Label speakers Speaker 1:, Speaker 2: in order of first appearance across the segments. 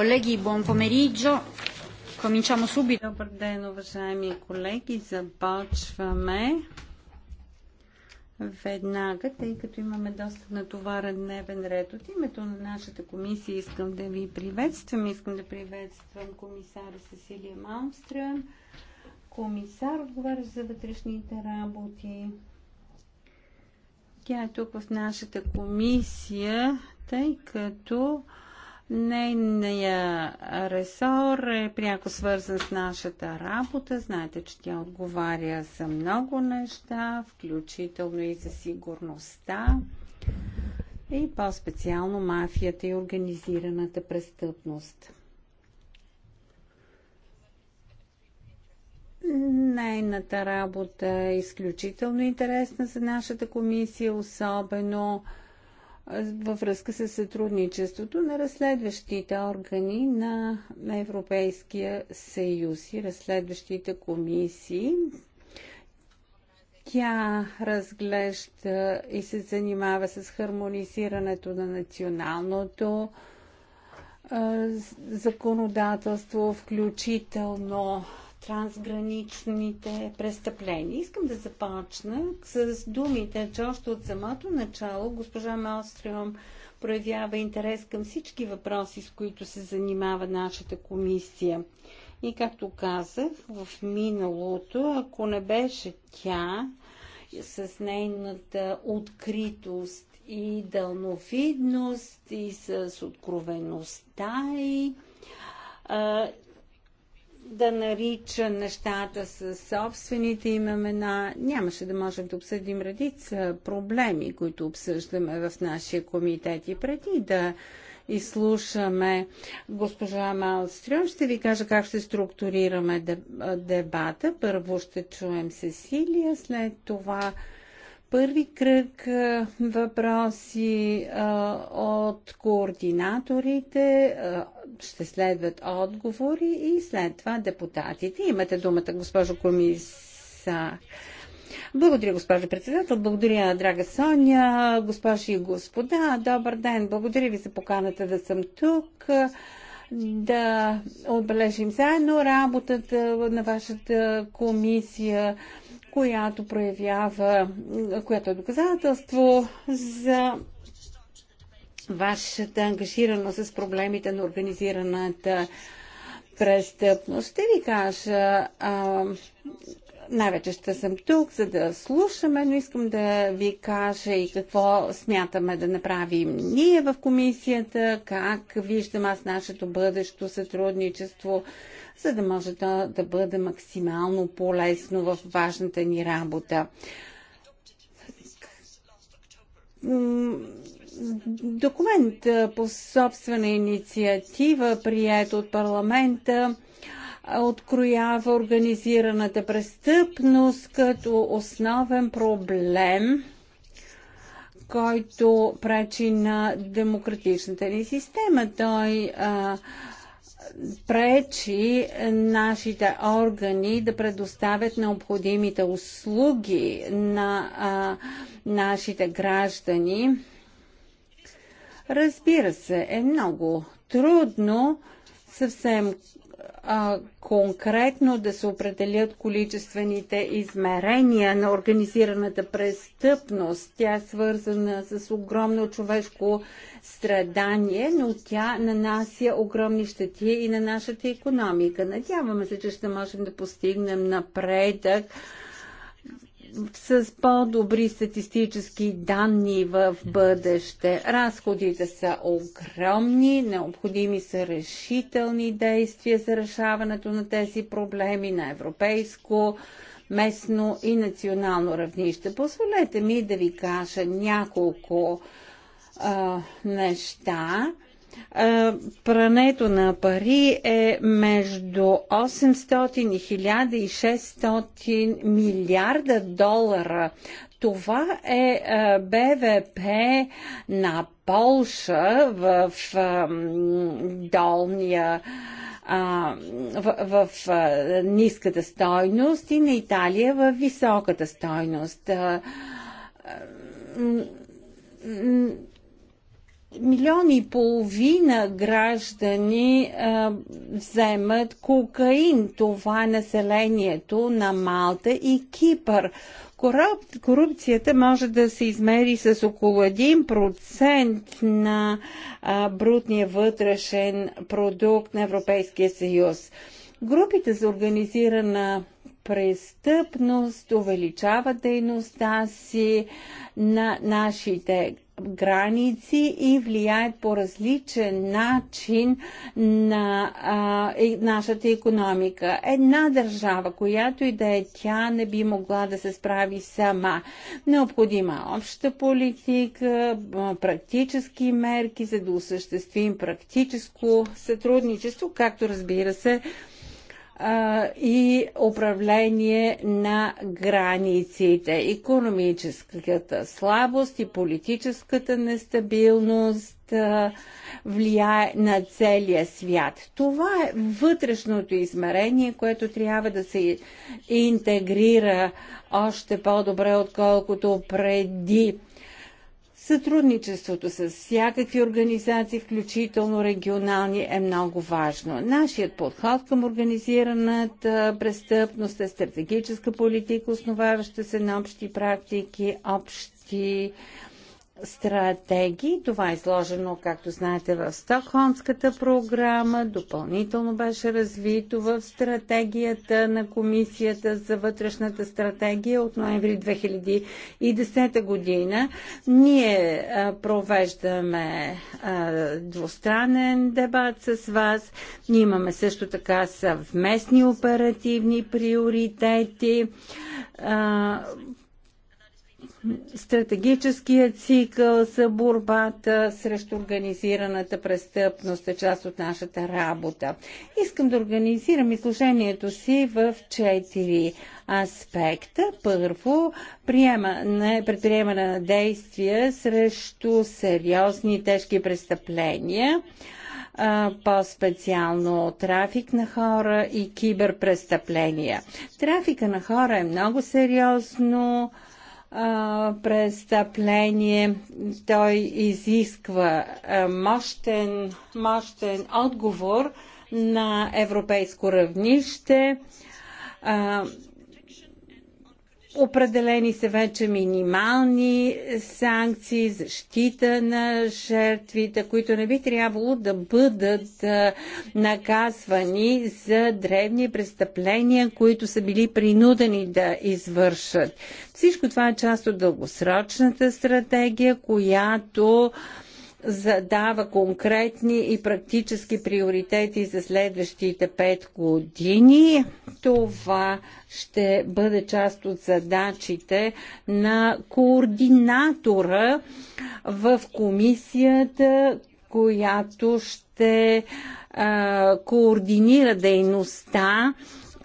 Speaker 1: Колеги, бон помериджо. Cominciamo subito. Добър ден, уважаеми колеги. Започваме веднага, тъй като имаме доста натоварен дневен ред. От името на нашата комисия искам да ви приветствам. Искам да приветствам комисара Сесилия Малмстрън, комисар, отговаря за вътрешните работи. Тя е тук в нашата комисия, тъй като Нейният ресор е пряко свързан с нашата работа. Знаете, че тя отговаря за много неща, включително и за сигурността и по-специално мафията и организираната престъпност. Нейната работа е изключително интересна за нашата комисия, особено във връзка с сътрудничеството на разследващите органи на Европейския съюз и разследващите комисии. Тя разглежда и се занимава с хармонизирането на националното законодателство, включително трансграничните престъпления. Искам да започна с думите, че още от самото начало госпожа Малстриом проявява интерес към всички въпроси, с които се занимава нашата комисия. И както казах, в миналото, ако не беше тя с нейната откритост и дълновидност и с откровеността и да нарича нещата с собствените им имена. Нямаше да можем да обсъдим редица проблеми, които обсъждаме в нашия комитет. И преди да изслушаме госпожа Малстрюм, ще ви кажа как ще структурираме дебата. Първо ще чуем Сесилия, след това първи кръг въпроси от координаторите, ще следват отговори и след това депутатите. Имате думата, госпожо комисар. Благодаря, госпожо председател. Благодаря, драга Соня, госпожи и господа. Добър ден. Благодаря ви за поканата да съм тук да отбележим заедно работата на вашата комисия която проявява, която е доказателство за вашата ангажираност с проблемите на организираната престъпност. Ще ви кажа а, най-вече ще съм тук, за да слушаме, но искам да ви кажа и какво смятаме да направим ние в комисията, как виждам аз нашето бъдещо сътрудничество, за да може да, да бъде максимално полезно в важната ни работа документ по собствена инициатива, прият от парламента, откроява организираната престъпност като основен проблем, който пречи на демократичната ни система. Той а, пречи нашите органи да предоставят необходимите услуги на а, нашите граждани. Разбира се, е много трудно съвсем а, конкретно да се определят количествените измерения на организираната престъпност. Тя е свързана с огромно човешко страдание, но тя нанася огромни щети и на нашата економика. Надяваме се, че ще можем да постигнем напредък с по-добри статистически данни в бъдеще. Разходите са огромни, необходими са решителни действия за решаването на тези проблеми на европейско, местно и национално равнище. Позволете ми да ви кажа няколко а, неща прането на пари е между 800 и 1600 милиарда долара. Това е БВП на Полша в долния в, в ниската стойност и на Италия в високата стойност Милиони и половина граждани а, вземат кокаин. Това е населението на Малта и Кипър. Корупцията може да се измери с около 1% на а, брутния вътрешен продукт на Европейския съюз. Групите за организирана престъпност увеличават дейността си на нашите граници и влияят по различен начин на а, нашата економика. Една държава, която и да е тя, не би могла да се справи сама. Необходима е обща политика, практически мерки, за да осъществим практическо сътрудничество, както разбира се, и управление на границите, економическата слабост и политическата нестабилност влияе на целия свят. Това е вътрешното измерение, което трябва да се интегрира още по-добре, отколкото преди Сътрудничеството с всякакви организации, включително регионални, е много важно. Нашият подход към организираната престъпност е стратегическа политика, основаваща се на общи практики, общи стратегии. Това е изложено, както знаете, в Стокхолмската програма. Допълнително беше развито в стратегията на Комисията за вътрешната стратегия от ноември 2010 година. Ние провеждаме двустранен дебат с вас. Ние имаме също така съвместни оперативни приоритети Стратегическият цикъл за борбата срещу организираната престъпност е част от нашата работа. Искам да организирам изложението си в четири аспекта. Първо, приемане, предприемане на действия срещу сериозни тежки престъпления по-специално трафик на хора и киберпрестъпления. Трафика на хора е много сериозно престъпление. Той изисква мощен, мощен отговор на европейско равнище Определени са вече минимални санкции, защита на жертвите, които не би трябвало да бъдат наказвани за древни престъпления, които са били принудени да извършат. Всичко това е част от дългосрочната стратегия, която задава конкретни и практически приоритети за следващите пет години. Това ще бъде част от задачите на координатора в комисията, която ще а, координира дейността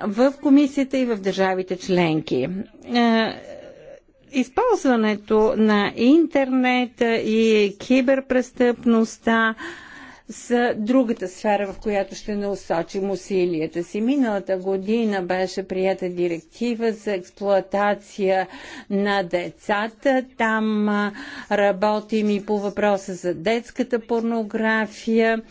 Speaker 1: в комисията и в държавите членки използването на интернет и киберпрестъпността с другата сфера, в която ще насочим усилията си. Миналата година беше прията директива за експлоатация на децата. Там работим и по въпроса за детската порнография.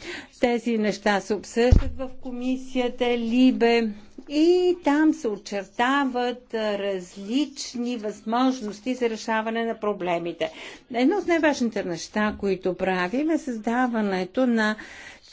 Speaker 1: Тези неща се обсъждат в комисията Либе. И там се очертават различни възможности за решаване на проблемите. Едно от най-важните неща, които правим е създаването на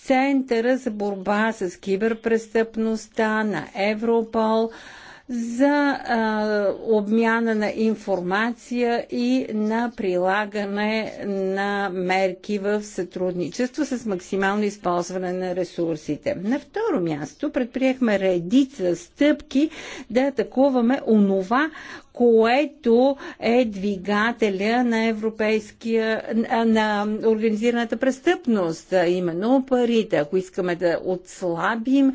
Speaker 1: Центъра за борба с киберпрестъпността на Европол – за а, обмяна на информация и на прилагане на мерки в сътрудничество с максимално използване на ресурсите. На второ място предприехме редица стъпки да атакуваме онова, което е двигателя на европейския, на организираната престъпност, именно парите. Ако искаме да отслабим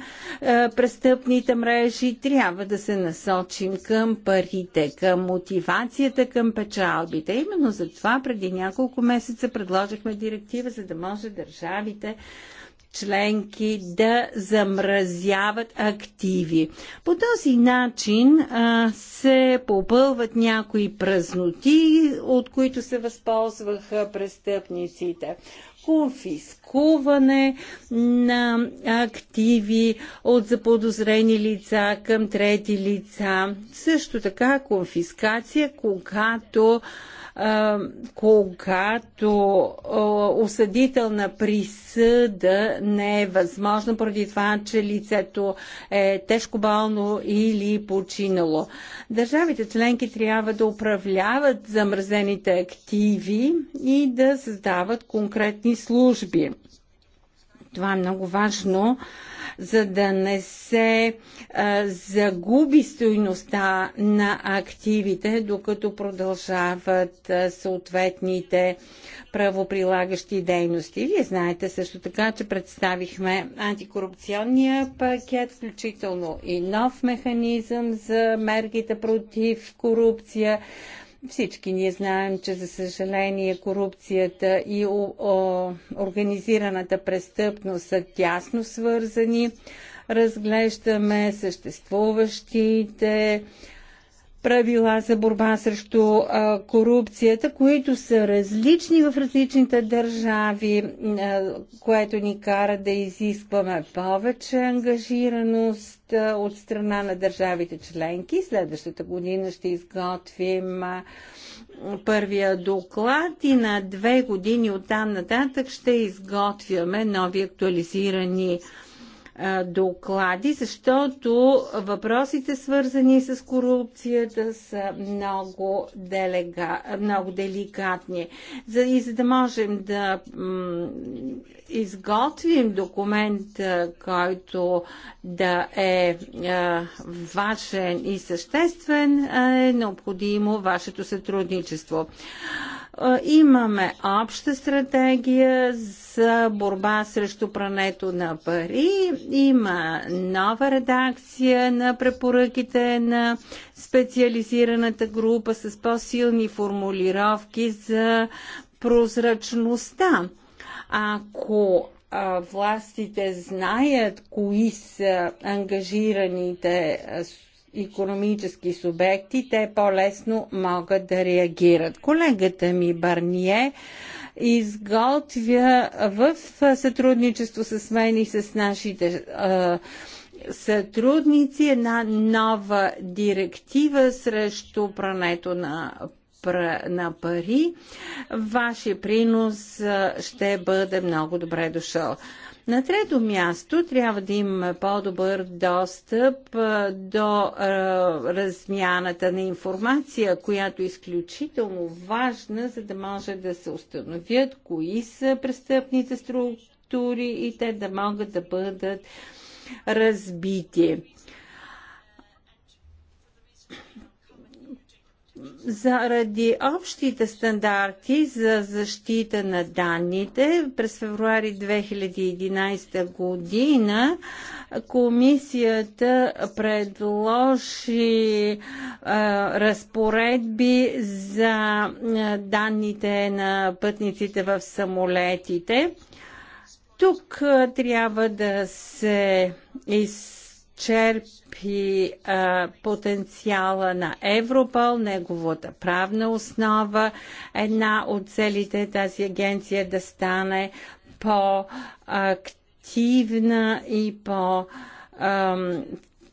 Speaker 1: престъпните мрежи, трябва да се насочим към парите, към мотивацията, към печалбите. Именно за това преди няколко месеца предложихме директива, за да може държавите членки да замразяват активи. По този начин а, се попълват някои празноти, от които се възползваха престъпниците. Конфискуване на активи от заподозрени лица към трети лица. Също така конфискация, когато когато осъдителна присъда не е възможна поради това, че лицето е тежко болно или починало. Държавите членки трябва да управляват замразените активи и да създават конкретни служби. Това е много важно, за да не се а, загуби стоиността на активите, докато продължават а, съответните правоприлагащи дейности. Вие знаете също така, че представихме антикорупционния пакет, включително и нов механизъм за мерките против корупция всички ние знаем, че за съжаление корупцията и организираната престъпност са тясно свързани. Разглеждаме съществуващите правила за борба срещу а, корупцията, които са различни в различните държави, а, което ни кара да изискваме повече ангажираност а, от страна на държавите членки. Следващата година ще изготвим а, първия доклад и на две години от там нататък ще изготвяме нови актуализирани а, доклади, защото въпросите свързани с корупцията са много, делега, много деликатни. За, и за да можем да изготвим документ, който да е важен и съществен, е необходимо вашето сътрудничество имаме обща стратегия за борба срещу прането на пари, има нова редакция на препоръките на специализираната група с по-силни формулировки за прозрачността. Ако властите знаят кои са ангажираните економически субекти, те по-лесно могат да реагират. Колегата ми Барние изготвя в сътрудничество с мен и с нашите сътрудници една нова директива срещу прането на на пари. Вашия принос ще бъде много добре дошъл. На трето място трябва да имаме по-добър достъп до размяната на информация, която е изключително важна, за да може да се установят кои са престъпните структури и те да могат да бъдат разбити. заради общите стандарти за защита на данните през февруари 2011 година комисията предложи а, разпоредби за данните на пътниците в самолетите. Тук а, трябва да се из черпи а, потенциала на Европол, неговата правна основа. Една от целите е тази агенция да стане по-активна и по-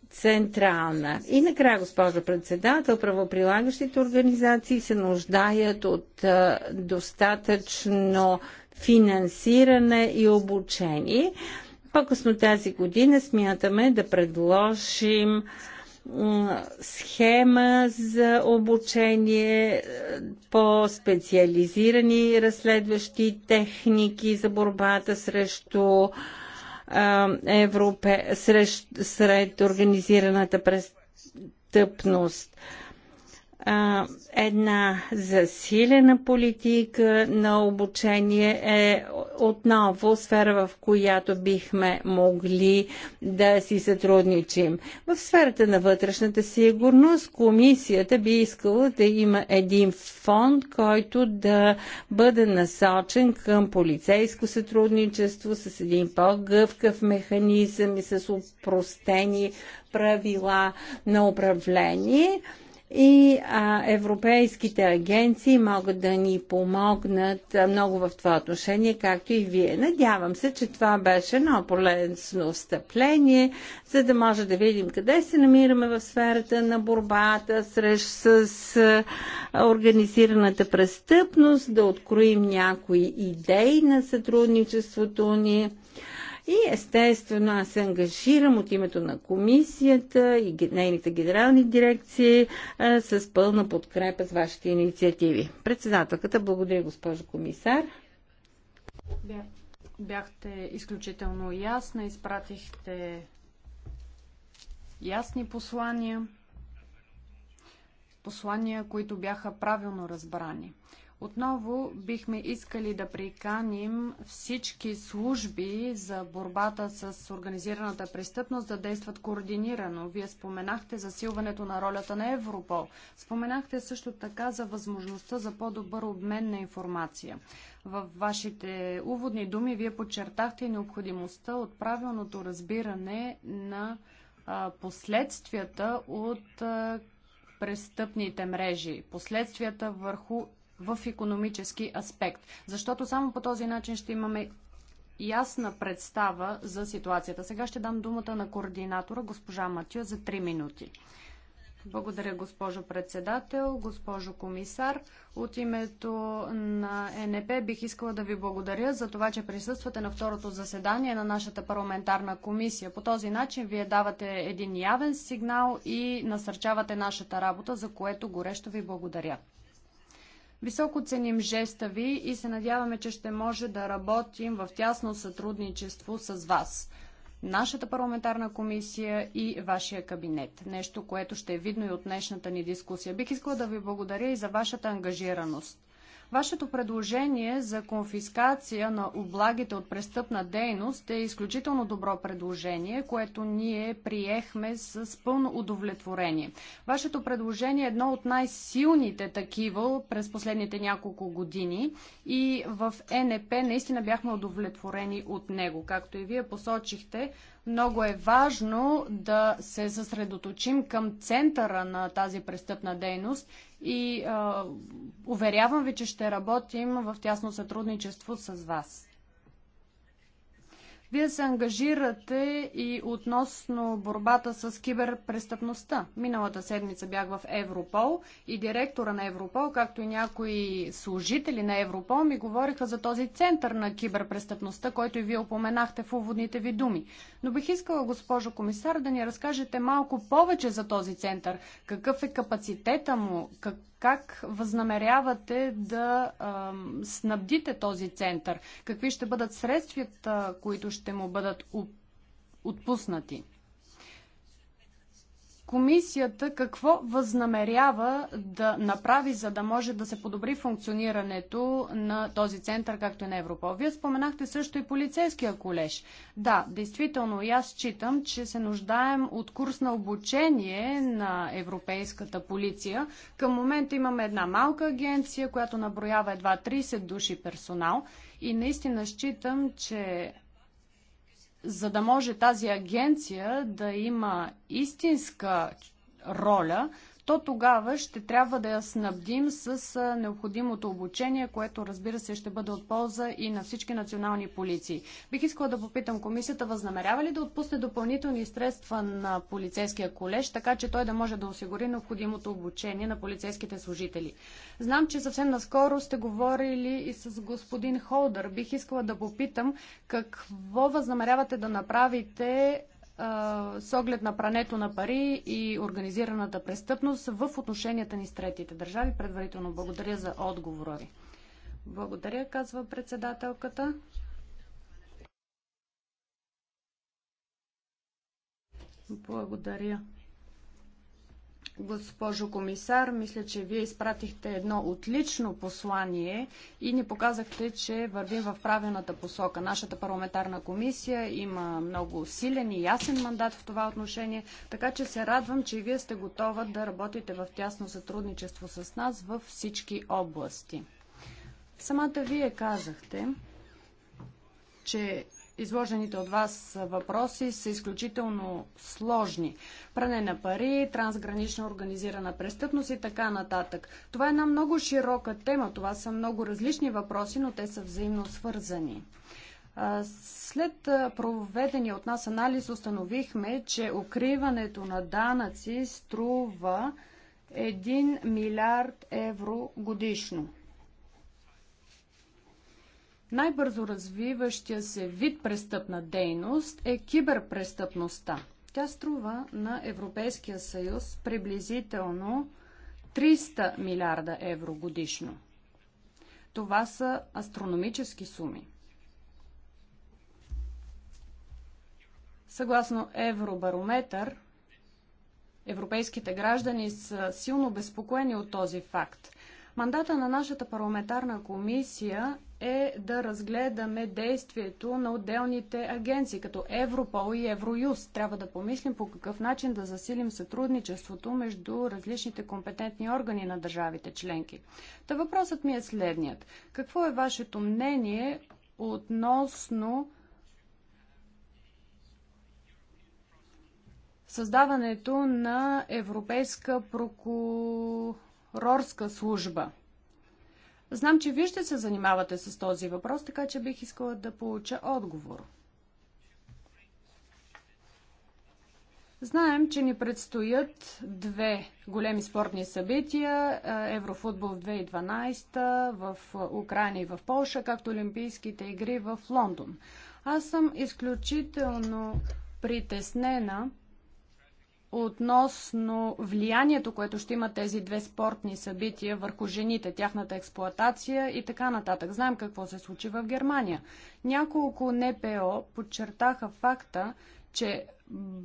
Speaker 1: централна. И накрая, госпожо председател, правоприлагащите организации се нуждаят от а, достатъчно финансиране и обучение. По-късно тази година смятаме да предложим схема за обучение е, по специализирани разследващи техники за борбата срещу, европе, срещ, сред организираната престъпност а, една засилена политика на обучение е отново сфера, в която бихме могли да си сътрудничим. В сферата на вътрешната сигурност комисията би искала да има един фонд, който да бъде насочен към полицейско сътрудничество с един по-гъвкав механизъм и с упростени правила на управление и а, европейските агенции могат да ни помогнат много в това отношение, както и вие. Надявам се, че това беше едно полезно встъпление, за да може да видим къде се намираме в сферата на борбата срещу с, с организираната престъпност, да откроим някои идеи на сътрудничеството ни и естествено аз се ангажирам от името на комисията и нейните генерални дирекции а, с пълна подкрепа с вашите инициативи. Председателката, благодаря госпожо комисар.
Speaker 2: Бяхте изключително ясна, изпратихте ясни послания, послания, които бяха правилно разбрани. Отново бихме искали да приканим всички служби за борбата с организираната престъпност да действат координирано. Вие споменахте засилването на ролята на Европол. Споменахте също така за възможността за по-добър обмен на информация. В вашите уводни думи вие подчертахте необходимостта от правилното разбиране на а, последствията от а, престъпните мрежи, последствията върху в економически аспект. Защото само по този начин ще имаме ясна представа за ситуацията. Сега ще дам думата на координатора госпожа Матю за 3 минути. Благодаря, госпожо председател, госпожо комисар. От името на ЕНП бих искала да ви благодаря за това, че присъствате на второто заседание на нашата парламентарна комисия. По този начин вие давате един явен сигнал и насърчавате нашата работа, за което горещо ви благодаря. Високо ценим жеста ви и се надяваме, че ще може да работим в тясно сътрудничество с вас, нашата парламентарна комисия и вашия кабинет. Нещо, което ще е видно и от днешната ни дискусия. Бих искала да ви благодаря и за вашата ангажираност. Вашето предложение за конфискация на облагите от престъпна дейност е изключително добро предложение, което ние приехме с пълно удовлетворение. Вашето предложение е едно от най-силните такива през последните няколко години и в ЕНП наистина бяхме удовлетворени от него. Както и вие посочихте, много е важно да се съсредоточим към центъра на тази престъпна дейност и а, уверявам ви, че ще работим в тясно сътрудничество с вас. Вие се ангажирате и относно борбата с киберпрестъпността. Миналата седмица бях в Европол и директора на Европол, както и някои служители на Европол ми говориха за този център на киберпрестъпността, който и вие упоменахте в уводните ви думи. Но бих искала, госпожо комисар, да ни разкажете малко повече за този център. Какъв е капацитета му? Как как възнамерявате да а, снабдите този център? Какви ще бъдат средствията, които ще му бъдат отпуснати? комисията какво възнамерява да направи, за да може да се подобри функционирането на този център, както и на Европол? Вие споменахте също и полицейския колеж. Да, действително, и аз считам, че се нуждаем от курс на обучение на европейската полиция. Към момента имаме една малка агенция, която наброява едва 30 души персонал и наистина считам, че за да може тази агенция да има истинска роля, то тогава ще трябва да я снабдим с необходимото обучение, което разбира се ще бъде от полза и на всички национални полиции. Бих искала да попитам комисията, възнамерява ли да отпусне допълнителни средства на полицейския колеж, така че той да може да осигури необходимото обучение на полицейските служители. Знам, че съвсем наскоро сте говорили и с господин Холдър. Бих искала да попитам какво възнамерявате да направите с оглед на прането на пари и организираната престъпност в отношенията ни с третите държави. Предварително благодаря за отговора ви. Благодаря, казва председателката. Благодаря. Госпожо комисар, мисля, че вие изпратихте едно отлично послание и ни показахте, че вървим в правилната посока. Нашата парламентарна комисия има много силен и ясен мандат в това отношение, така че се радвам, че и вие сте готова да работите в тясно сътрудничество с нас във всички области. Самата вие казахте, че изложените от вас въпроси са изключително сложни. Пране на пари, трансгранична организирана престъпност и така нататък. Това е една много широка тема. Това са много различни въпроси, но те са взаимно свързани. След проведения от нас анализ установихме, че укриването на данъци струва 1 милиард евро годишно. Най-бързо развиващия се вид престъпна дейност е киберпрестъпността. Тя струва на Европейския съюз приблизително 300 милиарда евро годишно. Това са астрономически суми. Съгласно Евробарометър, европейските граждани са силно безпокоени от този факт. Мандата на нашата парламентарна комисия е да разгледаме действието на отделните агенции, като Европол и Евроюз. Трябва да помислим по какъв начин да засилим сътрудничеството между различните компетентни органи на държавите членки. Та въпросът ми е следният. Какво е вашето мнение относно създаването на Европейска прокурорска служба? Знам, че вие ще се занимавате с този въпрос, така че бих искала да получа отговор. Знаем, че ни предстоят две големи спортни събития е, Еврофутбол в 2012 в Украина и в Польша, както Олимпийските игри в Лондон. Аз съм изключително притеснена относно влиянието, което ще имат тези две спортни събития върху жените, тяхната експлоатация и така нататък. Знаем какво се случи в Германия. Няколко НПО подчертаха факта, че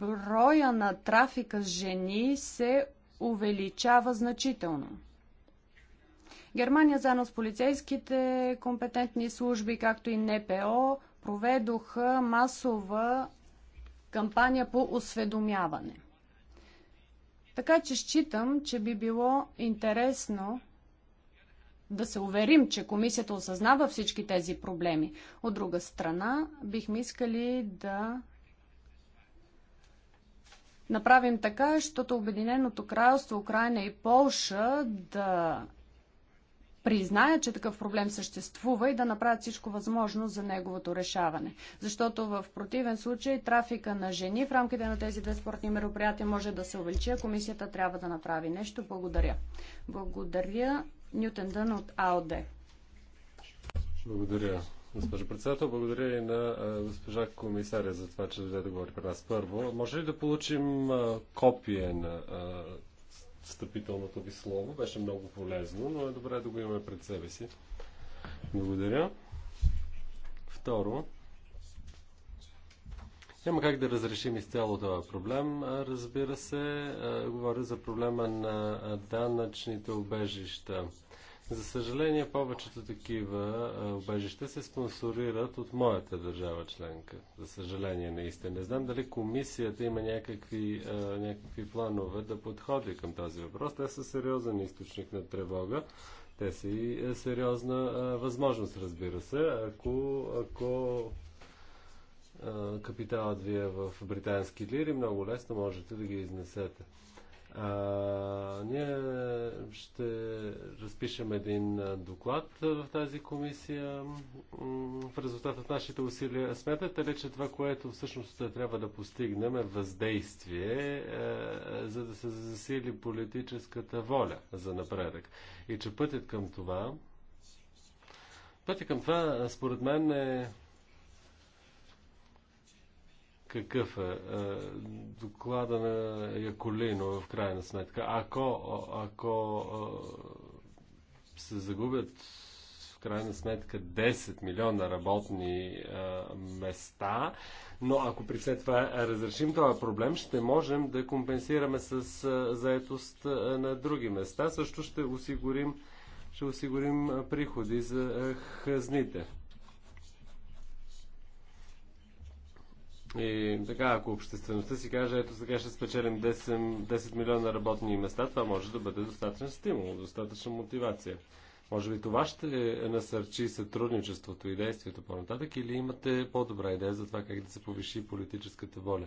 Speaker 2: броя на трафика с жени се увеличава значително. Германия заедно с полицейските компетентни служби, както и НПО, проведоха масова кампания по осведомяване – така че считам, че би било интересно да се уверим, че комисията осъзнава всички тези проблеми. От друга страна, бихме искали да направим така, защото Обединеното кралство, Украина и Полша да признаят, че такъв проблем съществува и да направят всичко възможно за неговото решаване. Защото в противен случай трафика на жени в рамките на тези две спортни мероприятия може да се увеличи, а комисията трябва да направи нещо. Благодаря. Благодаря Нютен Дън от АОД.
Speaker 3: Благодаря. Госпожо председател, благодаря и на госпожа комисаря за това, че дойде да говори при нас. Първо, може ли да получим копие на встъпителното ви слово. Беше много полезно, но е добре да го имаме пред себе си. Благодаря. Второ, няма как да разрешим изцяло това проблем. Разбира се, говоря за проблема на данъчните убежища. За съжаление, повечето такива убежища се спонсорират от моята държава членка. За съжаление, наистина. Не знам дали комисията има някакви, някакви планове да подходи към този въпрос. Те са сериозен източник на тревога. Те са и сериозна възможност, разбира се, ако, ако капиталът ви е в британски лири, много лесно можете да ги изнесете. А, ние ще разпишем един доклад в тази комисия в резултат от нашите усилия. Смятате ли, че това, което всъщност трябва да постигнем е въздействие, е, за да се засили политическата воля за напредък? И че пътят към това, пътят към това, според мен е какъв е, е, доклада на Яколино в крайна сметка. Ако, ако е, се загубят в крайна сметка 10 милиона работни е, места, но ако при все това разрешим този проблем, ще можем да компенсираме с заетост на други места. Също ще осигурим, ще осигурим приходи за хазните. И така, ако обществеността си каже, ето сега ще спечелим 10, 10 милиона работни места, това може да бъде достатъчен стимул, достатъчна мотивация. Може би това ще насърчи сътрудничеството и действието по-нататък или имате по-добра идея за това как да се повиши политическата воля?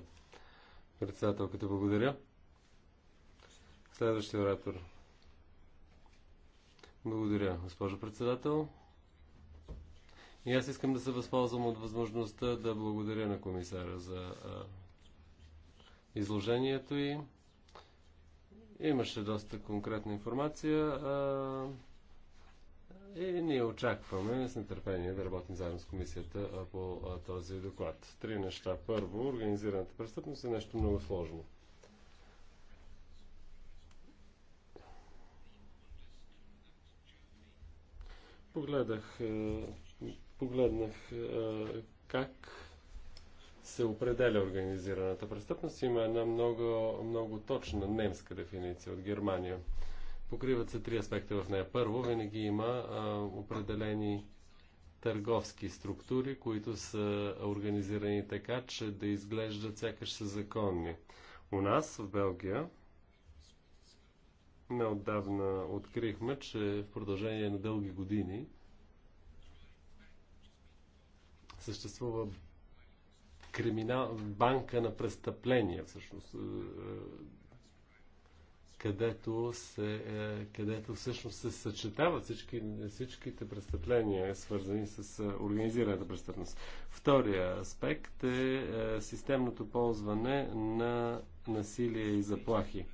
Speaker 3: Председателката, благодаря. Следващия оратор. Благодаря, госпожо председател. И аз искам да се възползвам от възможността да благодаря на комисара за а, изложението и имаше доста конкретна информация а, и ние очакваме с нетърпение да работим заедно с комисията по а, този доклад. Три неща. Първо, организираната престъпност е нещо много сложно. Погледах погледнах е, как се определя организираната престъпност. Има една много, много точна немска дефиниция от Германия. Покриват се три аспекта в нея. Първо, винаги има а, е, определени търговски структури, които са организирани така, че да изглеждат сякаш са законни. У нас, в Белгия, неотдавна открихме, че в продължение на дълги години съществува криминал, банка на престъпления, всъщност, е, е, където, се, е, където всъщност се съчетават всички, всичките престъпления, свързани с организираната престъпност. Втория аспект е системното ползване на насилие и заплахи.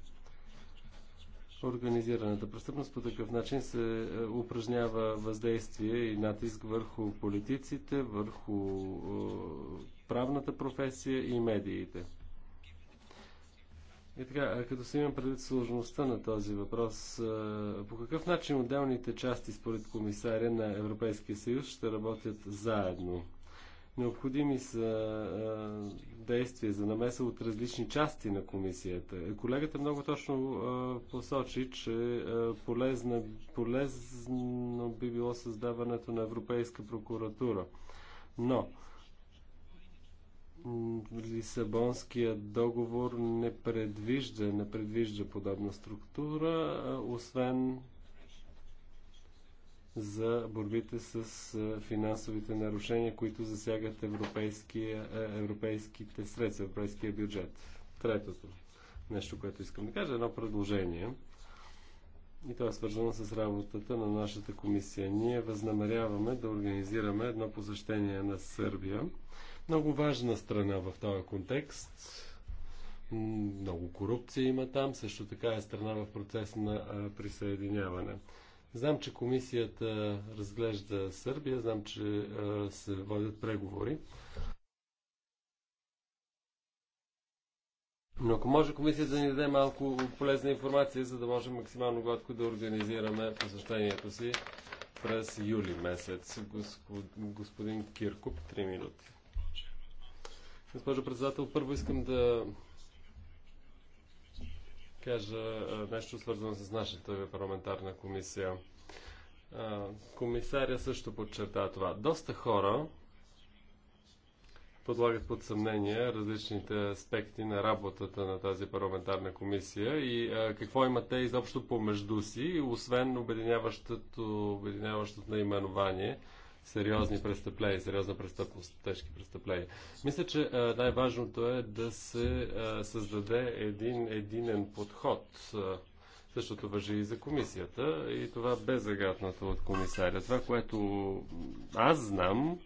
Speaker 3: Организираната престъпност по такъв начин се е, упражнява въздействие и натиск върху политиците, върху е, правната професия и медиите. И така, като се имам предвид сложността на този въпрос, е, по какъв начин отделните части, според комисаря на Европейския съюз, ще работят заедно? Необходими са действия за намеса от различни части на комисията. Колегата много точно посочи, че полезна, полезно би било създаването на Европейска прокуратура. Но Лисабонският договор не предвижда, не предвижда подобна структура, освен за борбите с финансовите нарушения, които засягат европейските средства, европейския бюджет. Третото нещо, което искам да кажа, едно предложение. И това е свързано с работата на нашата комисия. Ние възнамеряваме да организираме едно посещение на Сърбия. Много важна страна в този контекст. Много корупция има там. Също така е страна в процес на присъединяване. Знам, че комисията разглежда Сърбия, знам, че се водят преговори. Но ако може комисията да ни даде малко полезна информация, за да можем максимално гладко да организираме посещението си през юли месец. Господин Киркоп, 3 минути. Госпожо председател, първо искам да кажа нещо свързано с нашата парламентарна комисия. Комисаря също подчерта това. Доста хора подлагат под съмнение различните аспекти на работата на тази парламентарна комисия и какво имат те изобщо помежду си, освен обединяващото, обединяващото наименование – сериозни престъпления, сериозна престъпност, тежки престъпления. Мисля, че най-важното е да се създаде един единен подход. Същото въжи и за комисията и това бе загаднато от комисаря. Това, което аз знам,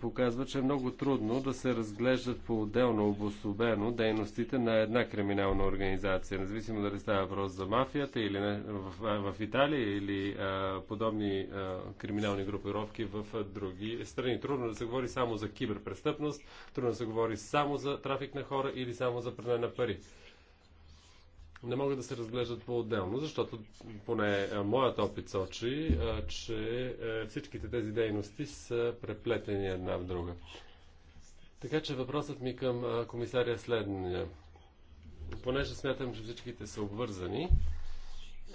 Speaker 3: показва, че е много трудно да се разглеждат по-отделно обособено дейностите на една криминална организация, независимо дали става въпрос за мафията или не, в, в Италия или а, подобни а, криминални групировки в а, други страни. Трудно да се говори само за киберпрестъпност, трудно да се говори само за трафик на хора или само за пране на пари не могат да се разглеждат по-отделно, защото поне моят опит сочи, че всичките тези дейности са преплетени една в друга. Така че въпросът ми към комисаря е следния. Понеже смятам, че всичките са обвързани,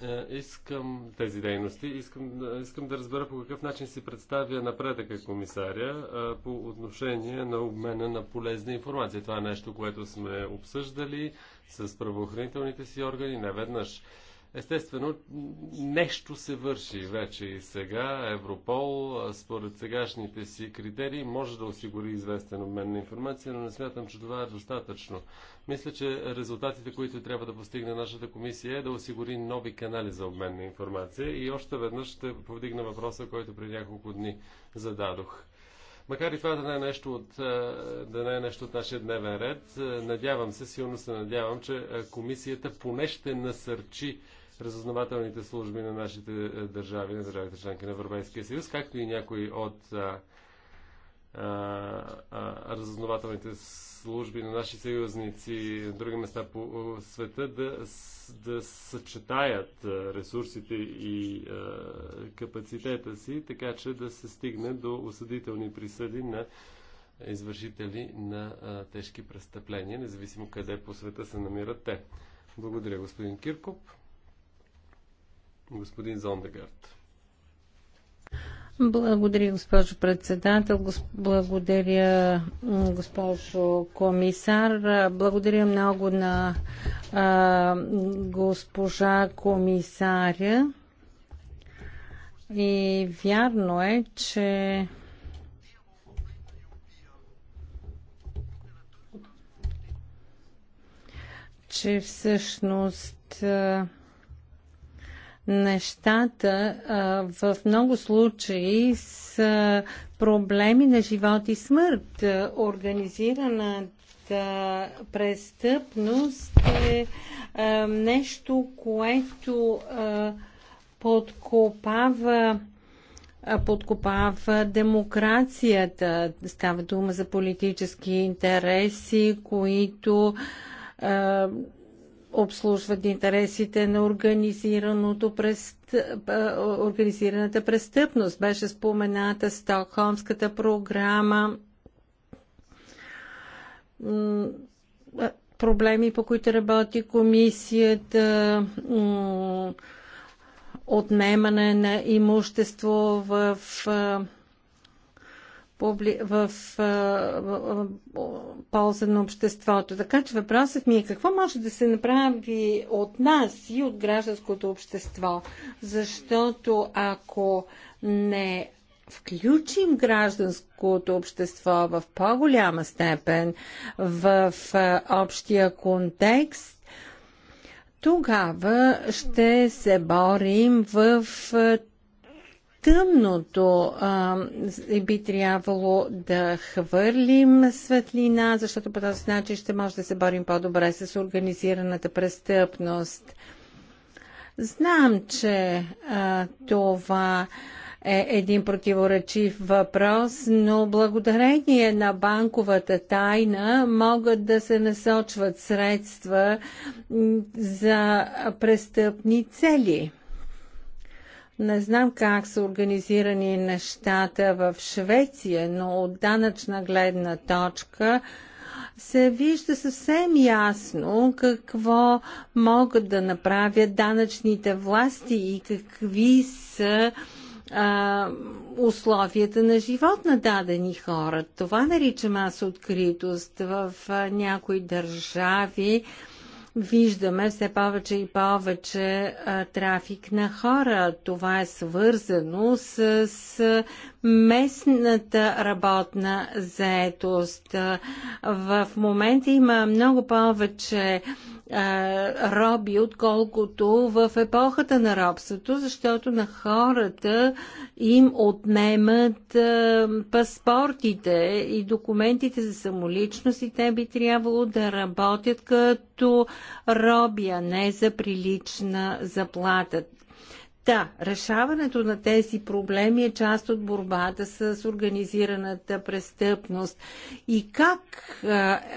Speaker 3: е, искам тези дейности, искам, искам да разбера по какъв начин си представя напредъка комисаря е, по отношение на обмена на полезна информация. Това е нещо, което сме обсъждали с правоохранителните си органи неведнъж. веднъж Естествено, нещо се върши вече и сега. Европол, според сегашните си критерии, може да осигури известен обмен на информация, но не смятам, че това е достатъчно. Мисля, че резултатите, които трябва да постигне нашата комисия е да осигури нови канали за обмен на информация и още веднъж ще повдигна въпроса, който при няколко дни зададох. Макар и това да не е нещо от, е, да не е нещо от нашия дневен ред, е, надявам се, силно се надявам, че е, комисията поне ще насърчи разузнавателните служби на нашите е, държави, на държавите членки на Европейския съюз, както и някои от а, а, а, разузнавателните служби на наши съюзници на други места по света да, да съчетаят ресурсите и а, капацитета си, така че да се стигне до осъдителни присъди на извършители на а, тежки престъпления, независимо къде по света се намират те. Благодаря, господин Киркоп. Господин Зондегард.
Speaker 1: Благодаря, госпожо председател. Благодаря, госпожо комисар. Благодаря много на а, госпожа комисаря. И вярно е, че че всъщност а, нещата в много случаи с проблеми на живот и смърт. Организираната престъпност е нещо, което подкопава подкопава демокрацията. Става дума за политически интереси, които обслужват интересите на организираното прест... организираната престъпност. Беше спомената Стокхолмската програма, проблеми, по които работи комисията, отнемане на имущество в в полза на обществото. Така че въпросът ми е какво може да се направи от нас и от гражданското общество, защото ако не включим гражданското общество в по-голяма степен в общия контекст, тогава ще се борим в тъмното а, би трябвало да хвърлим светлина, защото по този начин ще може да се борим по-добре с организираната престъпност. Знам, че а, това е един противоречив въпрос, но благодарение на банковата тайна могат да се насочват средства за престъпни цели. Не знам как са организирани нещата в Швеция, но от данъчна гледна точка се вижда съвсем ясно какво могат да направят данъчните власти и какви са а, условията на живот на дадени хора. Това наричам аз откритост в някои държави. А, виждаме все повече и повече трафик на хора. Това е свързано с местната работна заетост. В момента има много повече е, роби, отколкото в епохата на робството, защото на хората им отнемат е, паспортите и документите за самоличност и те би трябвало да работят като роби, а не за прилична заплата. Та, да, решаването на тези проблеми е част от борбата с организираната престъпност. И как а,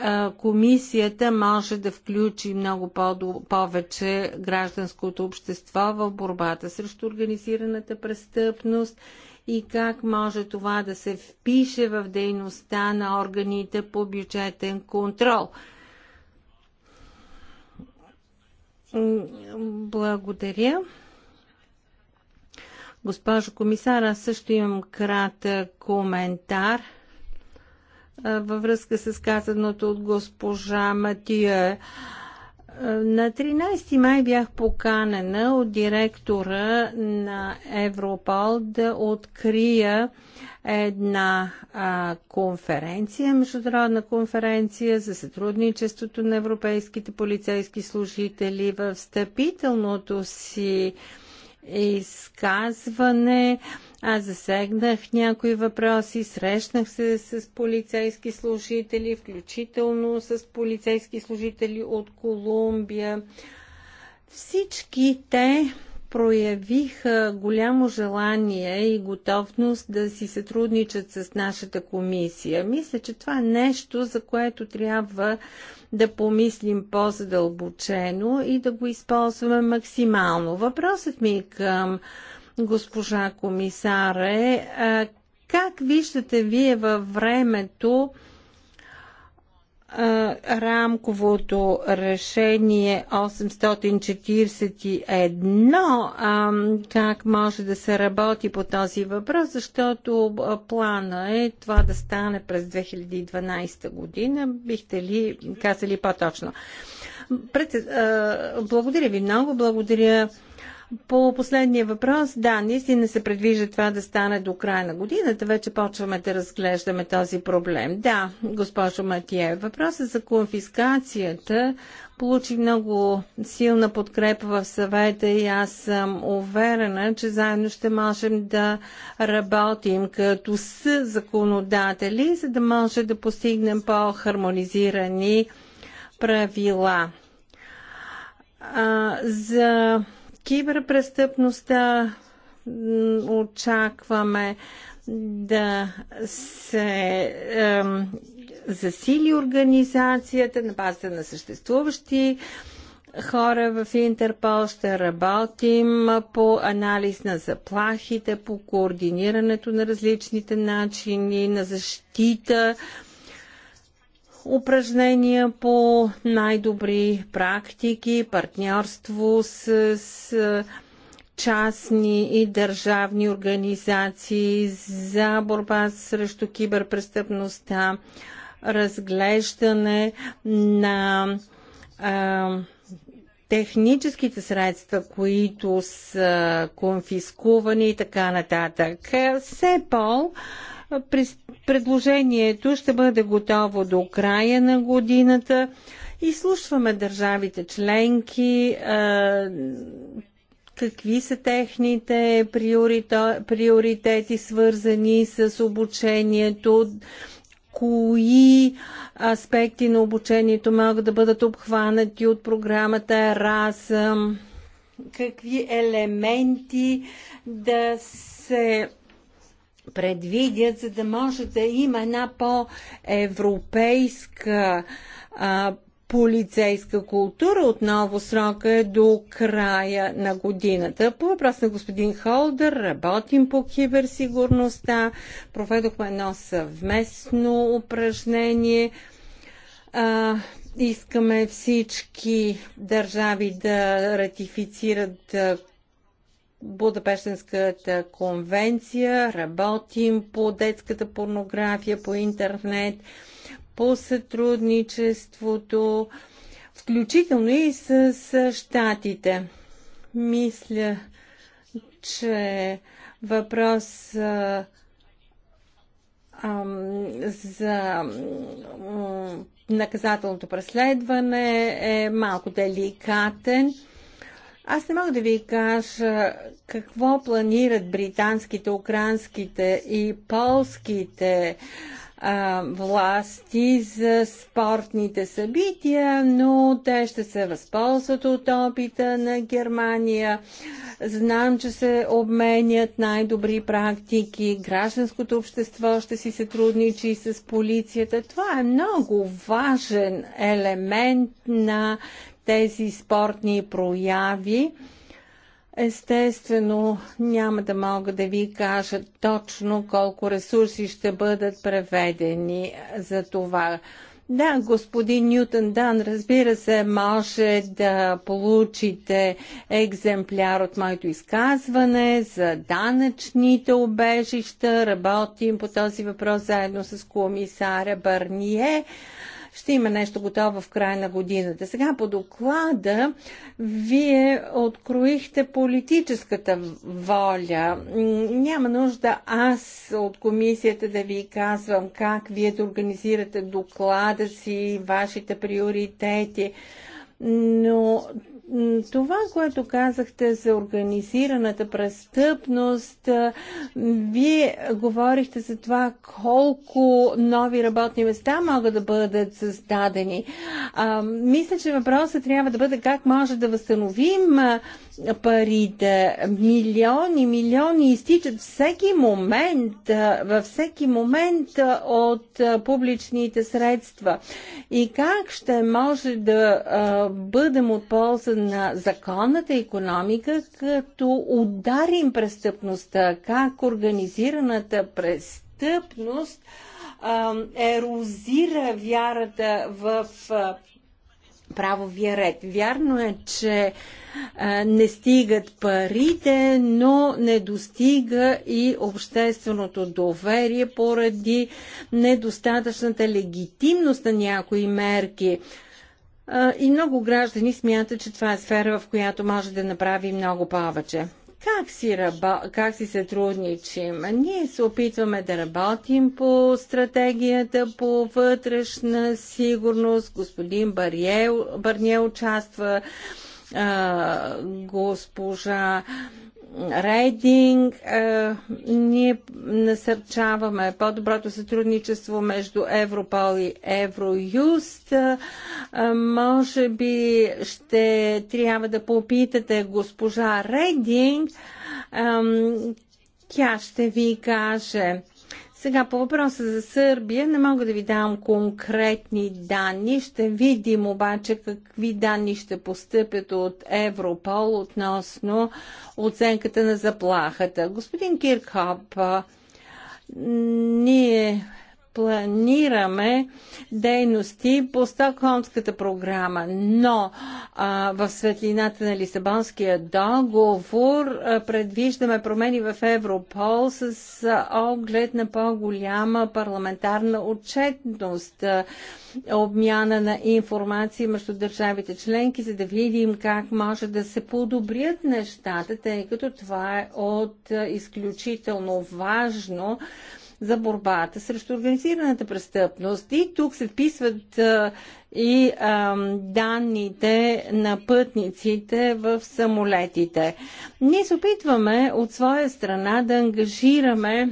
Speaker 1: а, комисията може да включи много по- повече гражданското общество в борбата срещу организираната престъпност и как може това да се впише в дейността на органите по бюджетен контрол? Благодаря. Госпожо комисар, аз също имам кратък коментар във връзка с казаното от госпожа Матия. На 13 май бях поканена от директора на Европол да открия една а, конференция, международна конференция за сътрудничеството на европейските полицейски служители. В встъпителното си а, изказване. Аз засегнах някои въпроси, срещнах се с полицейски служители, включително с полицейски служители от Колумбия. Всички те проявиха голямо желание и готовност да си сътрудничат с нашата комисия. Мисля, че това е нещо, за което трябва да помислим по-задълбочено и да го използваме максимално. Въпросът ми към госпожа комисаре: е как виждате вие във времето рамковото решение 841, как може да се работи по този въпрос, защото плана е това да стане през 2012 година. Бихте ли казали по-точно? Благодаря ви много. Благодаря по последния въпрос, да, наистина се предвижда това да стане до края на годината. Вече почваме да разглеждаме този проблем. Да, госпожо Матие, въпросът за конфискацията получи много силна подкрепа в съвета и аз съм уверена, че заедно ще можем да работим като с законодатели, за да може да постигнем по-хармонизирани правила. А, за киберпрестъпността очакваме да се засили организацията на базата на съществуващи хора в Интерпол. Ще работим по анализ на заплахите, по координирането на различните начини на защита упражнения по най-добри практики, партньорство с, с частни и държавни организации за борба срещу киберпрестъпността, разглеждане на а, техническите средства, които са конфискувани и така нататък. СЕПОЛ а, Предложението ще бъде готово до края на годината. Изслушваме държавите членки, какви са техните приоритети, свързани с обучението, кои аспекти на обучението могат да бъдат обхванати от програмата Erasmus, какви елементи да се предвидят, за да може да има една по-европейска полицейска култура. Отново срока е до края на годината. По въпрос на господин Холдър работим по киберсигурността. Проведохме едно съвместно упражнение. А, искаме всички държави да ратифицират Будапештенската конвенция, работим по детската порнография, по интернет, по сътрудничеството, включително и с, щатите. Мисля, че въпрос а, а, за наказателното преследване е малко деликатен. Аз не мога да ви кажа какво планират британските, украинските и полските а, власти за спортните събития, но те ще се възползват от опита на Германия. Знам, че се обменят най-добри практики, гражданското общество ще си сътрудничи с полицията. Това е много важен елемент на тези спортни прояви. Естествено, няма да мога да ви кажа точно колко ресурси ще бъдат преведени за това. Да, господин Нютон Дан, разбира се, може да получите екземпляр от моето изказване за данъчните обежища. Работим по този въпрос заедно с комисаря Барние ще има нещо готово в края на годината. Сега по доклада вие откроихте политическата воля. Няма нужда аз от комисията да ви казвам как вие да организирате доклада си, вашите приоритети но това, което казахте за организираната престъпност, вие говорихте за това колко нови работни места могат да бъдат създадени. А, мисля, че въпросът трябва да бъде как може да възстановим парите. Милиони, милиони изтичат всеки момент, във всеки момент от публичните средства. И как ще може да бъдем от полза на законната економика, като ударим престъпността, как организираната престъпност а, ерозира вярата в а, правовия ред. Вярно е, че а, не стигат парите, но не достига и общественото доверие поради недостатъчната легитимност на някои мерки. И много граждани смятат, че това е сфера, в която може да направи много повече. Как си, раба... как си сътрудничим? Ние се опитваме да работим по стратегията по вътрешна сигурност. Господин Барие, Барние участва, а, госпожа. А, рейдинг. Е, ние насърчаваме по-доброто сътрудничество между Европол и Евроюст. Е, е, може би ще трябва да попитате госпожа Рейдинг. Тя ще ви каже сега по въпроса за Сърбия не мога да ви давам конкретни данни. Ще видим обаче какви данни ще постъпят от Европол относно оценката на заплахата. Господин Киркоп, ние планираме дейности по Стокхолмската програма, но а, в светлината на Лисабонския договор а, предвиждаме промени в Европол с а, оглед на по-голяма парламентарна отчетност, а, обмяна на информация между държавите членки, за да видим как може да се подобрят нещата, тъй като това е от а, изключително важно. А, за борбата срещу организираната престъпност. И тук се вписват и а, данните на пътниците в самолетите. Ние се опитваме от своя страна да ангажираме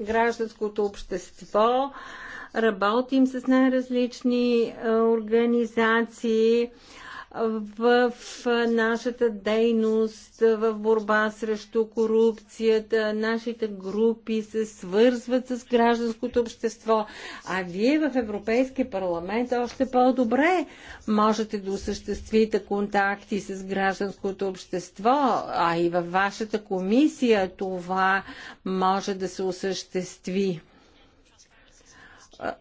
Speaker 1: гражданското общество, работим с най-различни организации, в нашата дейност, в борба срещу корупцията. Нашите групи се свързват с гражданското общество, а вие в Европейския парламент още по-добре можете да осъществите контакти с гражданското общество, а и във вашата комисия това може да се осъществи.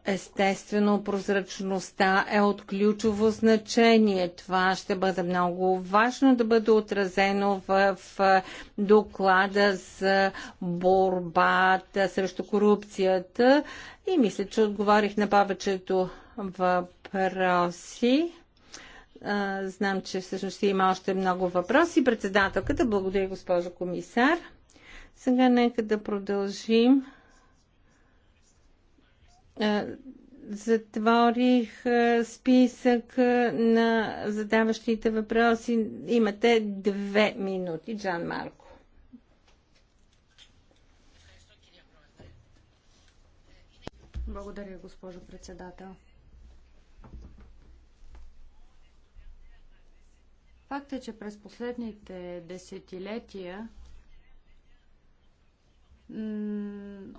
Speaker 1: Естествено, прозрачността е от ключово значение. Това ще бъде много важно да бъде отразено в доклада за борбата срещу корупцията. И мисля, че отговорих на повечето въпроси. Знам, че всъщност ще има още много въпроси. Председателката, благодаря, госпожо комисар. Сега нека да продължим затворих списък на задаващите въпроси. Имате две минути, Джан Марко.
Speaker 2: Благодаря, госпожо председател. Факт е, че през последните десетилетия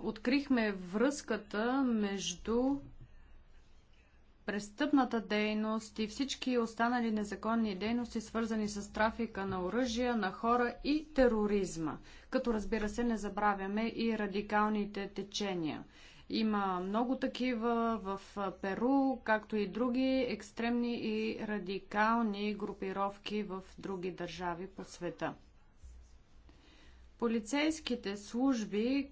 Speaker 2: открихме връзката между престъпната дейност и всички останали незаконни дейности, свързани с трафика на оръжия, на хора и тероризма. Като разбира се, не забравяме и радикалните течения. Има много такива в Перу, както и други екстремни и радикални групировки в други държави по света. Полицейските служби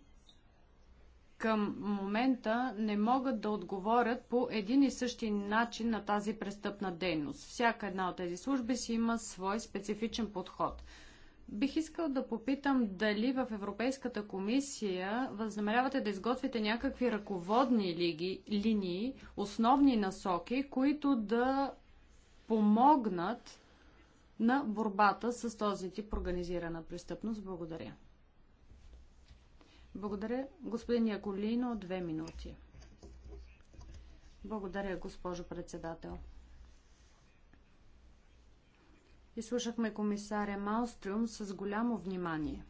Speaker 2: към момента не могат да отговорят по един и същи начин на тази престъпна дейност. Всяка една от тези служби си има свой специфичен подход. Бих искал да попитам дали в Европейската комисия възнамерявате да изготвите някакви ръководни лиги, линии, основни насоки, които да помогнат на борбата с този тип организирана престъпност. Благодаря. Благодаря. Господин Яколино, две минути. Благодаря, госпожо председател. Изслушахме комисаря Малстрюм с голямо внимание.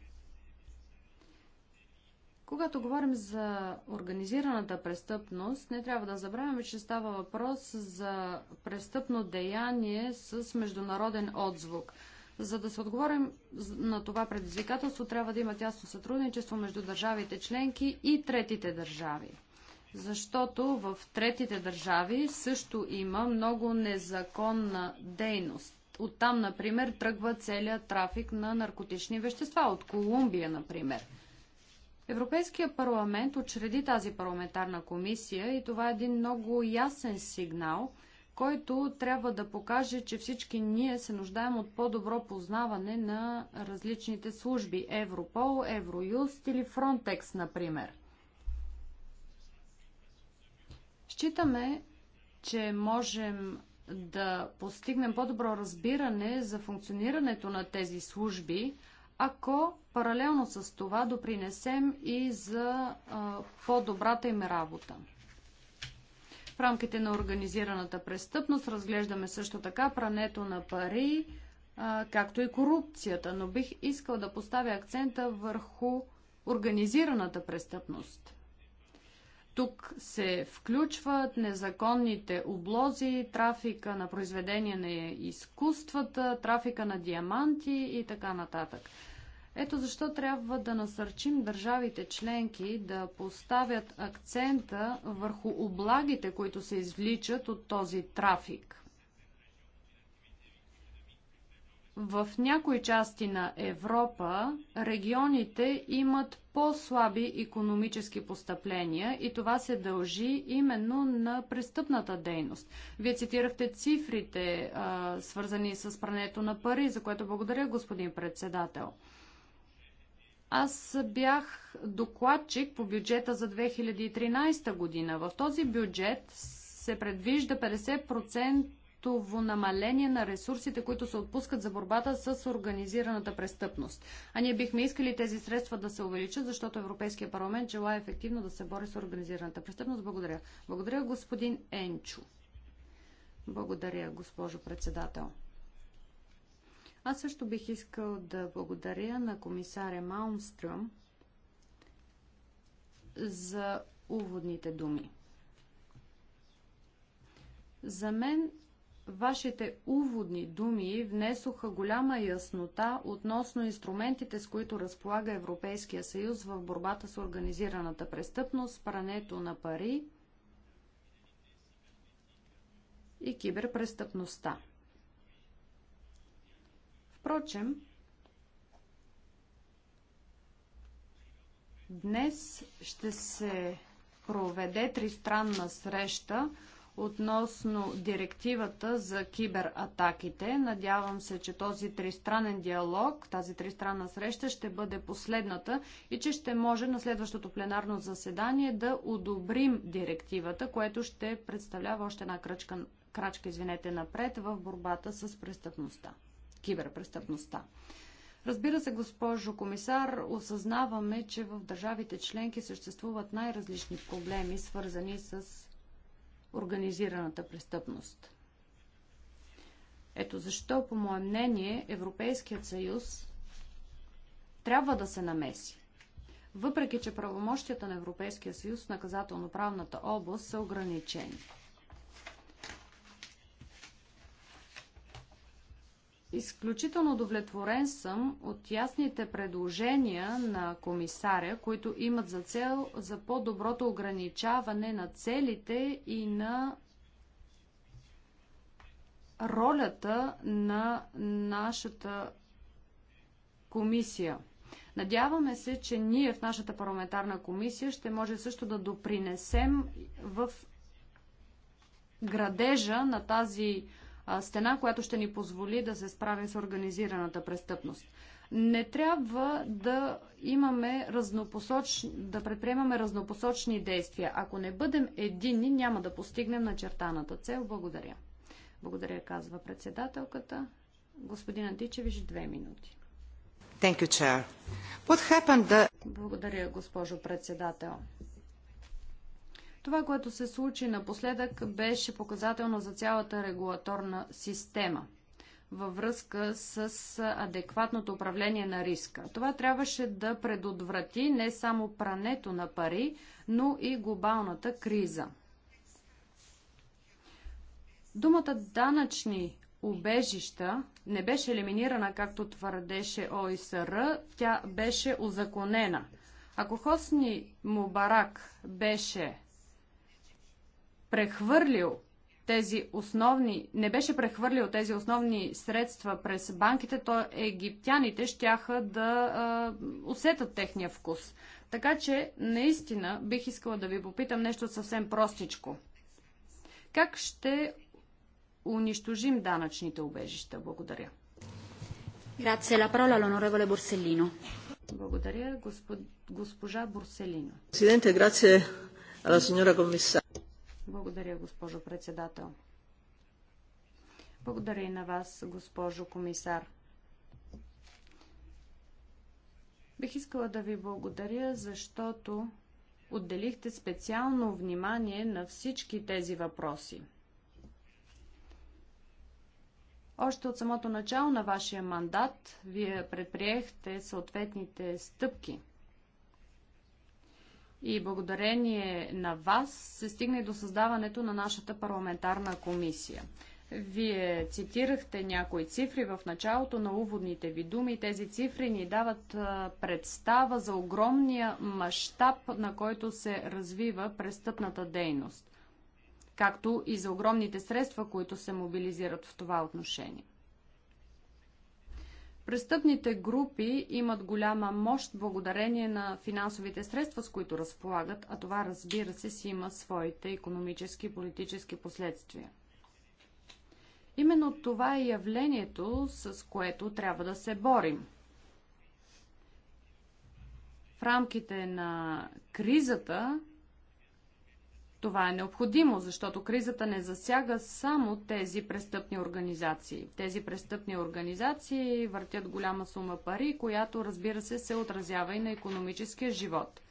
Speaker 2: Когато говорим за организираната престъпност, не трябва да забравяме, че става въпрос за престъпно деяние с международен отзвук. За да се отговорим на това предизвикателство, трябва да има тясно сътрудничество между държавите членки и третите държави. Защото в третите държави също има много незаконна дейност. Оттам, например, тръгва целият трафик на наркотични вещества, от Колумбия, например – Европейския парламент учреди тази парламентарна комисия и това е един много ясен сигнал, който трябва да покаже, че всички ние се нуждаем от по-добро познаване на различните служби Европол, Евроюст или Фронтекс, например. Считаме, че можем да постигнем по-добро разбиране за функционирането на тези служби, ако паралелно с това допринесем и за по-добрата им работа. В рамките на организираната престъпност разглеждаме също така прането на пари, а, както и корупцията, но бих искал да поставя акцента върху организираната престъпност. Тук се включват незаконните облози, трафика на произведения на изкуствата, трафика на диаманти и така нататък. Ето защо трябва да насърчим държавите членки да поставят акцента върху облагите, които се извличат от този трафик. В някои части на Европа регионите имат по-слаби економически постъпления и това се дължи именно на престъпната дейност. Вие цитирахте цифрите, свързани с прането на пари, за което благодаря, господин председател. Аз бях докладчик по бюджета за 2013 година. В този бюджет се предвижда 50% намаление на ресурсите, които се отпускат за борбата с организираната престъпност. А ние бихме искали тези средства да се увеличат, защото Европейския парламент желая ефективно да се бори с организираната престъпност. Благодаря. Благодаря, господин Енчо. Благодаря, госпожо председател. Аз също бих искал да благодаря на комисаря Малмстръм за уводните думи. За мен вашите уводни думи внесоха голяма яснота относно инструментите, с които разполага Европейския съюз в борбата с организираната престъпност, прането на пари и киберпрестъпността. Впрочем, днес ще се проведе тристранна среща относно директивата за кибератаките. Надявам се, че този тристранен диалог, тази тристранна среща ще бъде последната и че ще може на следващото пленарно заседание да одобрим директивата, което ще представлява още една крачка, крачка извинете, напред в борбата с престъпността киберпрестъпността. Разбира се, госпожо комисар, осъзнаваме, че в държавите членки съществуват най-различни проблеми, свързани с организираната престъпност. Ето защо, по мое мнение, Европейският съюз трябва да се намеси. Въпреки, че правомощията на Европейския съюз в наказателно-правната област са ограничени. Изключително удовлетворен съм от ясните предложения на комисаря, които имат за цел за по-доброто ограничаване на целите и на ролята на нашата комисия. Надяваме се, че ние в нашата парламентарна комисия ще може също да допринесем в градежа на тази стена, която ще ни позволи да се справим с организираната престъпност. Не трябва да имаме разнопосочни, да предприемаме разнопосочни действия. Ако не бъдем едини, няма да постигнем начертаната цел. Благодаря. Благодаря, казва председателката. Господин Античевич, две минути.
Speaker 1: You,
Speaker 2: the... Благодаря, госпожо председател. Това, което се случи напоследък, беше показателно за цялата регулаторна система във връзка с адекватното управление на риска. Това трябваше да предотврати не само прането на пари, но и глобалната криза. Думата данъчни убежища не беше елиминирана, както твърдеше ОИСР, тя беше узаконена. Ако Хосни Мубарак беше прехвърлил тези основни, не беше прехвърлил тези основни средства през банките, то египтяните щяха да а, усетат техния вкус. Така че, наистина, бих искала да ви попитам нещо съвсем простичко. Как ще унищожим данъчните убежища? Благодаря. Grazie, la
Speaker 1: parola all'onorevole Borsellino.
Speaker 2: Благодаря, госпожа Борселино.
Speaker 1: Президенте, грация alla signora commissaria.
Speaker 2: Благодаря, госпожо председател. Благодаря и на вас, госпожо комисар. Бих искала да ви благодаря, защото отделихте специално внимание на всички тези въпроси. Още от самото начало на вашия мандат вие предприехте съответните стъпки – и благодарение на вас се стигне до създаването на нашата парламентарна комисия. Вие цитирахте някои цифри в началото на уводните ви думи. Тези цифри ни дават представа за огромния мащаб, на който се развива престъпната дейност, както и за огромните средства, които се мобилизират в това отношение. Престъпните групи имат голяма мощ благодарение на финансовите средства, с които разполагат, а това разбира се си има своите економически и политически последствия. Именно това е явлението, с което трябва да се борим. В рамките на кризата това е необходимо, защото кризата не засяга само тези престъпни организации. Тези престъпни организации въртят голяма сума пари, която разбира се се отразява и на економическия живот.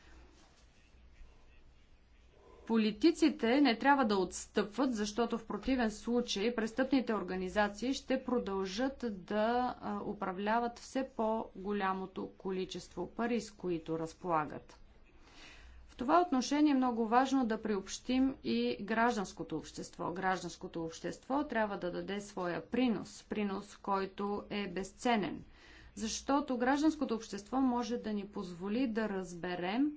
Speaker 2: Политиците не трябва да отстъпват, защото в противен случай престъпните организации ще продължат да управляват все по-голямото количество пари, с които разполагат това отношение е много важно да приобщим и гражданското общество. Гражданското общество трябва да даде своя принос, принос, който е безценен. Защото гражданското общество може да ни позволи да разберем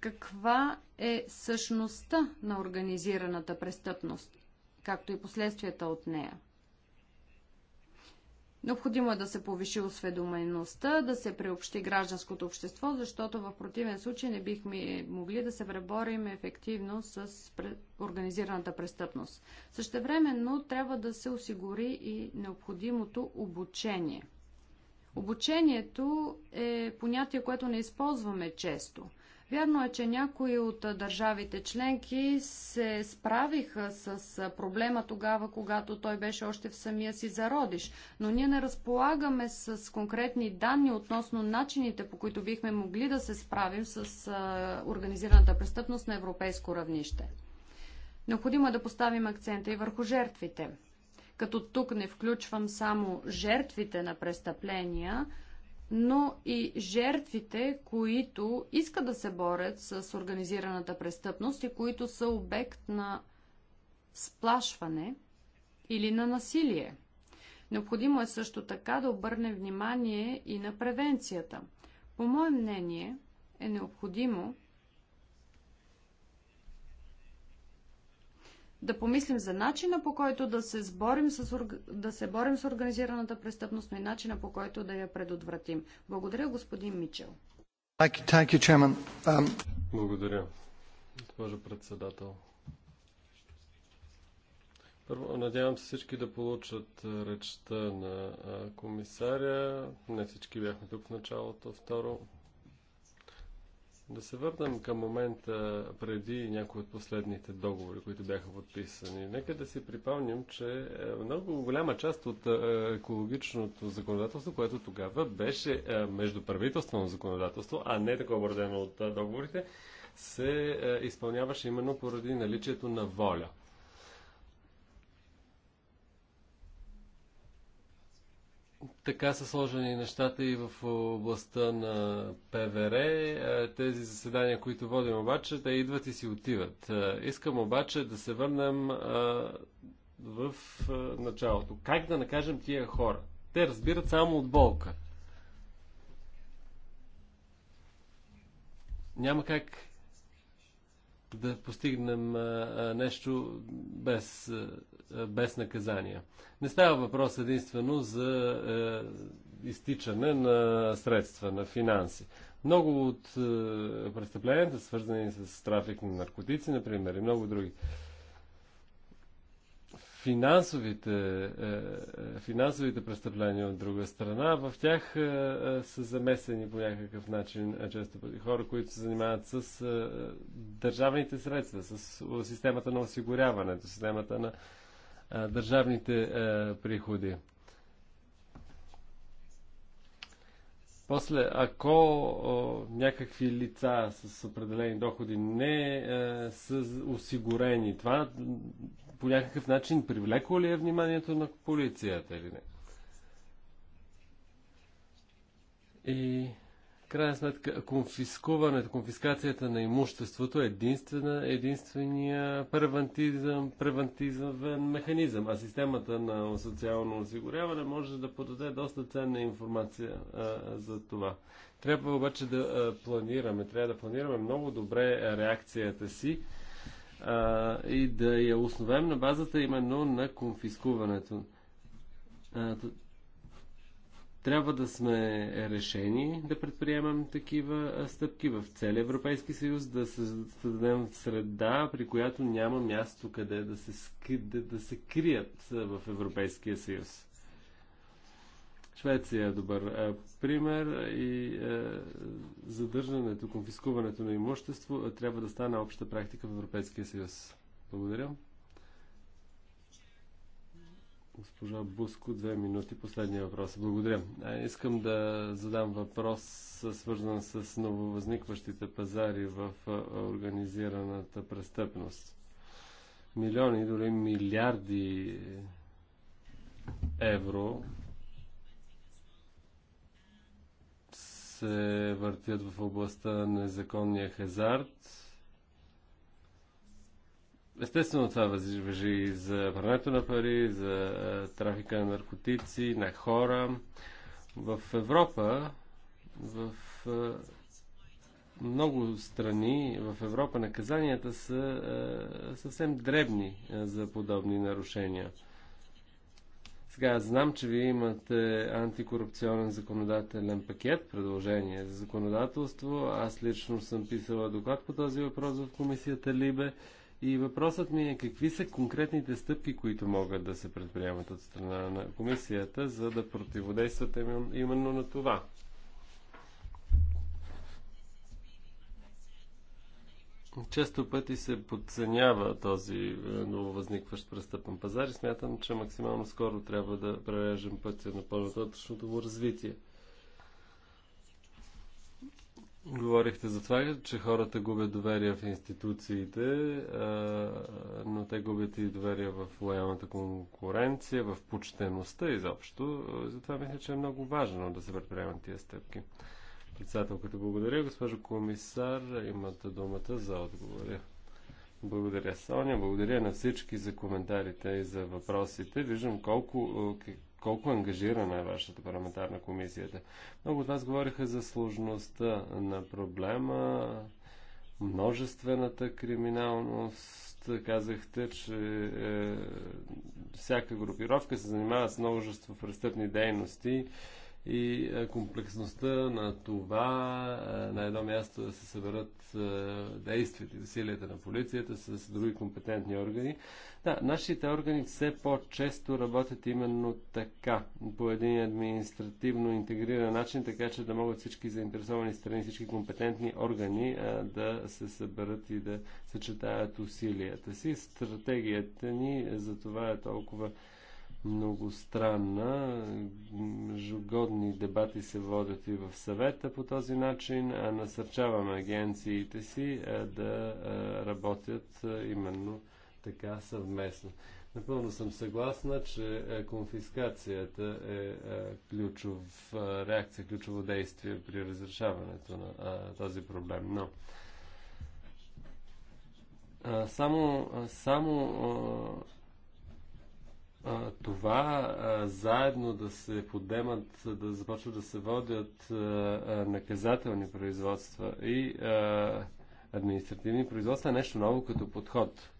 Speaker 2: каква е същността на организираната престъпност, както и последствията от нея. Необходимо е да се повиши осведомеността, да се приобщи гражданското общество, защото в противен случай не бихме могли да се преборим ефективно с организираната престъпност. Същевременно трябва да се осигури и необходимото обучение. Обучението е понятие, което не използваме често – Вярно е, че някои от държавите членки се справиха с проблема тогава, когато той беше още в самия си зародиш, но ние не разполагаме с конкретни данни относно начините, по които бихме могли да се справим с организираната престъпност на европейско равнище. Необходимо е да поставим акцента и върху жертвите. Като тук не включвам само жертвите на престъпления, но и жертвите, които искат да се борят с организираната престъпност и които са обект на сплашване или на насилие. Необходимо е също така да обърне внимание и на превенцията. По мое мнение е необходимо да помислим за начина по който да се, сборим с, да се борим с организираната престъпност, но и начина по който да я предотвратим. Благодаря, господин Мичел.
Speaker 3: Um, Благодаря, госпожо председател. Първо, надявам се всички да получат речта на комисаря. Не всички бяхме тук в началото. Второ, да се върнем към момента преди някои от последните договори, които бяха подписани. Нека да си припомним, че е, много голяма част от е, екологичното законодателство, което тогава беше е, междуправителствено законодателство, а не такова родено от договорите, се изпълняваше именно поради наличието на воля – така са сложени нещата и в областта на ПВР. Е, тези заседания, които водим обаче, те идват и си отиват. Е, искам обаче да се върнем е, в началото. Как да накажем тия хора? Те разбират само от болка. Няма как да постигнем нещо без е, без наказания. Не става въпрос единствено за е, изтичане на средства, на финанси. Много от е, престъпленията, свързани с трафик на наркотици, например, и много други, финансовите, финансовите престъпления от друга страна, в тях са замесени по някакъв начин често пъти хора, които се занимават с държавните средства, с системата на осигуряването, системата на държавните приходи. После, ако о, някакви лица с определени доходи не е, са осигурени, това по някакъв начин привлекло ли е вниманието на полицията или не? И крайна сметка конфискуването, конфискацията на имуществото е единствена, единствения превентизъм, превентизъвен механизъм, а системата на социално осигуряване може да подаде доста ценна информация а, за това. Трябва обаче да а, планираме, трябва да планираме много добре реакцията си а, и да я основем на базата именно на конфискуването. Трябва да сме решени да предприемем такива стъпки в целия Европейски съюз, да създадем среда, при която няма място къде да се, скри, да, да се крият в Европейския съюз. Швеция е добър е, пример и е, задържането, конфискуването на имущество е, трябва да стане обща практика в Европейския съюз. Благодаря. Госпожа Буско, две минути, последния въпрос. Благодаря. Искам да задам въпрос, свързан с нововъзникващите пазари в организираната престъпност. Милиони, дори милиарди евро се въртят в областта на незаконния хазарт Естествено това въжи и за прането на пари, за трафика на наркотици, на хора. В Европа, в много страни в Европа наказанията са съвсем дребни за подобни нарушения. Сега знам, че вие имате антикорупционен законодателен пакет, предложение за законодателство. Аз лично съм писала доклад по този въпрос в комисията Либе. И въпросът ми е какви са конкретните стъпки, които могат да се предприемат от страна на комисията, за да противодействат именно на това. Често пъти се подценява този е, нововъзникващ престъпен пазар и смятам, че максимално скоро трябва да прережем пътя на по-нататъчното му развитие. Говорихте за това, че хората губят доверие в институциите, но те губят и доверие в лоялната конкуренция, в почтеността изобщо. Затова мисля, че е много важно да се предприемат тия стъпки. Председателката, благодаря. Госпожо комисар, имате думата за отговори. Благодаря, Соня. Благодаря на всички за коментарите и за въпросите. Виждам колко, колко ангажирана е вашата парламентарна комисията. Много от вас говориха за сложността на проблема, множествената криминалност. Казахте, че е, всяка групировка се занимава с множество престъпни дейности. Е, и е, комплексността на това е, на едно място да се съберат е, действията и усилията на полицията с други компетентни органи. Да, нашите органи все по-често работят именно така, по един административно интегриран начин, така че да могат всички заинтересовани страни, всички компетентни органи да се съберат и да съчетаят усилията си. Стратегията ни за това е толкова многостранна. Междугодни дебати се водят и в съвета по този начин, а насърчаваме агенциите си да работят именно така съвместно. Напълно съм съгласна, че конфискацията е ключов реакция, ключово действие при разрешаването на този проблем. Но само, само това заедно да се подемат, да започват да се водят наказателни производства и административни производства е нещо ново като подход.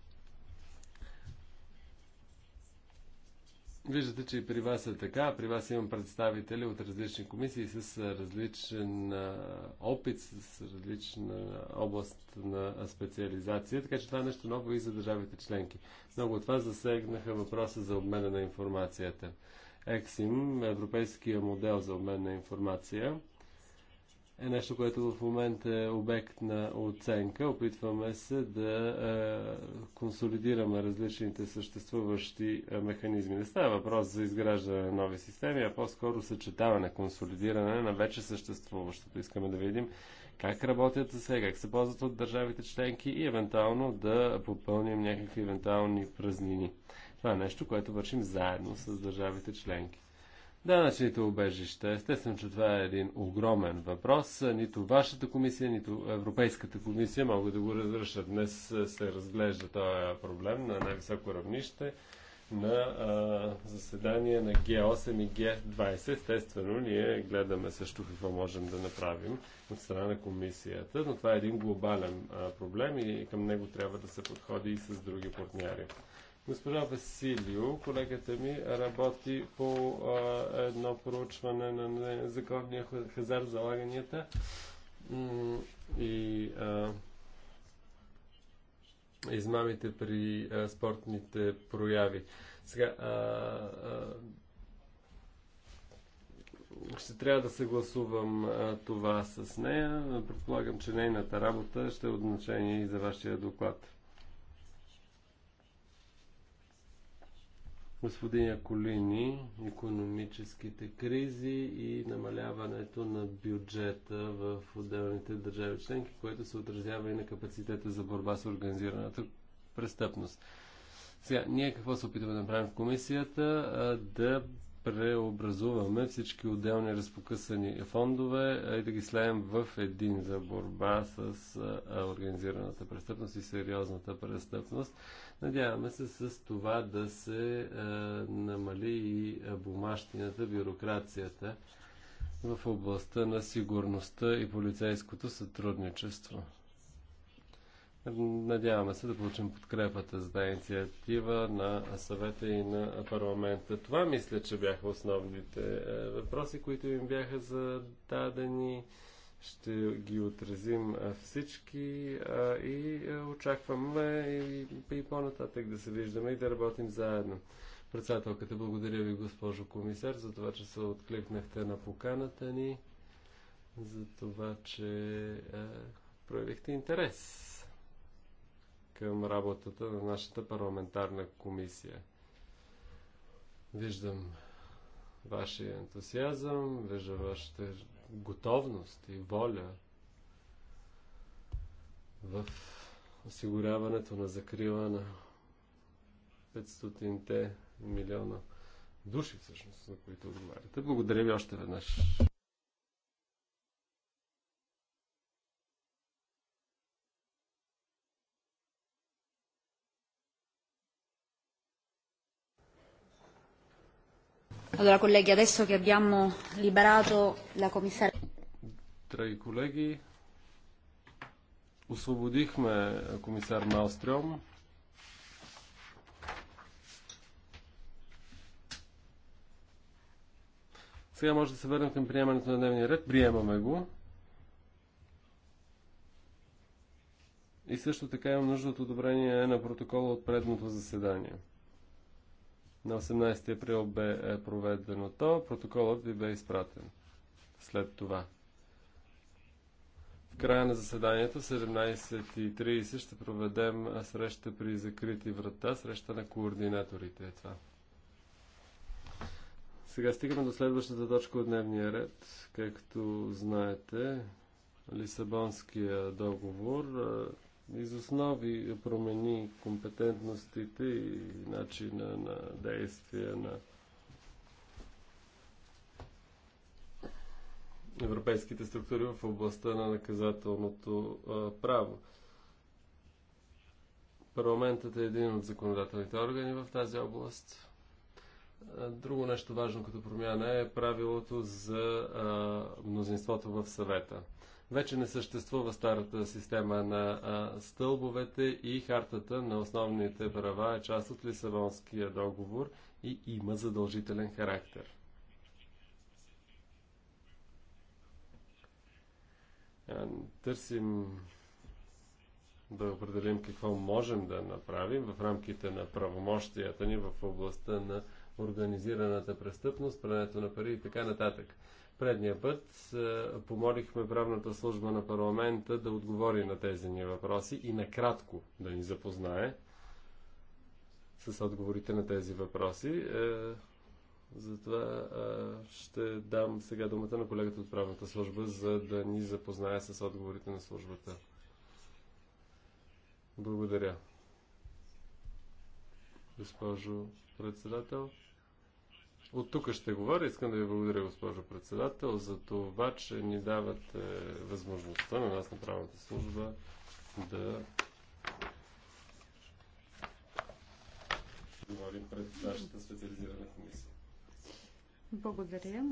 Speaker 3: Виждате, че и при вас е така. При вас имам представители от различни комисии с различен опит, с различна област на специализация, така че това е нещо ново и за държавите членки. Много от вас засегнаха въпроса за обмена на информацията. ЕКСИМ, Европейския модел за обмен на информация – е нещо, което в момента е обект на оценка. Опитваме се да е, консолидираме различните съществуващи е, механизми. Не става въпрос за изграждане на нови системи, а по-скоро съчетаване, консолидиране на вече съществуващото. Искаме да видим как работят за сега, как се ползват от държавите членки и евентуално да попълним някакви евентуални празнини. Това е нещо, което вършим заедно с държавите членки. Данъчните убежища. Естествено, че това е един огромен въпрос. Нито вашата комисия, нито Европейската комисия могат да го разрешат. Днес се разглежда този проблем на най-високо равнище на а, заседание на Г8 и Г20. Естествено, ние гледаме също какво можем да направим от страна на комисията, но това е един глобален а, проблем и към него трябва да се подходи и с други партньори. Госпожа Василио, колегата ми, работи по а, едно проучване на незаконния хазар залаганията и а, измамите при а, спортните прояви. Сега, а, а, ще трябва да съгласувам а, това с нея. Предполагам, че нейната работа ще е от значение и за вашия доклад. господин Колини, економическите кризи и намаляването на бюджета в отделните държави членки, което се отразява и на капацитета за борба с организираната престъпност. Сега, ние какво се опитваме да направим в комисията? Да преобразуваме всички отделни разпокъсани фондове и да ги слеем в един за борба с организираната престъпност и сериозната престъпност. Надяваме се с това да се намали и бумащината, бюрокрацията в областта на сигурността и полицейското сътрудничество. Надяваме се да получим подкрепата за тази инициатива на съвета и на парламента. Това мисля, че бяха основните е, въпроси, които им бяха зададени. Ще ги отразим е, всички е, и очакваме и, по-нататък да се виждаме и да работим заедно. Председателката, благодаря ви, госпожо комисар, за това, че се откликнахте на поканата ни, за това, че проявихте интерес към работата на нашата парламентарна комисия. Виждам вашия ентусиазъм, виждам вашата готовност и воля в осигуряването на закрила на 500-те милиона души, всъщност, на които отговаряте. Благодаря ви още веднъж.
Speaker 2: Allora, colleghi, adesso che abbiamo liberato la commissaria.
Speaker 3: Драги колеги, освободихме комисар Малстрём. Сега може да се върнем към приемането на дневния ред. Приемаме го. И също така имам нужда от одобрение на протокола от предното заседание. На 18 април бе е проведено то. Протоколът ви бе изпратен след това. В края на заседанието в 17.30 ще проведем е, среща при закрити врата, среща на координаторите. Е това. Сега стигаме до следващата точка от дневния ред. Както знаете, Лисабонския договор е, из основи промени компетентностите и начина на действие на европейските структури в областта на наказателното право. Парламентът е един от законодателните органи в тази област. Друго нещо важно като промяна е правилото за а, мнозинството в съвета. Вече не съществува старата система на а, стълбовете и хартата на основните права е част от Лисабонския договор и има задължителен характер. Търсим да определим какво можем да направим в рамките на правомощията ни в областта на организираната престъпност, прането на пари и така нататък. Предния път помолихме правната служба на парламента да отговори на тези ни въпроси и накратко да ни запознае с отговорите на тези въпроси. Е, затова ще дам сега думата на колегата от правната служба, за да ни запознае с отговорите на службата. Благодаря. Госпожо председател. От тук ще говоря. Искам да ви благодаря, госпожо председател, за това, че ни давате възможността на нас на правната служба да говорим пред нашата специализирана комисия.
Speaker 2: Благодаря.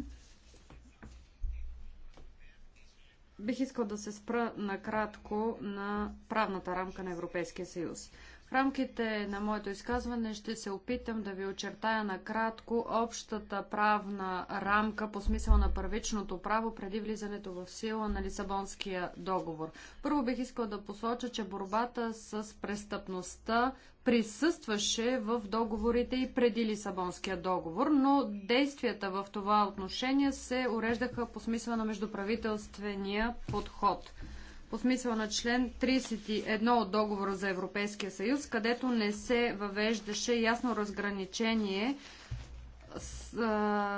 Speaker 2: Бих искал да се спра накратко на правната рамка на Европейския съюз. В рамките на моето изказване ще се опитам да ви очертая накратко общата правна рамка по смисъл на първичното право преди влизането в сила на Лисабонския договор. Първо бих искала да посоча, че борбата с престъпността присъстваше в договорите и преди Лисабонския договор, но действията в това отношение се уреждаха по смисъл на междуправителствения подход – по смисъла на член 31 от договора за Европейския съюз, където не се въвеждаше ясно разграничение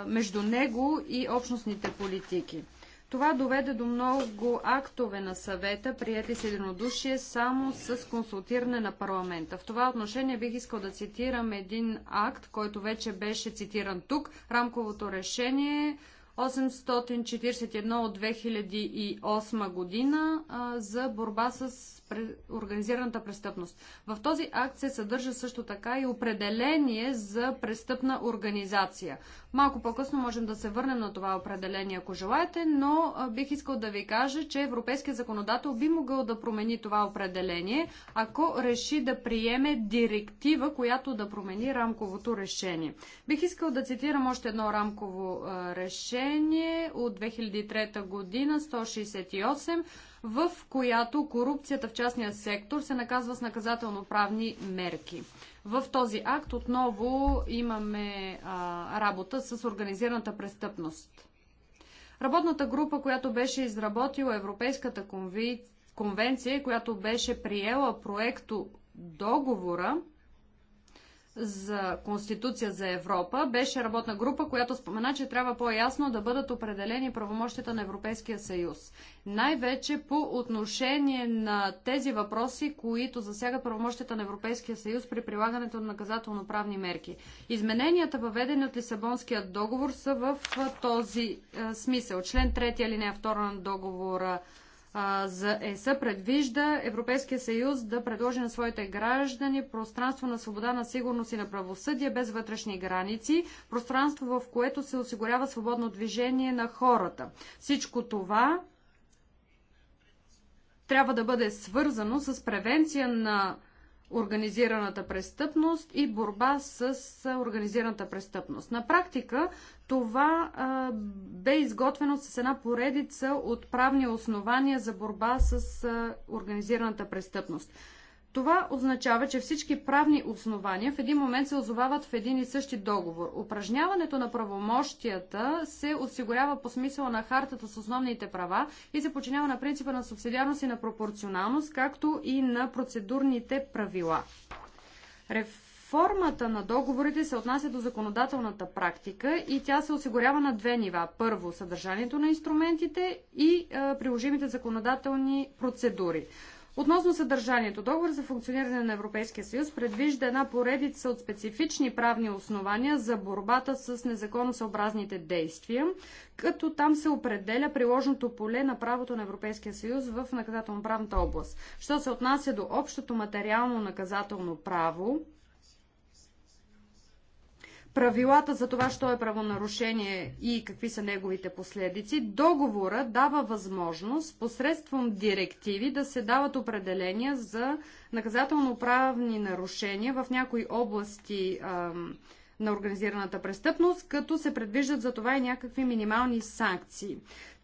Speaker 2: между него и общностните политики. Това доведе до много актове на съвета, прияти с единодушие само с консултиране на парламента. В това отношение бих искал да цитирам един акт, който вече беше цитиран тук, рамковото решение 841 от 2008 година за борба с организираната престъпност. В този акт се съдържа също така и определение за престъпна организация. Малко по-късно можем да се върнем на това определение, ако желаете, но бих искал да ви кажа, че европейският законодател би могъл да промени това определение, ако реши да приеме директива, която да промени рамковото решение. Бих искал да цитирам още едно рамково решение от 2003 година, 168 в която корупцията в частния сектор се наказва с наказателно-правни мерки. В този акт отново имаме а, работа с организираната престъпност. Работната група, която беше изработила Европейската конвенция, която беше приела проекто договора, за Конституция за Европа беше работна група, която спомена, че трябва по-ясно да бъдат определени правомощите на Европейския съюз. Най-вече по отношение на тези въпроси, които засягат правомощите на Европейския съюз при прилагането на наказателно-правни мерки. Измененията, въведени от Лисабонския договор, са в този е, смисъл. Член 3 алинея 2 на договора за ЕСА предвижда Европейския съюз да предложи на своите граждани пространство на свобода, на сигурност и на правосъдие без вътрешни граници, пространство в което се осигурява свободно движение на хората. Всичко това трябва да бъде свързано с превенция на организираната престъпност и борба с организираната престъпност. На практика това а, бе изготвено с една поредица от правни основания за борба с а, организираната престъпност. Това означава, че всички правни основания в един момент се озовават в един и същи договор. Упражняването на правомощията се осигурява по смисъла на хартата с основните права и се починява на принципа на субсидиарност и на пропорционалност, както и на процедурните правила. Реформата на договорите се отнася до законодателната практика и тя се осигурява на две нива. Първо, съдържанието на инструментите и е, приложимите законодателни процедури. Относно съдържанието, договор за функциониране на Европейския съюз предвижда една поредица от специфични правни основания за борбата с незаконосъобразните действия, като там се определя приложното поле на правото на Европейския съюз в наказателно-правната област. Що се отнася до общото материално наказателно право, правилата за това, що е правонарушение и какви са неговите последици, договора дава възможност посредством директиви да се дават определения за наказателно-правни нарушения в някои области ам, на организираната престъпност, като се предвиждат за това и някакви минимални санкции.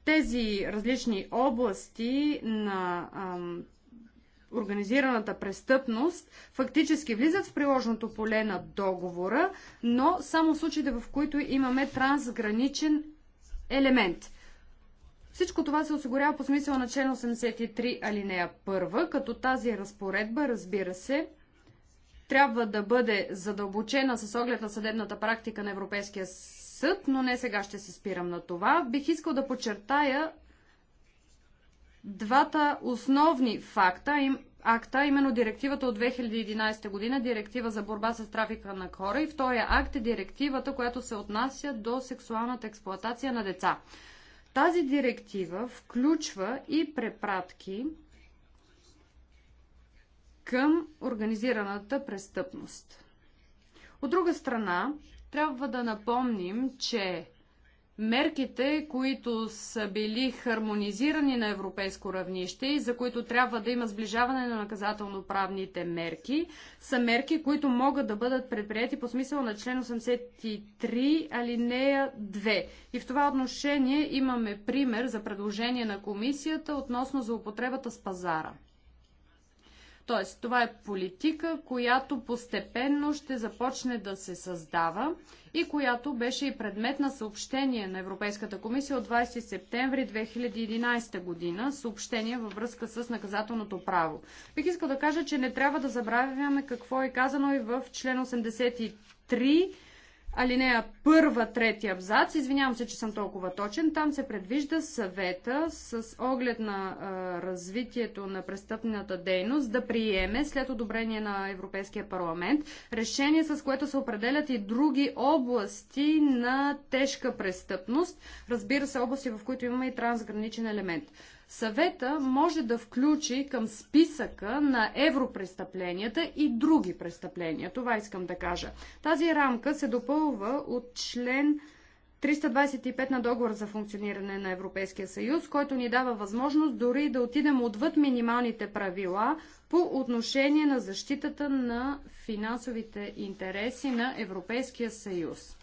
Speaker 2: Тези различни области на ам, организираната престъпност фактически влизат в приложното поле на договора, но само в случаите, в които имаме трансграничен елемент. Всичко това се осигурява по смисъл на член 83 алинея 1, като тази разпоредба, разбира се, трябва да бъде задълбочена с оглед на съдебната практика на Европейския съд, но не сега ще се спирам на това. Бих искал да подчертая двата основни факта, им, акта, именно директивата от 2011 година, директива за борба с трафика на хора и втория акт е директивата, която се отнася до сексуалната експлоатация на деца. Тази директива включва и препратки към организираната престъпност. От друга страна, трябва да напомним, че мерките, които са били хармонизирани на европейско равнище и за които трябва да има сближаване на наказателно-правните мерки, са мерки, които могат да бъдат предприяти по смисъл на член 83 алинея 2. И в това отношение имаме пример за предложение на комисията относно злоупотребата с пазара. Тоест, това е политика, която постепенно ще започне да се създава и която беше и предмет на съобщение на Европейската комисия от 20 септември 2011 година, съобщение във връзка с наказателното право. Бих искал да кажа, че не трябва да забравяме какво е казано и в член 83 Алинея първа, трети абзац, извинявам се, че съм толкова точен, там се предвижда съвета с оглед на а, развитието на престъпната дейност да приеме след одобрение на Европейския парламент решение, с което се определят и други области на тежка престъпност, разбира се, области, в които имаме и трансграничен елемент. Съвета може да включи към списъка на европрестъпленията и други престъпления. Това искам да кажа. Тази рамка се допълва от член 325 на договор за функциониране на Европейския съюз, който ни дава възможност дори да отидем отвъд минималните правила по отношение на защитата на финансовите интереси на Европейския съюз.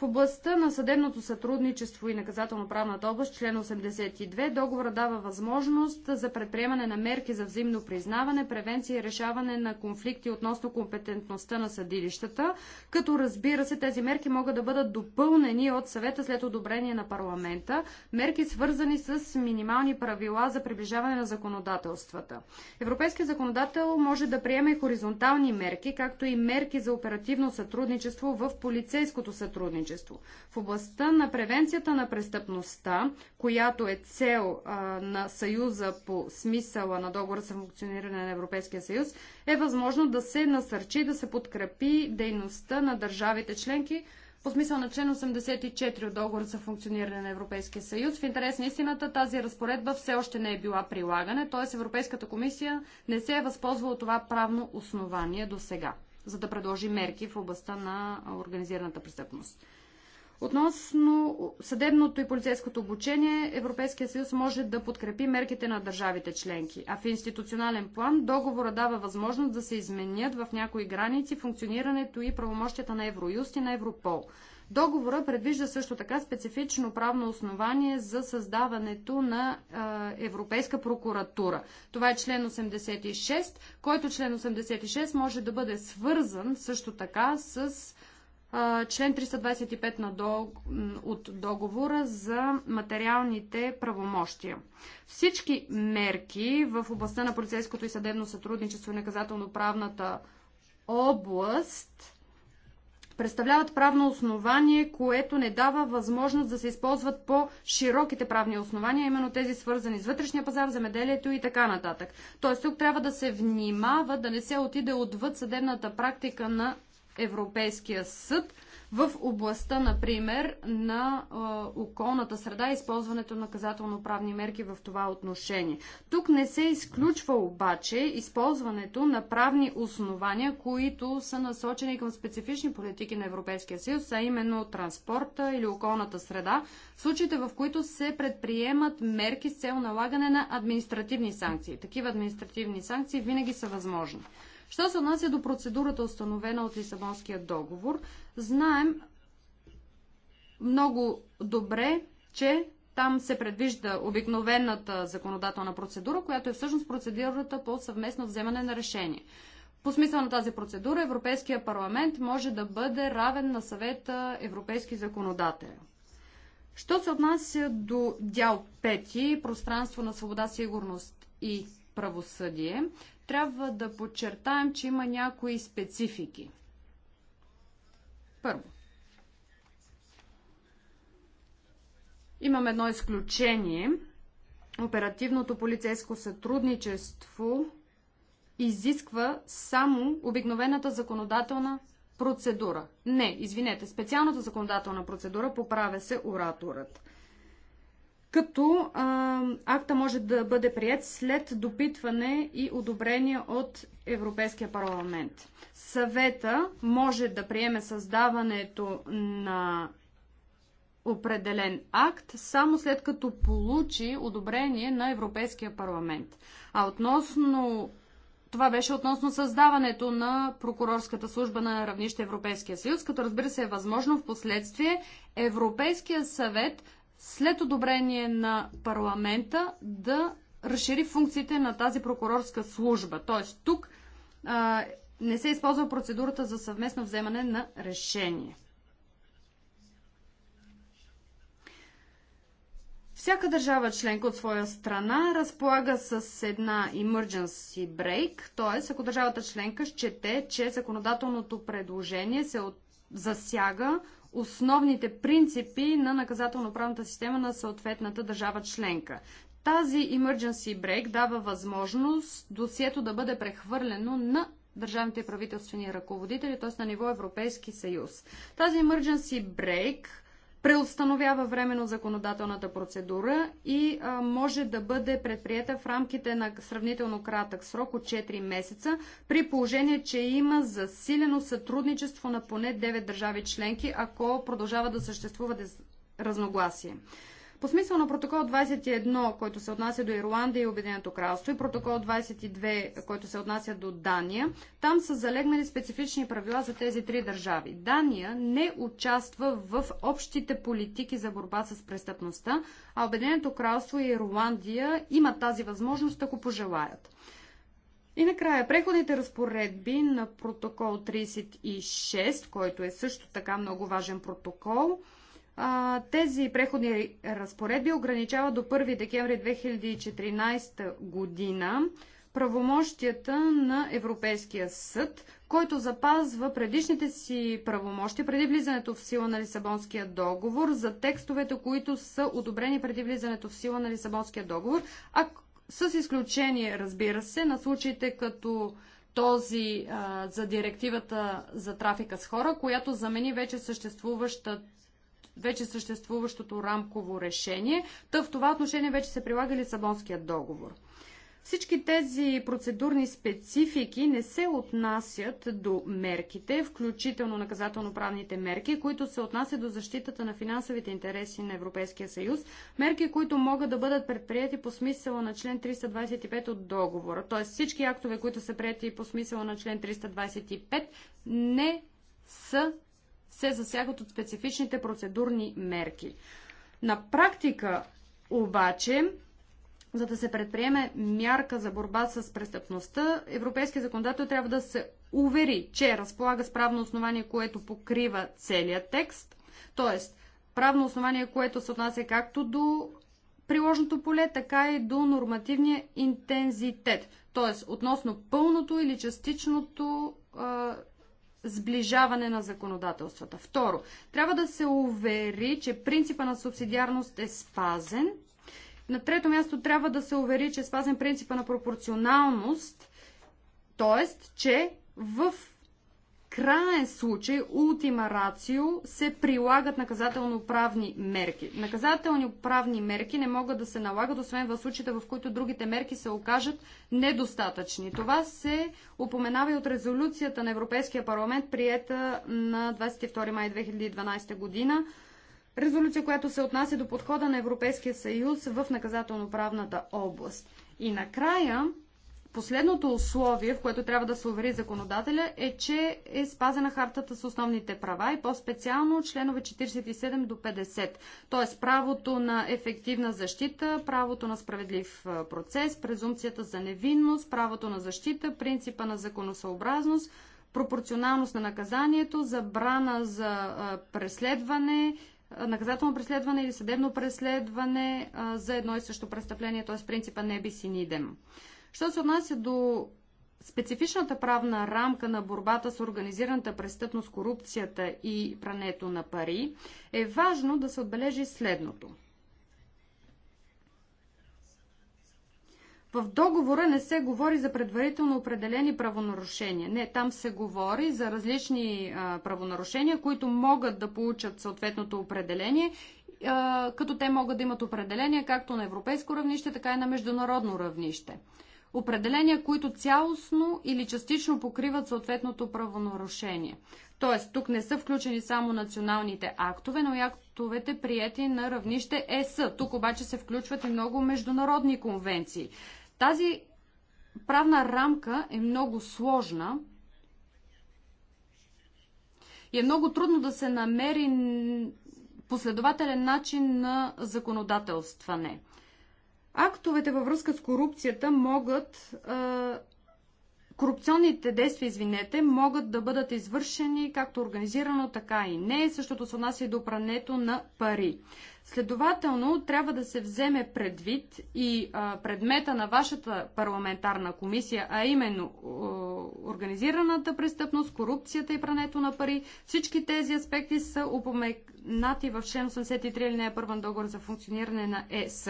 Speaker 2: В областта на съдебното сътрудничество и наказателно-правната област, член 82, договора дава възможност за предприемане на мерки за взаимно признаване, превенция и решаване на конфликти относно компетентността на съдилищата, като разбира се тези мерки могат да бъдат допълнени от съвета след одобрение на парламента, мерки свързани с минимални правила за приближаване на законодателствата. Европейският законодател може да приеме и хоризонтални мерки, както и мерки за оперативно сътрудничество в полицейското сътрудничество сътрудничество. В областта на превенцията на престъпността, която е цел а, на Съюза по смисъла на договора за функциониране на Европейския съюз, е възможно да се насърчи, да се подкрепи дейността на държавите членки, по смисъл на член 84 от договора за функциониране на Европейския съюз. В интерес на истината тази разпоредба все още не е била прилагане, т.е. Европейската комисия не се е възползвала това правно основание до сега, за да предложи мерки в областта на организираната престъпност. Относно съдебното и полицейското обучение, Европейския съюз може да подкрепи мерките на държавите членки, а в институционален план договора дава възможност да се изменят в някои граници функционирането и правомощията на Евроюст и на Европол. Договора предвижда също така специфично правно основание за създаването на е, Европейска прокуратура. Това е член 86, който член 86 може да бъде свързан също така с член 325 на дол... от договора за материалните правомощия. Всички мерки в областта на полицейското и съдебно сътрудничество и наказателно-правната област представляват правно основание, което не дава възможност да се използват по-широките правни основания, именно тези свързани с вътрешния пазар, замеделието и така нататък. Тоест тук трябва да се внимава да не се отиде отвъд съдебната практика на Европейския съд в областта, например, на околната среда и използването на наказателно-правни мерки в това отношение. Тук не се изключва обаче използването на правни основания, които са насочени към специфични политики на Европейския съюз, а именно транспорта или околната среда, в случаите в които се предприемат мерки с цел налагане на административни санкции. Такива административни санкции винаги са възможни. Що се отнася до процедурата, установена от Лисабонския договор, знаем много добре, че там се предвижда обикновената законодателна процедура, която е всъщност процедурата по съвместно вземане на решение. По смисъл на тази процедура Европейския парламент може да бъде равен на съвета Европейски законодател. Що се отнася до дял 5, пространство на свобода, сигурност и правосъдие, трябва да подчертаем, че има някои специфики. Първо. Имам едно изключение. Оперативното полицейско сътрудничество изисква само обикновената законодателна процедура. Не, извинете, специалната законодателна процедура поправя се ораторът като а, акта може да бъде прият след допитване и одобрение от Европейския парламент. Съвета може да приеме създаването на определен акт, само след като получи одобрение на Европейския парламент. А относно това беше относно създаването на прокурорската служба на равнище Европейския съюз, като разбира се е възможно в последствие Европейския съвет след одобрение на парламента да разшири функциите на тази прокурорска служба. Т.е. тук а, не се използва процедурата за съвместно вземане на решение. Всяка държава членка от своя страна разполага с една emergency break, т.е. ако държавата членка счете, че законодателното предложение се от... засяга основните принципи на наказателно-правната система на съответната държава членка. Тази emergency break дава възможност досието да бъде прехвърлено на държавните правителствени ръководители, т.е. на ниво Европейски съюз. Тази emergency break – преустановява временно законодателната процедура и а, може да бъде предприета в рамките на сравнително кратък срок от 4 месеца, при положение, че има засилено сътрудничество на поне 9 държави членки, ако продължава да съществува разногласие. По смисъл на протокол 21, който се отнася до Ирландия и Обединеното кралство, и протокол 22, който се отнася до Дания, там са залегнали специфични правила за тези три държави. Дания не участва в общите политики за борба с престъпността, а Обединеното кралство и Ирландия имат тази възможност, ако пожелаят. И накрая, преходните разпоредби на протокол 36, който е също така много важен протокол, тези преходни разпоредби ограничават до 1 декември 2014 година правомощията на Европейския съд, който запазва предишните си правомощи преди влизането в сила на Лисабонския договор за текстовете, които са одобрени преди влизането в сила на Лисабонския договор, а с изключение, разбира се, на случаите като този а, за директивата за трафика с хора, която замени вече съществуващата вече съществуващото рамково решение. Та в това отношение вече се прилага Лисабонския договор. Всички тези процедурни специфики не се отнасят до мерките, включително наказателно-правните мерки, които се отнасят до защитата на финансовите интереси на Европейския съюз, мерки, които могат да бъдат предприяти по смисъла на член 325 от договора. Т.е. всички актове, които са прияти по смисъла на член 325, не са се засягат от специфичните процедурни мерки. На практика обаче за да се предприеме мярка за борба с престъпността, европейският законодател трябва да се увери, че разполага с правно основание, което покрива целият текст, т.е. правно основание, което се отнася както до приложното поле, така и до нормативния интензитет, т.е. относно пълното или частичното а, сближаване на законодателствата. Второ, трябва да се увери, че принципа на субсидиарност е спазен. На трето място трябва да се увери, че е спазен принципа на пропорционалност, т.е. че в крайен случай, ултима рацио, се прилагат наказателно-правни мерки. Наказателно-правни мерки не могат да се налагат, освен в случаите, в които другите мерки се окажат недостатъчни. Това се упоменава и от резолюцията на Европейския парламент, приета на 22 май 2012 година. Резолюция, която се отнася до подхода на Европейския съюз в наказателно-правната област. И накрая, Последното условие, в което трябва да се увери законодателя, е, че е спазена хартата с основните права и по-специално членове 47 до 50. Тоест правото на ефективна защита, правото на справедлив процес, презумпцията за невинност, правото на защита, принципа на законосъобразност, пропорционалност на наказанието, забрана за преследване, наказателно преследване или съдебно преследване за едно и също престъпление, т.е. принципа не би си нидем. Що се отнася до специфичната правна рамка на борбата с организираната престъпност, корупцията и прането на пари, е важно да се отбележи следното. В договора не се говори за предварително определени правонарушения. Не, там се говори за различни а, правонарушения, които могат да получат съответното определение, а, като те могат да имат определение както на европейско равнище, така и на международно равнище определения, които цялостно или частично покриват съответното правонарушение. Тоест, тук не са включени само националните актове, но и актовете приети на равнище ЕС. Тук обаче се включват и много международни конвенции. Тази правна рамка е много сложна и е много трудно да се намери последователен начин на законодателстване. Актовете във връзка с корупцията могат. Корупционните действия, извинете, могат да бъдат извършени както организирано, така и не. Същото се отнася и до прането на пари. Следователно, трябва да се вземе предвид и а, предмета на вашата парламентарна комисия, а именно а, организираната престъпност, корупцията и прането на пари. Всички тези аспекти са упоменати в член 83 или не първа договор за функциониране на ЕС.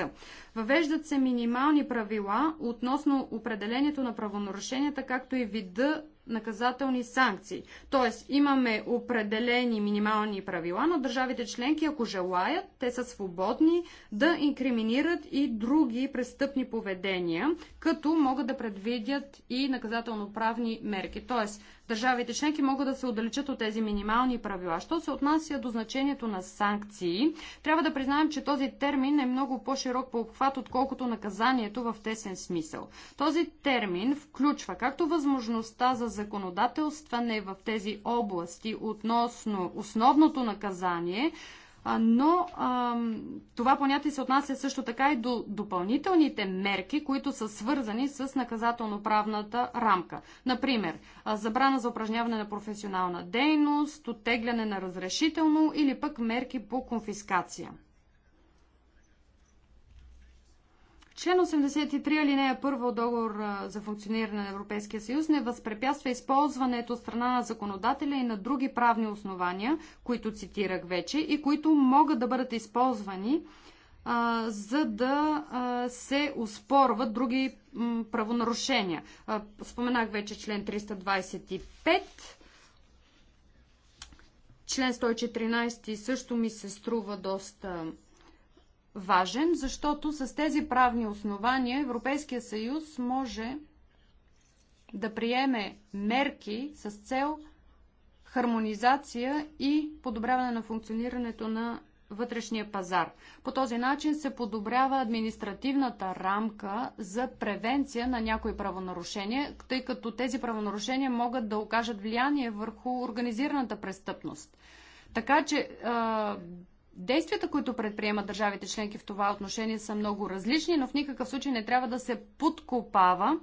Speaker 2: Въвеждат се минимални правила относно определението на правонарушенията, както и вида наказателни санкции. Тоест, имаме определени минимални правила, но държавите членки, ако желаят, те са свободни да инкриминират и други престъпни поведения, като могат да предвидят и наказателно-правни мерки. Тоест, държавите членки могат да се отдалечат от тези минимални правила. Що се отнася до значението на санкции, трябва да признаем, че този термин е много по-широк по обхват, отколкото наказанието в тесен смисъл. Този термин включва както възможността за законодателстване в тези области относно основното наказание, но това понятие се отнася също така и до допълнителните мерки, които са свързани с наказателно-правната рамка. Например, забрана за упражняване на професионална дейност, оттегляне на разрешително или пък мерки по конфискация. Член 83 алинея 1 от договор за функциониране на Европейския съюз не възпрепятства използването от страна на законодателя и на други правни основания, които цитирах вече и които могат да бъдат използвани а, за да а, се успорват други м, правонарушения. А, споменах вече член 325. Член 114 също ми се струва доста важен, защото с тези правни основания Европейския съюз може да приеме мерки с цел хармонизация и подобряване на функционирането на вътрешния пазар. По този начин се подобрява административната рамка за превенция на някои правонарушения, тъй като тези правонарушения могат да окажат влияние върху организираната престъпност. Така че Действията, които предприемат държавите членки в това отношение са много различни, но в никакъв случай не трябва да се подкопава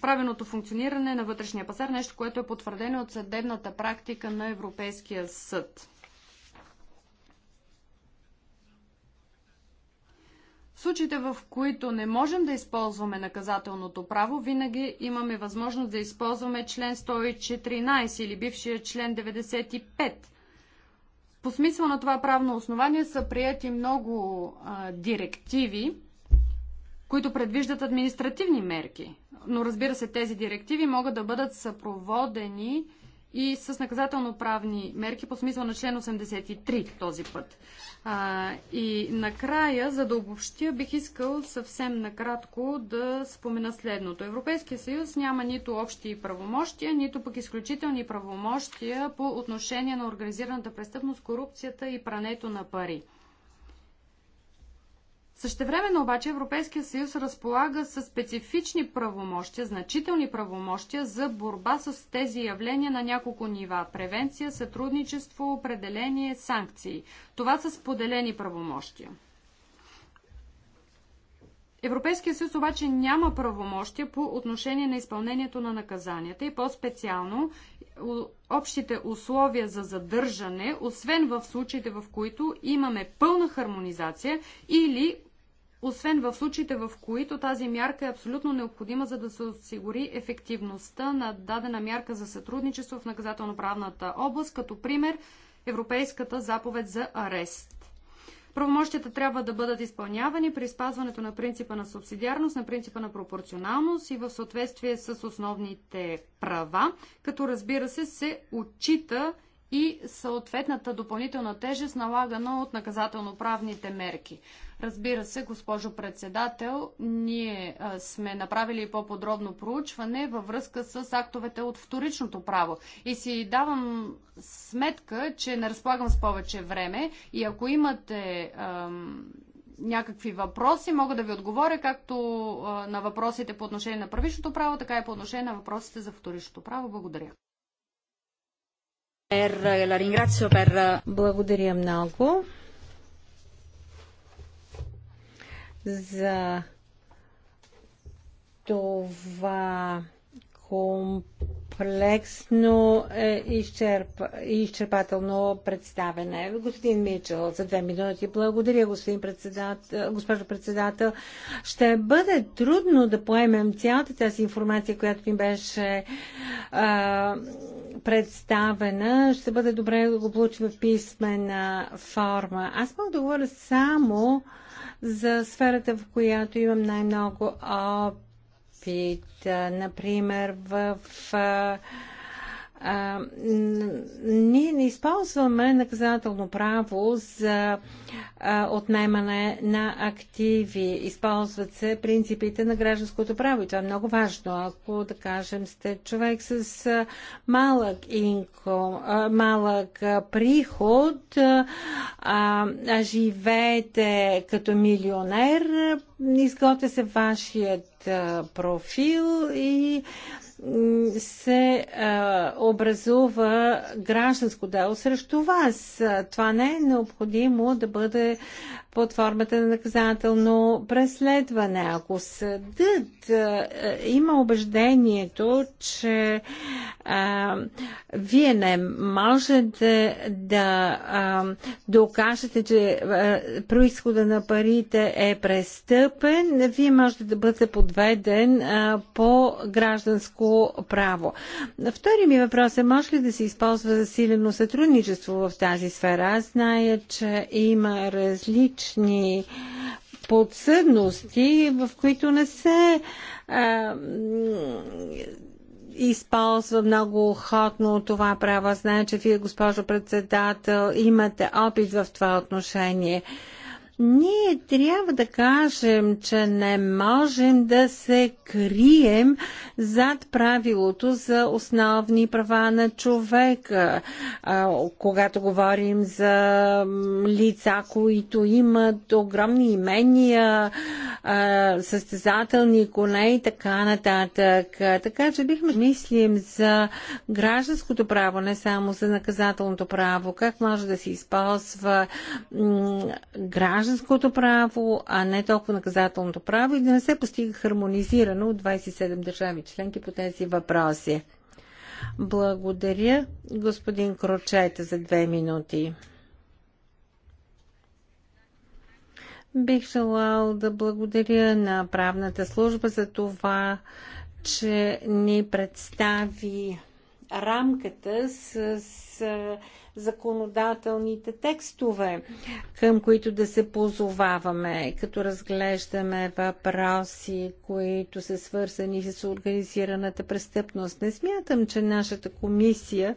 Speaker 2: правилното функциониране на вътрешния пазар, нещо, което е потвърдено от съдебната практика на Европейския съд. В случаите, в които не можем да използваме наказателното право, винаги имаме възможност да използваме член 114 или бившия член 95 по смисъл на това правно основание са прияти много а, директиви, които предвиждат административни мерки. Но разбира се, тези директиви могат да бъдат съпроводени и с наказателно-правни мерки по смисъл на член 83 този път. А, и накрая, за да обобщя, бих искал съвсем накратко да спомена следното. Европейския съюз няма нито общи правомощия, нито пък изключителни правомощия по отношение на организираната престъпност, корупцията и прането на пари. Същевременно обаче Европейския съюз разполага с специфични правомощия, значителни правомощия за борба с тези явления на няколко нива – превенция, сътрудничество, определение, санкции. Това са споделени правомощия. Европейския съюз обаче няма правомощия по отношение на изпълнението на наказанията и по-специално общите условия за задържане, освен в случаите, в които имаме пълна хармонизация или освен в случаите, в които тази мярка е абсолютно необходима, за да се осигури ефективността на дадена мярка за сътрудничество в наказателно-правната област, като пример Европейската заповед за арест. Правомощията трябва да бъдат изпълнявани при спазването на принципа на субсидиарност, на принципа на пропорционалност и в съответствие с основните права, като разбира се се отчита и съответната допълнителна тежест, налагана от наказателно-правните мерки. Разбира се, госпожо председател, ние сме направили по-подробно проучване във връзка с актовете от вторичното право и си давам сметка, че не разполагам с повече време и ако имате ам, някакви въпроси, мога да ви отговоря както на въпросите по отношение на първичното право, така и по отношение на въпросите за вторичното право. Благодаря.
Speaker 1: Благодаря много. за това комплексно е изчерп, изчерпателно представене. Господин Мичел, за две минути. Благодаря, господин председател, госпожо председател. Ще бъде трудно да поемем цялата тази информация, която ми беше а, представена. Ще бъде добре да го получим в писмена форма. Аз мога да говоря само а, за сферата, в която имам най-много опит. Например, в а, ние не използваме наказателно право за а, отнемане на активи. Използват се принципите на гражданското право и това е много важно. Ако, да кажем, сте човек с а, малък, инко, а, малък а, приход, а, а живеете като милионер, изготвя се вашият профил и се а, образува гражданско дело срещу вас. Това не е необходимо да бъде под формата на наказателно преследване. Ако съдът а, е, има убеждението, че а, е, вие не можете да е, а, докажете, че а, происхода на парите е престъпен, вие можете да бъдете подведен а, по гражданско право. Втори ми въпрос е, може ли да се използва засилено сътрудничество в тази сфера? Аз зная, че има различни различни подсъдности, в които не се а, използва много охотно това право. Знае, че вие, госпожо председател, имате опит в това отношение. А, ние трябва да кажем, че не можем да се крием зад правилото за основни права на човека, когато говорим за лица, които имат огромни имения, състезателни коне и така нататък. Така че бихме мислим за гражданското право, не само за наказателното право, как може да се използва гражданството гражданското право, а не толкова наказателното право и да не се постига хармонизирано от 27 държави членки по тези въпроси. Благодаря, господин Крочета, за две минути. Бих желал да благодаря на правната служба за това, че ни представи рамката с, с законодателните текстове, към които да се позоваваме, като разглеждаме въпроси, които са свързани с организираната престъпност. Не смятам, че нашата комисия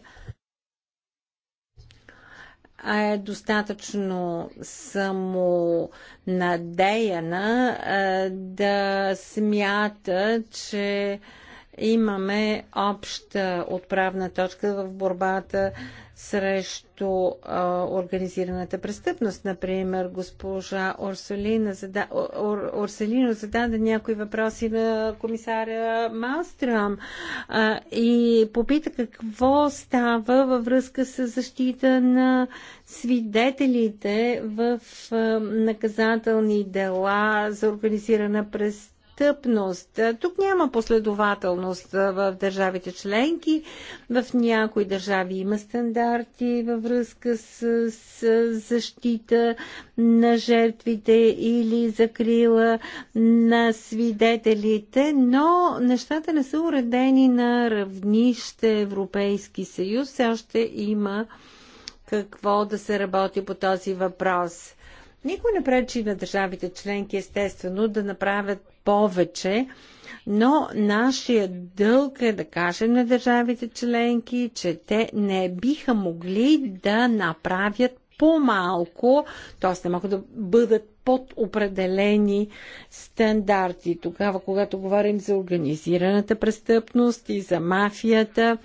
Speaker 1: е достатъчно самонадеяна е, да смята, че имаме обща отправна точка в борбата срещу а, организираната престъпност. Например, госпожа Орсолина зада, Ор, Орселино зададе някои въпроси на комисаря Малстрам а, и попита какво става във връзка с защита на свидетелите в а, наказателни дела за организирана престъпност престъпност. Тук няма последователност в държавите членки. В някои държави има стандарти във връзка с, с защита на жертвите или закрила на свидетелите, но нещата не са уредени на равнище Европейски съюз. Все още има какво да се работи по този въпрос. Никой не пречи на държавите членки, естествено, да направят повече, но нашия дълг е да кажем на държавите членки, че те не биха могли да направят по-малко, т.е. не могат да бъдат под определени стандарти. Тогава, когато говорим за организираната престъпност и за мафията,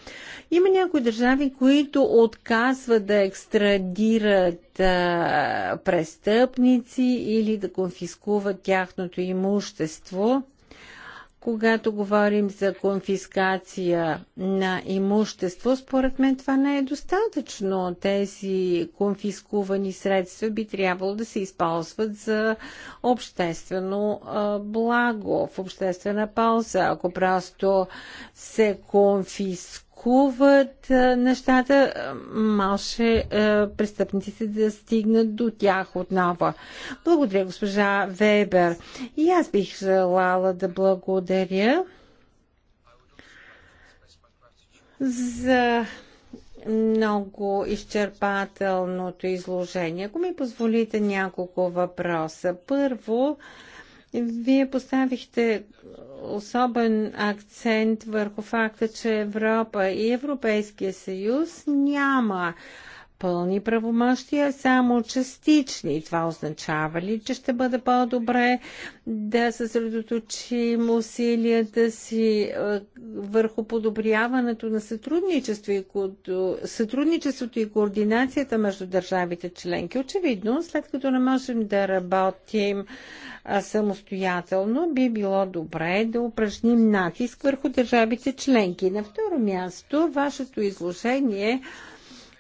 Speaker 1: има някои държави, които отказват да екстрадират а, престъпници или да конфискуват тяхното имущество когато говорим за конфискация на имущество, според мен това не е достатъчно. Тези конфискувани средства би трябвало да се използват за обществено благо, в обществена полза. Ако просто се конфискува, тълкуват нещата, може престъпниците да стигнат до тях отново. Благодаря, госпожа Вебер. И аз бих желала да благодаря за много изчерпателното изложение. Ако ми позволите няколко въпроса. Първо, вие поставихте особен акцент върху факта, че Европа и Европейския съюз няма пълни правомощия, само частични. Това означава ли, че ще бъде по-добре да съсредоточим усилията си е, върху подобряването на сътрудничество и, сътрудничеството и координацията между държавите членки? Очевидно, след като не можем да работим самостоятелно, би било добре да упражним натиск върху държавите членки. На второ място, вашето изложение –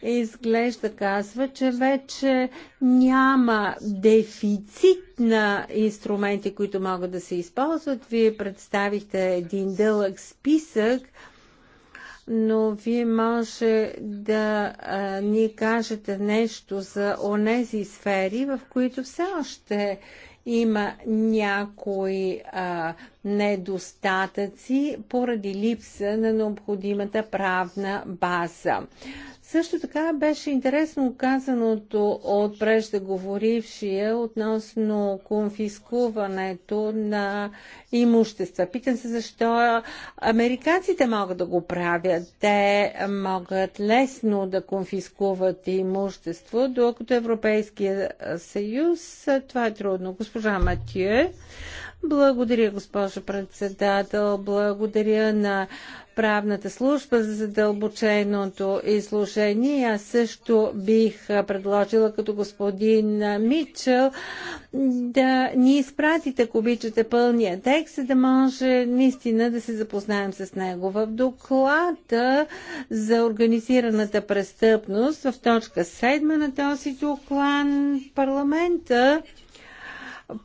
Speaker 1: изглежда казва, че вече няма дефицит на инструменти, които могат да се използват. Вие представихте един дълъг списък, но вие може да а, ни кажете нещо за онези сфери, в които все още има някои а, недостатъци поради липса на необходимата правна база. Също така беше интересно казаното от преждеговорившия относно конфискуването на имущества. Питам се защо американците могат да го правят. Те могат лесно да конфискуват имущество, докато Европейския съюз това е трудно. Госпожа Матие, благодаря, госпожо председател, благодаря на правната служба за задълбоченото изложение. Аз също бих предложила като господин Митчел да ни изпратите, ако обичате, пълния текст, за да може наистина да се запознаем с него. В доклада за организираната престъпност в точка 7 на този доклад парламента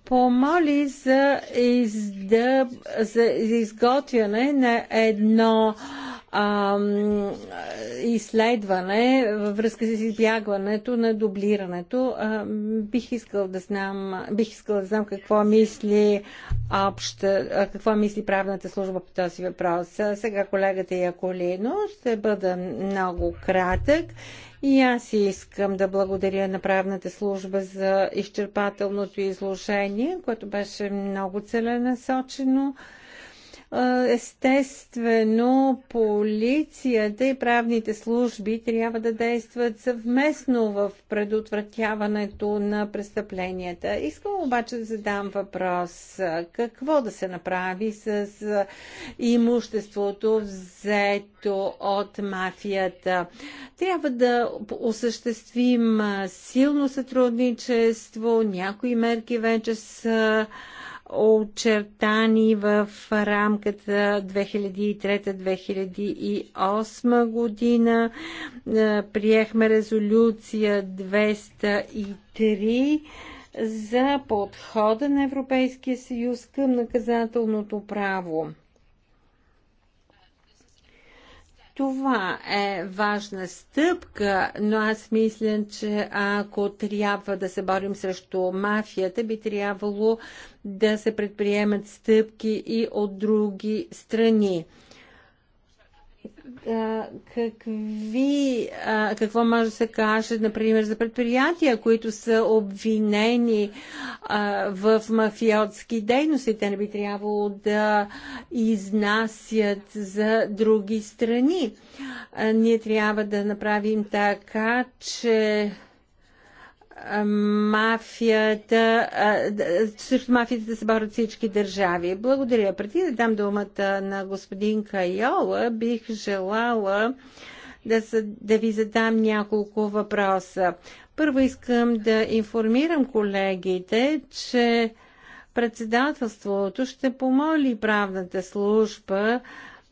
Speaker 1: помоли за, изда, за изготвяне на едно а, изследване във връзка с избягването на дублирането. А, бих искал да знам, бих искал да знам какво мисли обща, какво мисли правната служба по този въпрос. Сега колегата Яколино ще бъда много кратък и аз искам да благодаря на правната служба за изчерпателното изложение, което беше много целенасочено. Естествено, полицията и правните служби трябва да действат съвместно в предотвратяването на престъпленията. Искам обаче да задам въпрос. Какво да се направи с имуществото взето от мафията? Трябва да осъществим силно сътрудничество. Някои мерки вече са очертани в рамката 2003-2008 година. Е, приехме резолюция 203 за подхода на Европейския съюз към наказателното право. Това е важна стъпка, но аз мисля, че ако трябва да се борим срещу мафията, би трябвало да се предприемат стъпки и от други страни какви, какво може да се каже, например, за предприятия, които са обвинени в мафиотски дейности. Те не би трябвало да изнасят за други страни. Ние трябва да направим така, че мафията, също мафията да се борят всички държави. Благодаря. Преди да дам думата на господин Кайола, бих желала да, са, да ви задам няколко въпроса. Първо искам да информирам колегите, че председателството ще помоли правната служба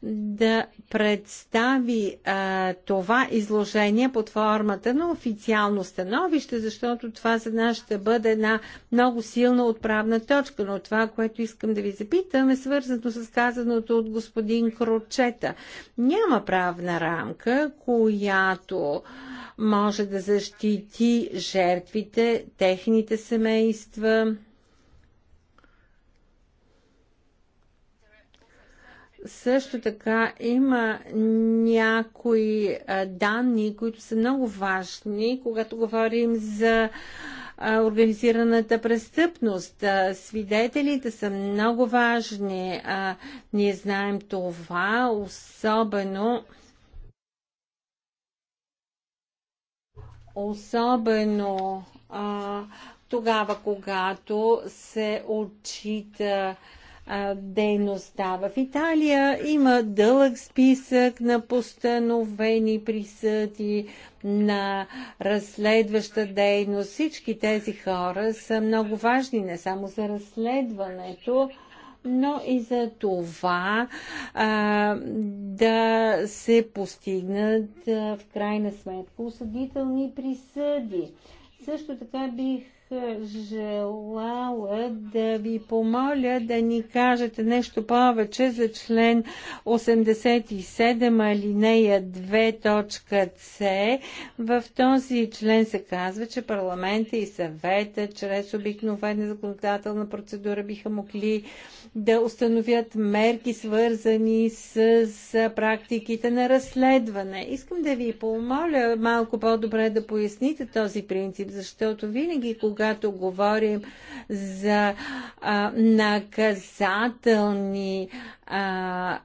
Speaker 1: да представи а, това изложение под формата на официално становище, защото това за нас ще бъде една много силна отправна точка. Но това, което искам да ви запитам е свързано с казаното от господин Крочета. Няма правна рамка, която може да защити жертвите, техните семейства, Също така има някои данни, които са много важни, когато говорим за организираната престъпност. Свидетелите са много важни. Ние знаем това, особено особено а, тогава, когато се отчита дейността. В Италия има дълъг списък на постановени присъди, на разследваща дейност. Всички тези хора са много важни не само за разследването, но и за това а, да се постигнат а, в крайна сметка осъдителни присъди. Също така бих е, желала да ви помоля да ни кажете нещо повече за член 87 алинея 2 точка С. В този член се казва, че парламента и съвета чрез обикновена законодателна процедура биха могли да установят мерки свързани с, с практиките на разследване. Искам да ви помоля малко по-добре да поясните този принцип, защото винаги, когато когато говорим за а, наказателни а,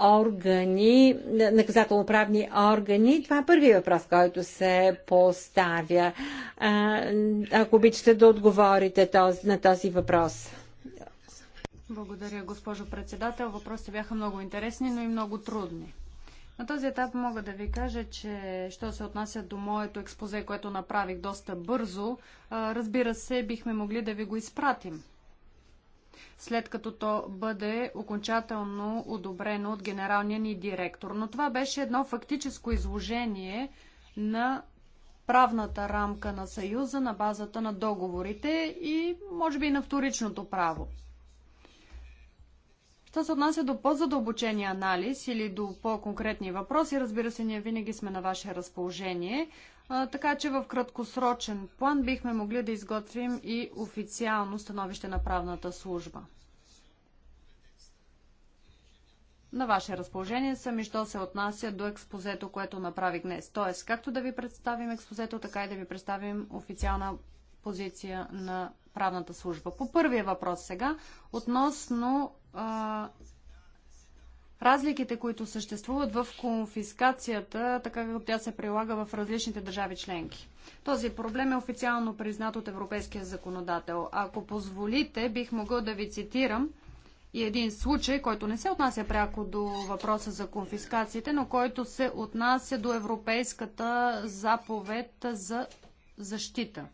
Speaker 1: органи, наказателно-правни органи. Това е първият въпрос, който се поставя. А, ако обичате да отговорите този, на този въпрос.
Speaker 2: Благодаря, госпожо председател. Въпросите бяха много интересни, но и много трудни. На този етап мога да ви кажа, че що се отнася до моето експозе, което направих доста бързо, разбира се, бихме могли да ви го изпратим след като то бъде окончателно одобрено от генералния ни директор. Но това беше едно фактическо изложение на правната рамка на Съюза на базата на договорите и може би и на вторичното право. Що се отнася до по-задълбочения анализ или до по-конкретни въпроси, разбира се, ние винаги сме на ваше разположение. А, така че в краткосрочен план бихме могли да изготвим и официално становище на правната служба. На ваше разположение са ми, що се отнася до експозето, което направи днес. Тоест, както да ви представим експозето, така и да ви представим официална позиция на правната служба. По първия въпрос сега, относно а, разликите, които съществуват в конфискацията, така както тя се прилага в различните държави членки. Този проблем е официално признат от европейския законодател. Ако позволите, бих могъл да ви цитирам и един случай, който не се отнася пряко до въпроса за конфискациите, но който се отнася до Европейската заповед за защита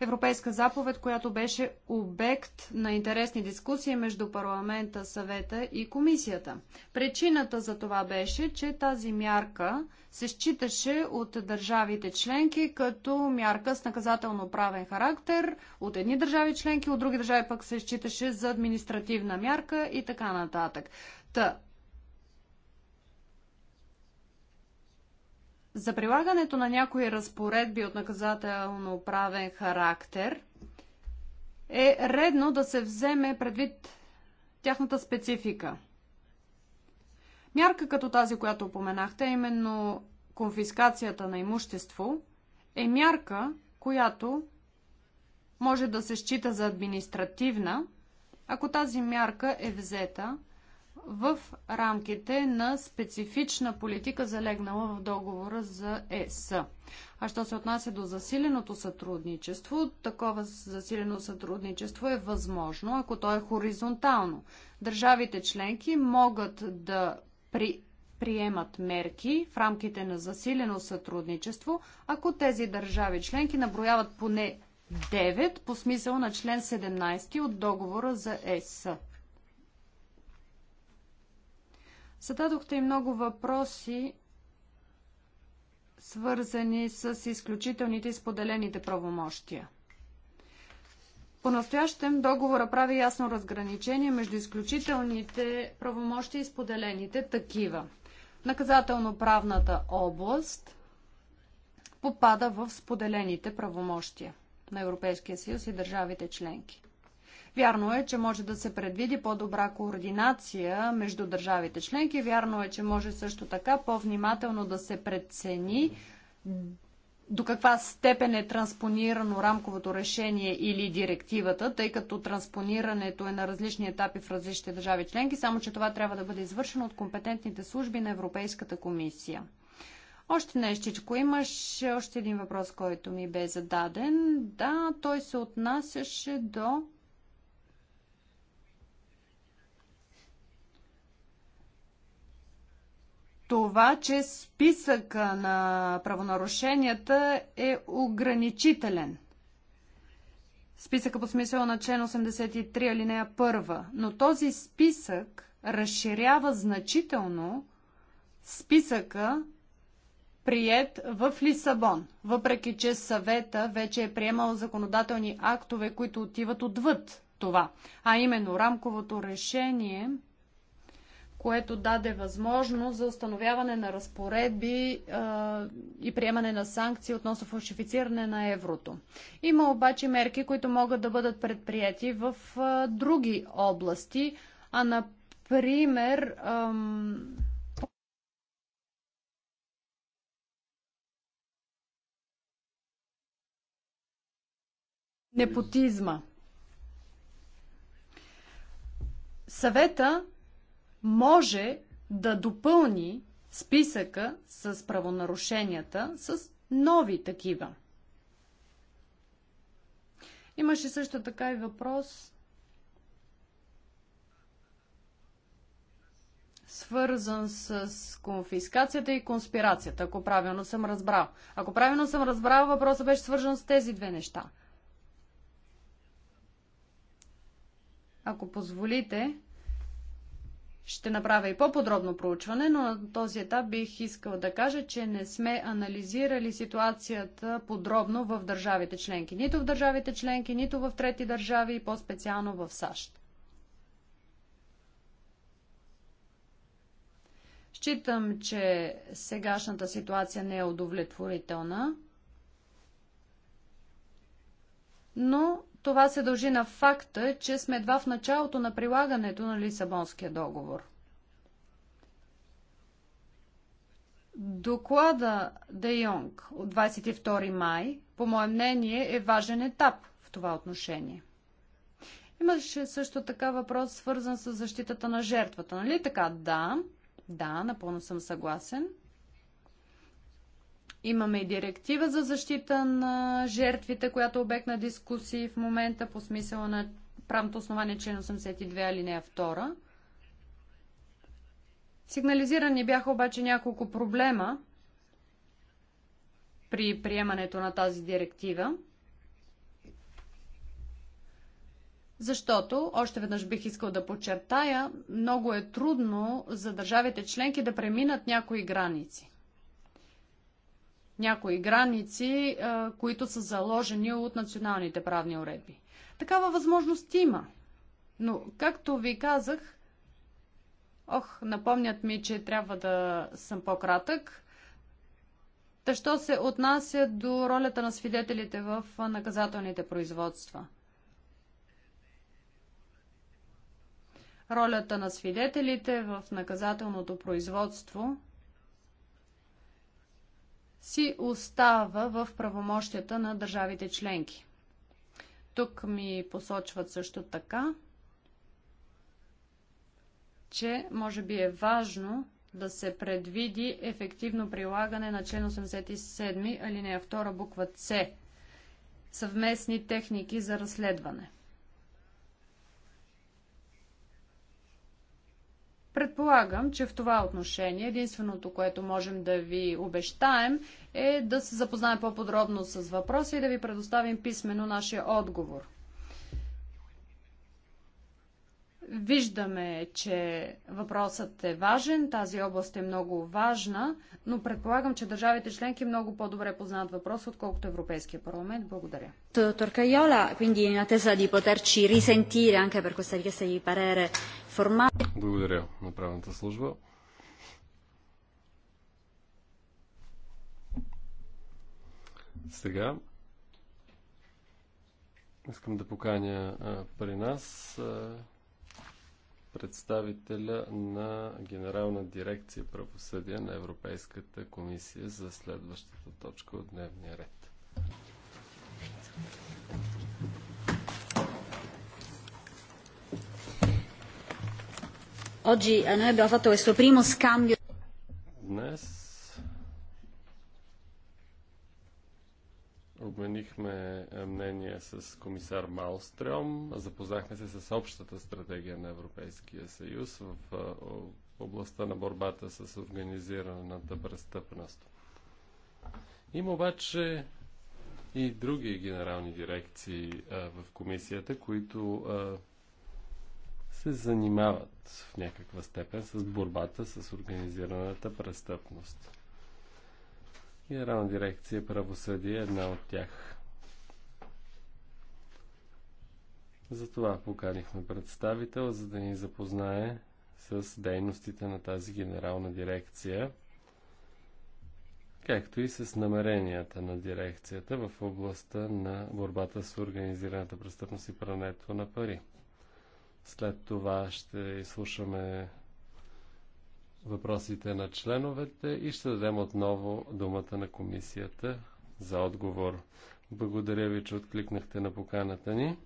Speaker 2: европейска заповед, която беше обект на интересни дискусии между парламента, съвета и комисията. Причината за това беше, че тази мярка се считаше от държавите членки като мярка с наказателно-правен характер от едни държави членки, от други държави пък се считаше за административна мярка и така нататък. Та, За прилагането на някои разпоредби от наказателно-правен характер е редно да се вземе предвид тяхната специфика. Мярка като тази, която упоменахте, е именно конфискацията на имущество, е мярка, която може да се счита за административна, ако тази мярка е взета в рамките на специфична политика, залегнала в договора за ЕС. А що се отнася до засиленото сътрудничество, такова засилено сътрудничество е възможно, ако то е хоризонтално. Държавите членки могат да при приемат мерки в рамките на засилено сътрудничество, ако тези държави членки наброяват поне 9 по смисъл на член 17 от договора за ЕС. Зададохте и много въпроси, свързани с изключителните и споделените правомощия. По-настоящем договора прави ясно разграничение между изключителните правомощия и споделените такива. Наказателно-правната област попада в споделените правомощия на Европейския съюз и държавите членки. Вярно е, че може да се предвиди по-добра координация между държавите членки. Вярно е, че може също така по-внимателно да се прецени до каква степен е транспонирано рамковото решение или директивата, тъй като транспонирането е на различни етапи в различните държави членки, само че това трябва да бъде извършено от компетентните служби на Европейската комисия. Още нещичко. Имаш още един въпрос, който ми бе зададен. Да, той се отнасяше до това, че списъка на правонарушенията е ограничителен. Списъка по смисъла на член 83 алинея 1. Но този списък разширява значително списъка прият в Лисабон, въпреки че съвета вече е приемал законодателни актове, които отиват отвъд това, а именно рамковото решение – което даде възможност за установяване на разпоредби а, и приемане на санкции относно фалшифициране на еврото. Има обаче мерки, които могат да бъдат предприяти в а, други области, а например. Ам... Непотизма. Съвета може да допълни списъка с правонарушенията с нови такива. Имаше също така и въпрос, свързан с конфискацията и конспирацията, ако правилно съм разбрал. Ако правилно съм разбрал, въпросът беше свързан с тези две неща. Ако позволите, ще направя и по-подробно проучване, но на този етап бих искал да кажа, че не сме анализирали ситуацията подробно в държавите членки. Нито в държавите членки, нито в трети държави и по-специално в САЩ. Считам, че сегашната ситуация не е удовлетворителна, но това се дължи на факта, че сме едва в началото на прилагането на Лисабонския договор. Доклада Де Йонг от 22 май, по мое мнение, е важен етап в това отношение. Имаше също така въпрос, свързан с защитата на жертвата. Нали така? Да, да, напълно съм съгласен. Имаме и директива за защита на жертвите, която е обект на дискусии в момента по смисъла на правното основание член 82 алинея 2. Сигнализирани бяха обаче няколко проблема при приемането на тази директива. Защото, още веднъж бих искал да подчертая, много е трудно за държавите членки да преминат някои граници някои граници, които са заложени от националните правни уредби. Такава възможност има. Но, както ви казах, ох, напомнят ми, че трябва да съм по-кратък. Тъщо се отнася до ролята на свидетелите в наказателните производства? Ролята на свидетелите в наказателното производство си остава в правомощията на държавите членки. Тук ми посочват също така, че може би е важно да се предвиди ефективно прилагане на член 87, алинея 2, буква С. Съвместни техники за разследване. Предполагам, че в това отношение единственото, което можем да ви обещаем е да се запознаем по-подробно с въпроса и да ви предоставим писменно нашия отговор. Виждаме, че въпросът е важен, тази област е много важна, но предполагам, че държавите членки много по-добре познават въпроса, отколкото Европейския парламент. Благодаря. Доктор Кайола, quindi in attesa di poterci risentire anche per questa richiesta di parere formale.
Speaker 3: Благодаря на правната служба. Сега искам да поканя а, при нас а, представителя на Генерална дирекция правосъдие на Европейската комисия за следващата точка от дневния ред. Eh, Днес Обменихме е, мнение с комисар Малстрем, запознахме се с общата стратегия на Европейския съюз в е, областта на борбата с организираната престъпност. Има обаче и други генерални дирекции е, в комисията, които се занимават в някаква степен с борбата с организираната престъпност. Генерална дирекция правосъдие е една от тях. Затова поканихме представител, за да ни запознае с дейностите на тази генерална дирекция, както и с намеренията на дирекцията в областта на борбата с организираната престъпност и прането на пари. След това ще изслушаме въпросите на членовете и ще дадем отново думата на комисията за отговор. Благодаря ви, че откликнахте на поканата ни.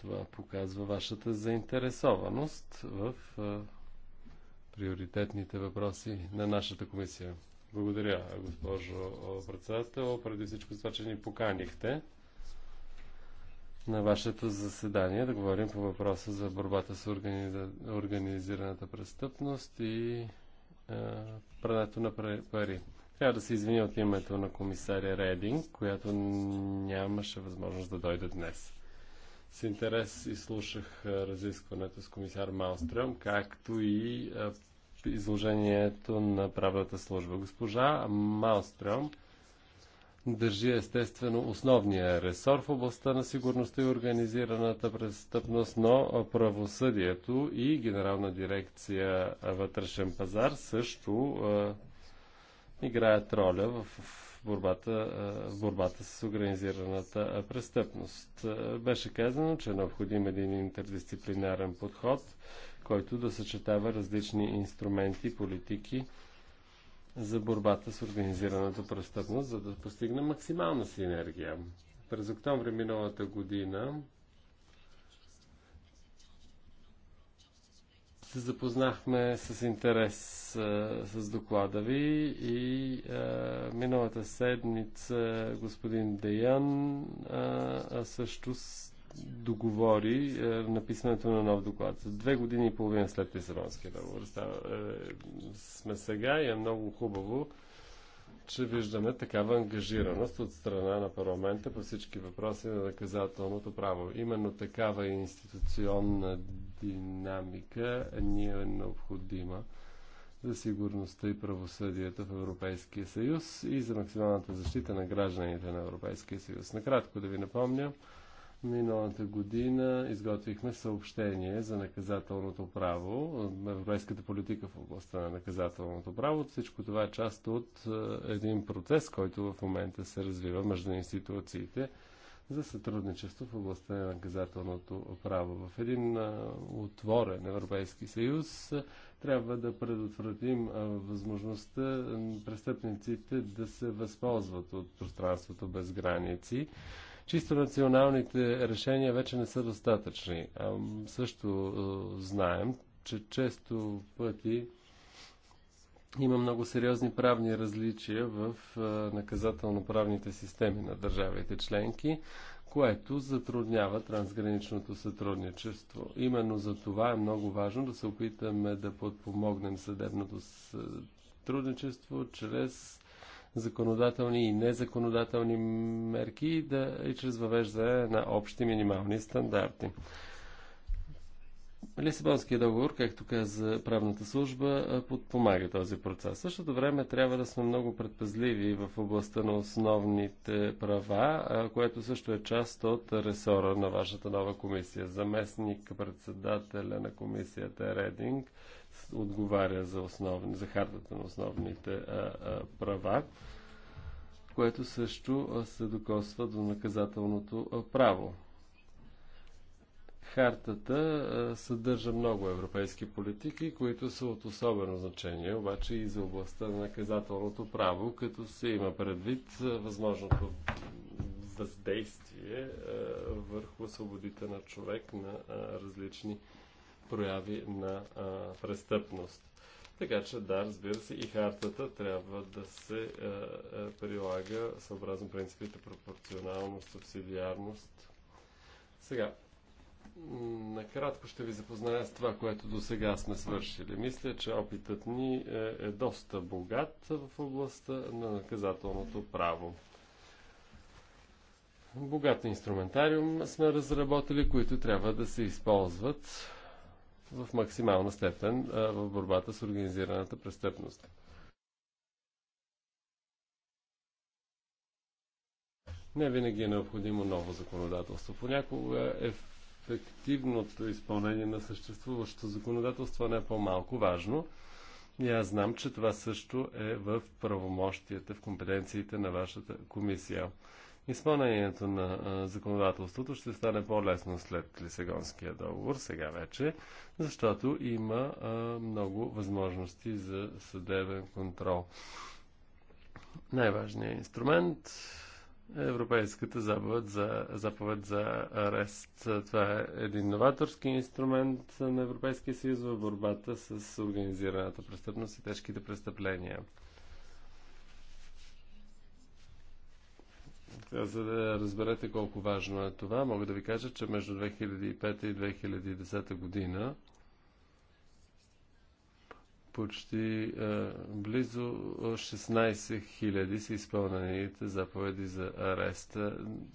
Speaker 3: Това показва вашата заинтересованост в а, приоритетните въпроси на нашата комисия. Благодаря, госпожо председател, преди всичко това, че ни поканихте на вашето заседание да говорим по въпроса за борбата с органи... организираната престъпност и а, прането на пари. Трябва да се извиня от името на комисаря Рединг, която нямаше възможност да дойде днес. С интерес изслушах разискването с комисар Малстрем, както и изложението на правната служба. Госпожа Малстрем държи естествено основния ресор в областта на сигурността и организираната престъпност, но правосъдието и Генерална дирекция вътрешен пазар също играят роля в борбата, в борбата с организираната престъпност. Беше казано, че е необходим един интердисциплинарен подход, който да съчетава различни инструменти, политики за борбата с организираната престъпност, за да постигне максимална синергия. През октомври миналата година се запознахме с интерес а, с доклада ви и а, миналата седмица господин Деян а, също договори е, написането на нов доклад. Две години и половина след Лисабонския договор става, е, сме сега и е много хубаво, че виждаме такава ангажираност от страна на парламента по всички въпроси на наказателното право. Именно такава институционна динамика ни е необходима за сигурността и правосъдието в Европейския съюз и за максималната защита на гражданите на Европейския съюз. Накратко да ви напомня, Миналата година изготвихме съобщение за наказателното право, европейската политика в областта на наказателното право. Всичко това е част от е, един процес, който в момента се развива между институциите за сътрудничество в областта на наказателното право. В един е, отворен Европейски съюз е, трябва да предотвратим възможността престъпниците да се възползват от пространството без граници Чисто националните решения вече не са достатъчни. А, също а, знаем, че често пъти има много сериозни правни различия в е, наказателно-правните системи на държавите членки, което затруднява трансграничното сътрудничество. Именно за това е много важно да се опитаме да подпомогнем съдебното сътрудничество чрез законодателни и незаконодателни мерки да, и чрез въвеждане на общи минимални стандарти. Лисабонския договор, както каза правната служба, подпомага този процес. В същото време трябва да сме много предпазливи в областта на основните права, което също е част от ресора на вашата нова комисия. Заместник председателя на комисията Рединг отговаря за, основни, за хартата на основните а, а, права, което също се докосва до наказателното право. Хартата съдържа много европейски политики, които са от особено значение, обаче и за областта на наказателното право, като се има предвид възможното въздействие върху свободите на човек на различни прояви на а, престъпност. Така че, да, разбира се, и хартата трябва да се а, прилага съобразно принципите пропорционалност, субсидиарност. Сега, накратко ще ви запозная с това, което до сега сме свършили. Мисля, че опитът ни е, е доста богат в областта на наказателното право. Богат инструментариум сме разработили, които трябва да се използват в максимална степен в борбата с организираната престъпност. Не винаги е необходимо ново законодателство. Понякога е ефективното изпълнение на съществуващото законодателство не е по-малко важно. И аз знам, че това също е в правомощията, в компетенциите на вашата комисия изпълнението на законодателството ще стане по-лесно след Лисагонския договор, сега вече, защото има много възможности за съдебен контрол. Най-важният инструмент е Европейската заповед за, заповед за арест. Това е един новаторски инструмент на Европейския съюз в борбата с организираната престъпност и тежките престъпления. За да разберете колко важно е това, мога да ви кажа, че между 2005 и 2010 година почти е, близо 16 000 са изпълнените заповеди за арест.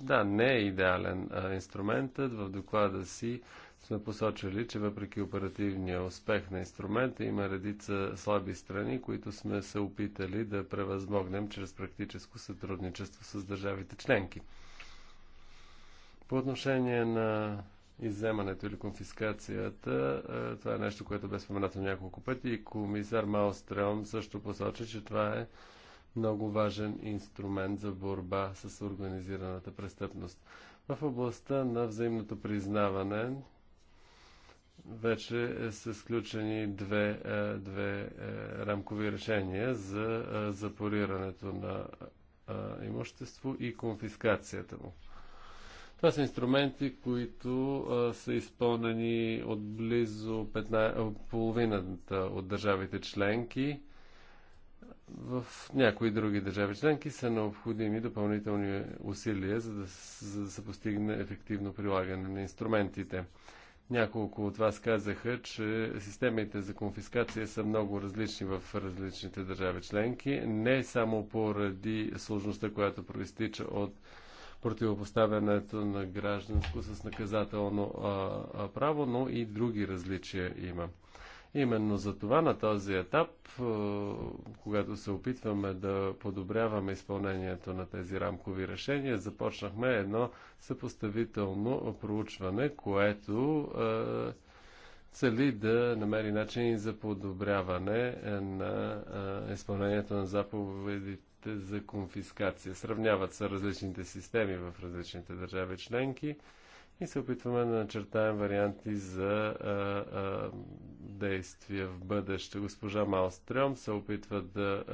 Speaker 3: Да, не е идеален инструментът. В доклада си сме посочили, че въпреки оперативния успех на инструмента има редица слаби страни, които сме се опитали да превъзмогнем чрез практическо сътрудничество с държавите членки. По отношение на изземането или конфискацията, е, това е нещо, което бе споменато няколко пъти и комисар Маустрем също посочи, че това е много важен инструмент за борба с организираната престъпност. В областта на взаимното признаване вече е са сключени две, е, две е, рамкови решения за запорирането на имущество и конфискацията му. Това са инструменти, които а, са изпълнени от близо 15, половината от държавите членки. В някои други държави членки са необходими допълнителни усилия, за да, за да се постигне ефективно прилагане на инструментите. Няколко от вас казаха, че системите за конфискация са много различни в различните държави членки, не само поради сложността, която проистича от противопоставянето на гражданско с наказателно а, право, но и други различия има. Именно за това на този етап, е, когато се опитваме да подобряваме изпълнението на тези рамкови решения, започнахме едно съпоставително проучване, което е, цели да намери начин за подобряване на е, изпълнението на заповедите за конфискация. Сравняват се различните системи в различните държави членки и се опитваме да начертаем варианти за а, а, действия в бъдеще. Госпожа Малстрем се опитва да а,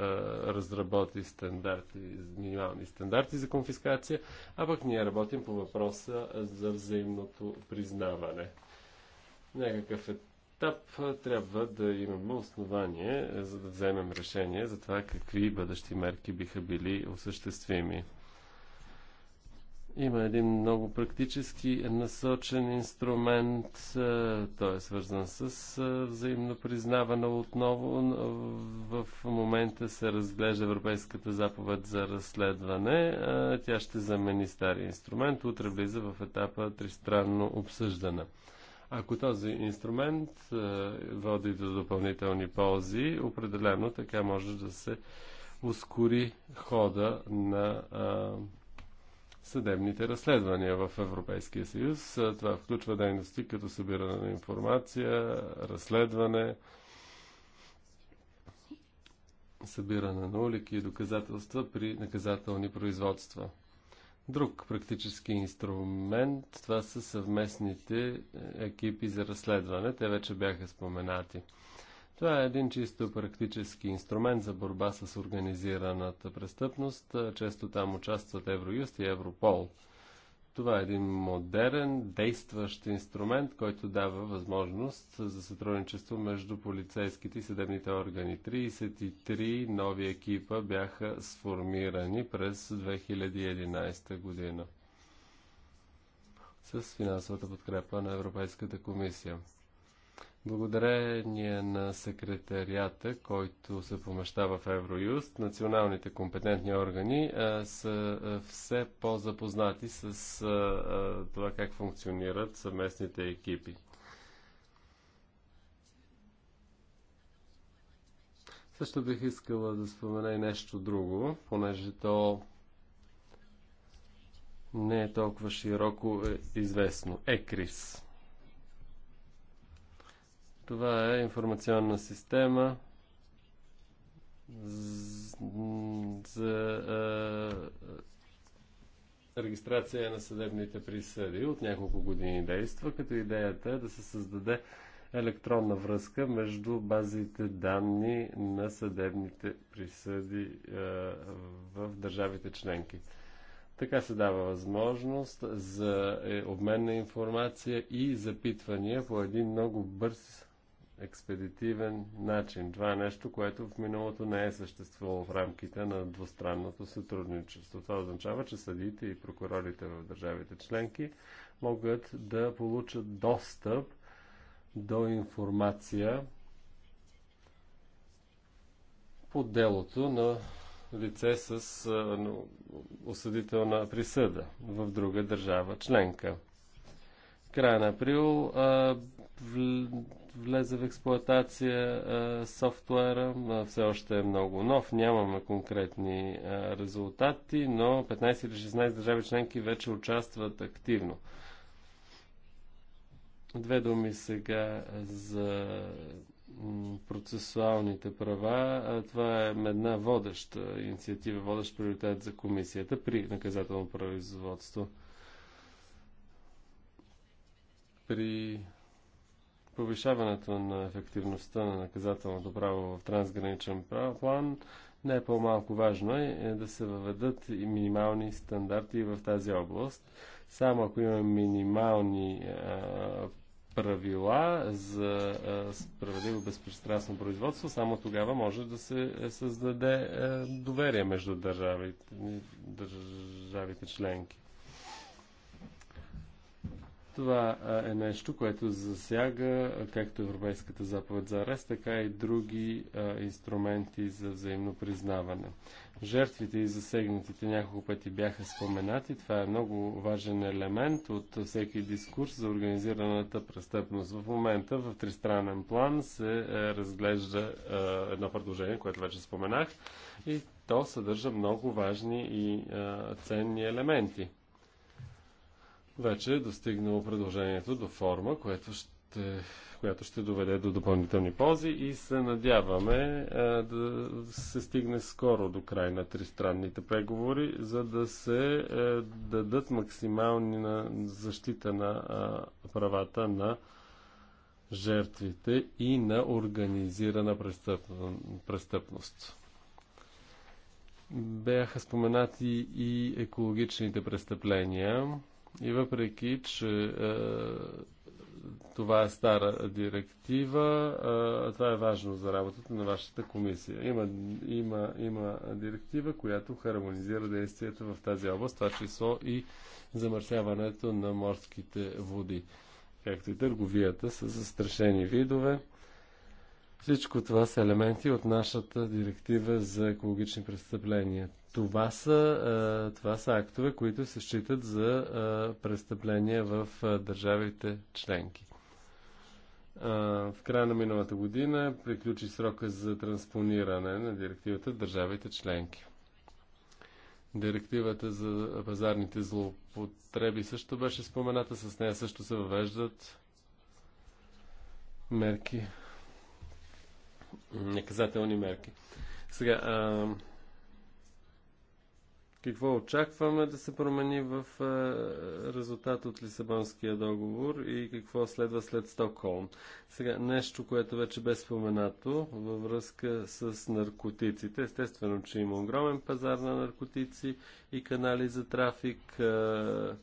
Speaker 3: разработи стандарти, минимални стандарти за конфискация, а пък ние работим по въпроса за взаимното признаване. Някакъв етап трябва да имаме основание, за да вземем решение за това какви бъдещи мерки биха били осъществими. Има един много практически насочен инструмент, е, той е свързан с е, взаимно признаване отново. В момента се разглежда Европейската заповед за разследване. Е, тя ще замени стария инструмент. Утре влиза в етапа тристранно обсъждане. Ако този инструмент води до допълнителни ползи, определено така може да се ускори хода на съдебните разследвания в Европейския съюз. Това включва дейности като събиране на информация, разследване, събиране на улики и доказателства при наказателни производства. Друг практически инструмент това са съвместните е, екипи за разследване. Те вече бяха споменати. Това е един чисто практически инструмент за борба с организираната престъпност. Често там участват Евроюст и Европол. Това е един модерен, действащ инструмент, който дава възможност за сътрудничество между полицейските и съдебните органи. 33 нови екипа бяха сформирани през 2011 година с финансовата подкрепа на Европейската комисия. Благодарение на секретарията, който се помещава в Евроюст, националните компетентни органи а, са а, все по-запознати с а, а, това как функционират съвместните екипи. Също бих искала да спомена и нещо друго, понеже то не е толкова широко е известно. Екрис. Това е информационна система за регистрация на съдебните присъди. От няколко години действа, като идеята е да се създаде електронна връзка между базите данни на съдебните присъди в държавите членки. Така се дава възможност за е, обмен на информация и запитвания по един много бърз експедитивен начин. Това е нещо, което в миналото не е съществувало в рамките на двустранното сътрудничество. Това означава, че съдите и прокурорите в държавите членки могат да получат достъп до информация по делото на лице с осъдителна присъда в друга държава членка края на април а, влезе в експлоатация софтуера. все още е много нов, нямаме конкретни резултати, но 15 или 16 държави членки вече участват активно. Две думи сега за процесуалните права. Това е една водеща инициатива, водещ приоритет за комисията при наказателно производство. При повишаването на ефективността на наказателното право в трансграничен план не е по-малко важно е, е да се въведат и минимални стандарти в тази област. Само ако има минимални а, е, правила за а, е, справедливо безпристрастно производство, само тогава може да се създаде а, доверие между държавите, държавите членки. Това е нещо, което засяга както Европейската заповед за арест, така и други инструменти за взаимно признаване. Жертвите и засегнатите няколко пъти бяха споменати. Това е много важен елемент от всеки дискурс за организираната престъпност. В момента в тристранен план се е, разглежда едно предложение, което вече споменах, и то съдържа много важни и ценни елементи вече е достигнало предложението до форма, което ще, която ще доведе до допълнителни ползи и се надяваме а, е, да се стигне скоро до край на тристранните преговори, за да се а, е, дадат на защита на а, е, правата на жертвите и на организирана престъпност. Бяха споменати и екологичните престъпления. И въпреки, че е, това е стара директива, е, това е важно за работата на вашата комисия. Има, има, има директива, която хармонизира действията в тази област, това число и замърсяването на морските води, както и търговията с застрашени видове всичко това са елементи от нашата директива за екологични престъпления. Това са, е, това са актове, които се считат за е, престъпления в е, държавите членки. В края на миналата година приключи срока за транспониране на директивата в държавите членки. Директивата за пазарните злоупотреби също беше спомената. С нея също се въвеждат мерки наказателни мерки. Сега, а, какво очакваме да се промени в а, резултат от Лисабонския договор и какво следва след Стокхолм? Сега, нещо, което вече бе споменато във връзка с наркотиците. Естествено, че има огромен пазар на наркотици и канали за трафик. А,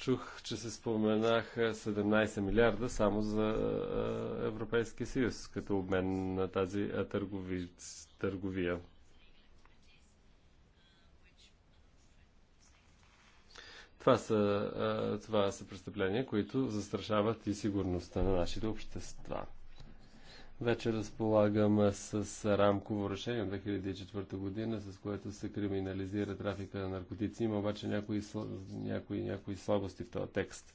Speaker 3: Чух, че се споменаха 17 милиарда само за Европейския съюз като обмен на тази търгови... търговия. Това са, това са престъпления, които застрашават и сигурността на нашите общества. Вече разполагам с рамково решение от 2004 година, с което се криминализира трафика на наркотици. Има обаче някои, някои, някои слабости в този текст.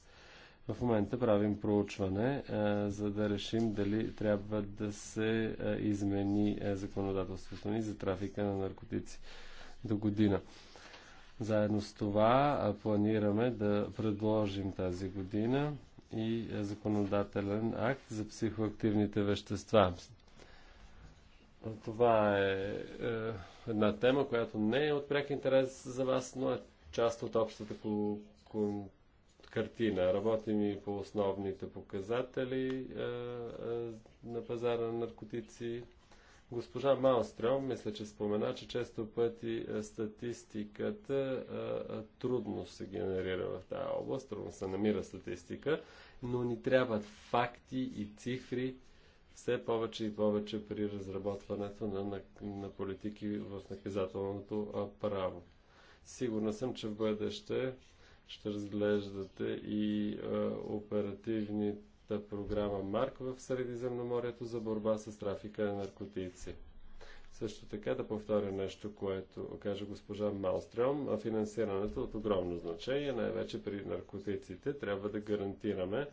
Speaker 3: В момента правим проучване, е, за да решим дали трябва да се е, измени е, законодателството ни за трафика на наркотици до година. Заедно с това планираме да предложим тази година и законодателен акт за психоактивните вещества. Това е, е една тема, която не е от пряк интерес за вас, но е част от общата картина. Работим и по основните показатели е, е, на пазара на наркотици Госпожа Малстрем, мисля, че спомена, че често пъти е, статистиката е, е, трудно се генерира в тази област, трудно се намира статистика, но ни трябват факти и цифри все повече и повече при разработването на, на, на политики в наказателното право. Сигурна съм, че в бъдеще ще разглеждате и оперативните програма МАРК в Средиземноморието за борба с трафика на наркотици. Също така да повторя нещо, което каже госпожа Малстрем, финансирането е от огромно значение, най-вече при наркотиците, трябва да гарантираме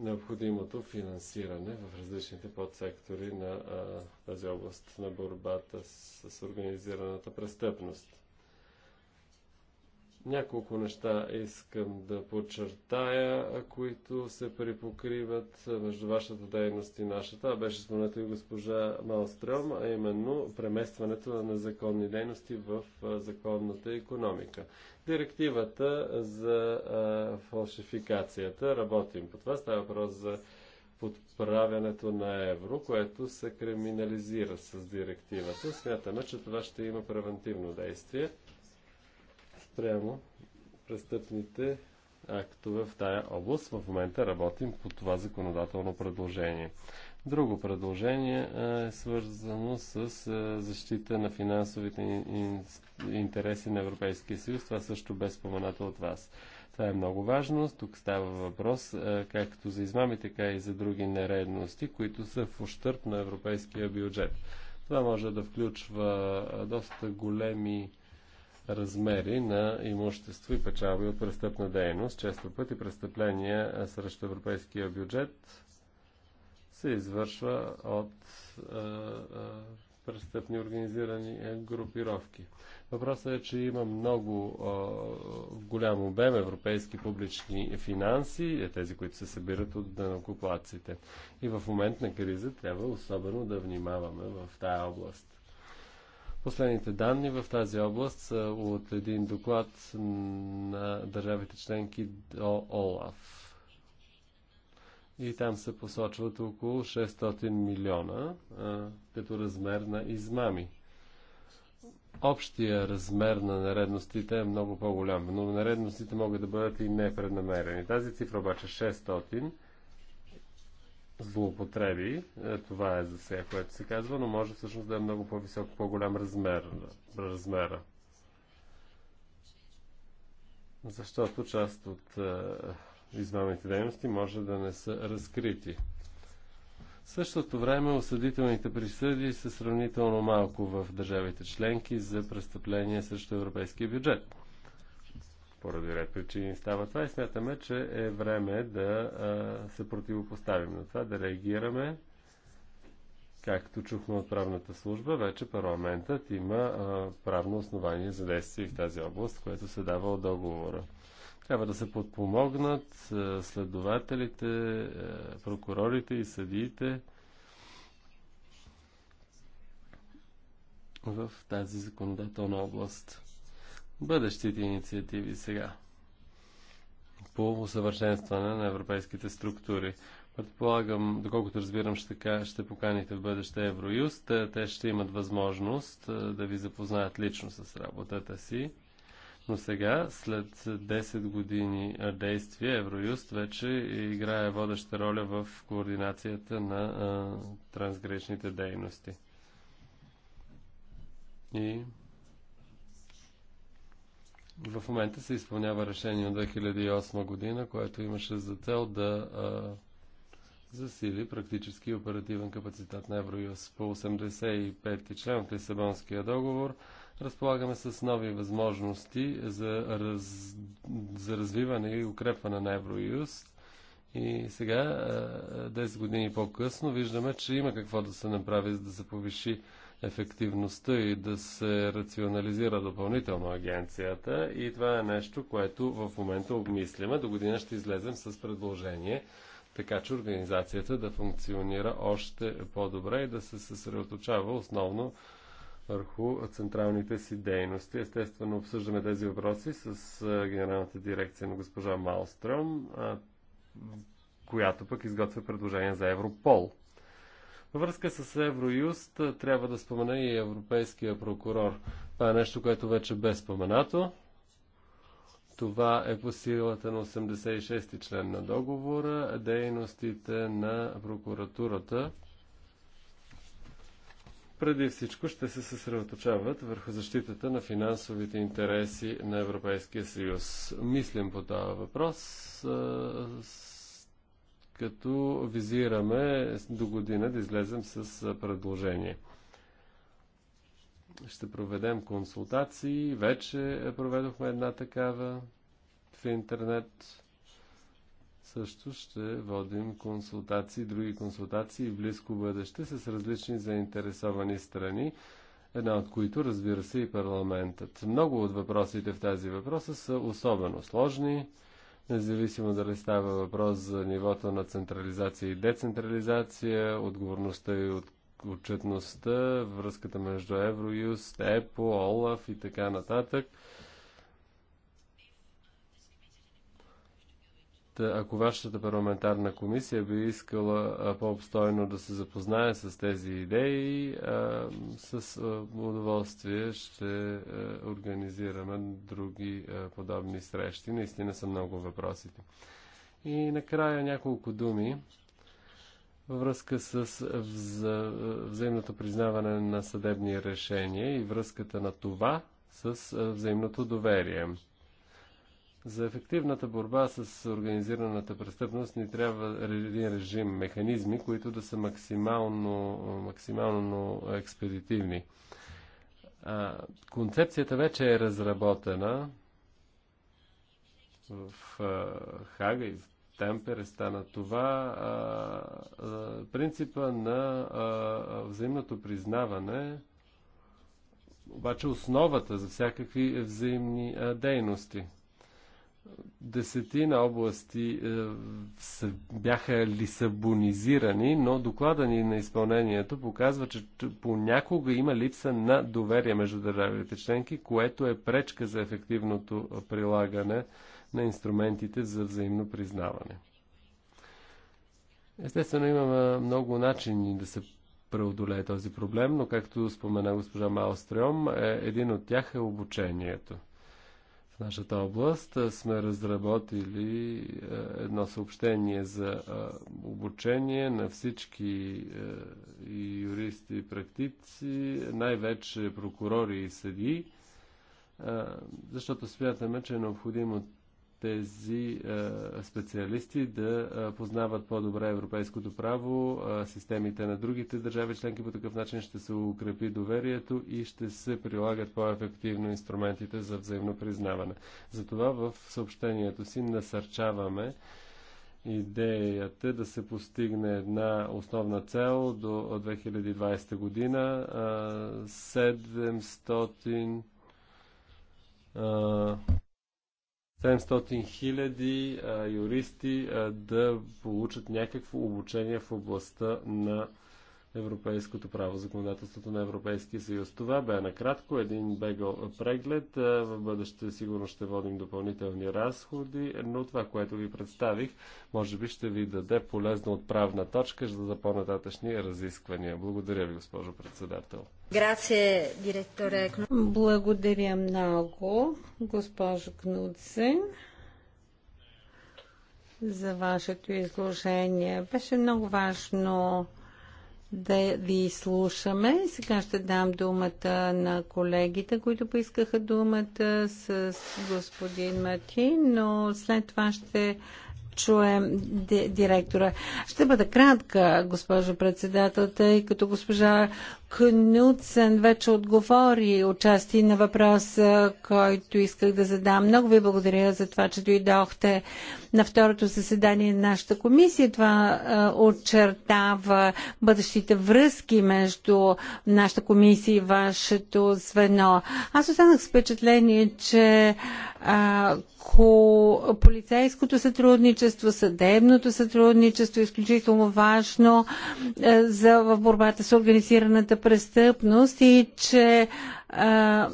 Speaker 3: необходимото финансиране в различните подсектори на а, тази област на борбата с, с организираната престъпност. Няколко неща искам да подчертая, които се припокриват между вашата дейност и нашата. Беше спомената и госпожа Малстрем, а именно преместването на незаконни дейности в законната економика. Директивата за фалшификацията. Работим по това. Става въпрос за подправянето на евро, което се криминализира с директивата. Смятаме, че това ще има превентивно действие спрямо престъпните актове в тая област. В момента работим по това законодателно предложение. Друго предложение е свързано с е, защита на финансовите интереси на Европейския съюз. Това също бе споменато от вас. Това е много важно. Тук става въпрос е, както за измами, така и за други нередности, които са в ущърп на европейския бюджет. Това може да включва е, доста големи размери на имущество и печалби от престъпна дейност. Често пъти престъпления срещу европейския бюджет се извършва от а, а, престъпни организирани групировки. Въпросът е, че има много а, голям обем европейски публични финанси, е тези, които се събират от данокоплаците. И в момент на криза трябва особено да внимаваме в тая област. Последните данни в тази област са от един доклад на държавите членки до ОЛАФ. И там се посочват около 600 милиона а, като размер на измами. Общия размер на наредностите е много по-голям, но наредностите могат да бъдат и непреднамерени. Тази цифра обаче 600 е злоупотреби. Е, това е за сега, което се казва, но може всъщност да е много по-висок, по-голям размер, размера. Защото част от е, измамните дейности може да не са разкрити. В същото време осъдителните присъди са сравнително малко в държавите членки за престъпления срещу европейския бюджет поради ред причини става това и смятаме, че е време да а, се противопоставим на това, да реагираме. Както чухме от правната служба, вече парламентът има а, правно основание за действие в тази област, което се дава от договора. Трябва да се подпомогнат а, следователите, а, прокурорите и съдиите в тази законодателна област бъдещите инициативи сега по усъвършенстване на европейските структури. Предполагам, доколкото разбирам, ще, ще поканите в бъдеще Евроюст. Е, те ще имат възможност е, да ви запознаят лично с работата си. Но сега, след 10 години е, действия, Евроюст вече играе водеща роля в координацията на а, трансграничните дейности. И в момента се изпълнява решение от 2008 година, което имаше за цел да а, засили практически оперативен капацитет на Евроюз. По 85 ти член от Лисабонския договор разполагаме с нови възможности за, раз, за развиване и укрепване на Евроюз. И сега, 10 години по-късно, виждаме, че има какво да се направи, за да се повиши ефективността и да се рационализира допълнително агенцията. И това е нещо, което в момента обмисляме. До година ще излезем с предложение, така че организацията да функционира още по-добре и да се съсредоточава основно върху централните си дейности. Естествено, обсъждаме тези въпроси с генералната дирекция на госпожа Малстром, която пък изготвя предложение за Европол връзка с Евроюст трябва да спомена и Европейския прокурор. Това е нещо, което вече бе споменато. Това е по силата на 86-ти член на договора, дейностите на прокуратурата преди всичко ще се съсредоточават върху защитата на финансовите интереси на Европейския съюз. Мислим по този въпрос като визираме до година да излезем с предложение. Ще проведем консултации. Вече проведохме една такава в интернет. Също ще водим консултации, други консултации в близко бъдеще с различни заинтересовани страни една от които разбира се и парламентът. Много от въпросите в тази въпроса са особено сложни, независимо дали става въпрос за нивото на централизация и децентрализация, отговорността и от отчетността, връзката между Евроюст, ЕПО, ОЛАФ и така нататък – ако вашата парламентарна комисия би искала по-обстойно да се запознае с тези идеи, а, с удоволствие ще организираме други подобни срещи. Наистина са много въпросите. И накрая няколко думи във връзка с вза... взаимното признаване на съдебни решения и връзката на това с взаимното доверие. За ефективната борба с организираната престъпност ни трябва един режим, механизми, които да са максимално, максимално експедитивни. концепцията вече е разработена в Хага и в е стана това. принципа на взаимното признаване обаче основата за всякакви взаимни дейности – десетина области е, са, бяха лисабонизирани, но доклада ни на изпълнението показва, че понякога има липса на доверие между държавите членки, което е пречка за ефективното прилагане на инструментите за взаимно признаване. Естествено, имаме много начини да се преодолее този проблем, но както спомена госпожа Маостреом, е, един от тях е обучението – нашата област сме разработили едно съобщение за обучение на всички юристи и практици, най-вече прокурори и съдии, защото смятаме, че е необходимо тези е, специалисти да е, познават по-добре европейското право, е, системите на другите държави членки. По такъв начин ще се укрепи доверието и ще се прилагат по-ефективно инструментите за взаимно признаване. Затова в съобщението си насърчаваме идеята да се постигне една основна цел до 2020 година 700 700 хиляди юристи да получат някакво обучение в областта на европейското право, законодателството на Европейския съюз. Това бе накратко един бегъл преглед. Е, в бъдеще сигурно ще водим допълнителни разходи, но това, което ви представих, може би ще ви даде полезна отправна точка за по-нататъчни разисквания. Благодаря ви, госпожо председател.
Speaker 1: Грация, директоре. Благодаря много, госпожо Кнудсен за вашето изложение. Беше много важно да ви слушаме. Сега ще дам думата на колегите, които поискаха думата с господин Мартин, но след това ще чуем директора. Ще бъда кратка, госпожо председател, тъй като госпожа Кнутсен вече отговори участие на въпроса, който исках да задам. Много ви благодаря за това, че дойдохте на второто заседание на нашата комисия. Това очертава бъдещите връзки между нашата комисия и вашето звено. Аз останах с впечатление, че а, ко... полицейското сътрудничество сътрудничество, съдебното сътрудничество е изключително важно е, за, в борбата с организираната престъпност и че а,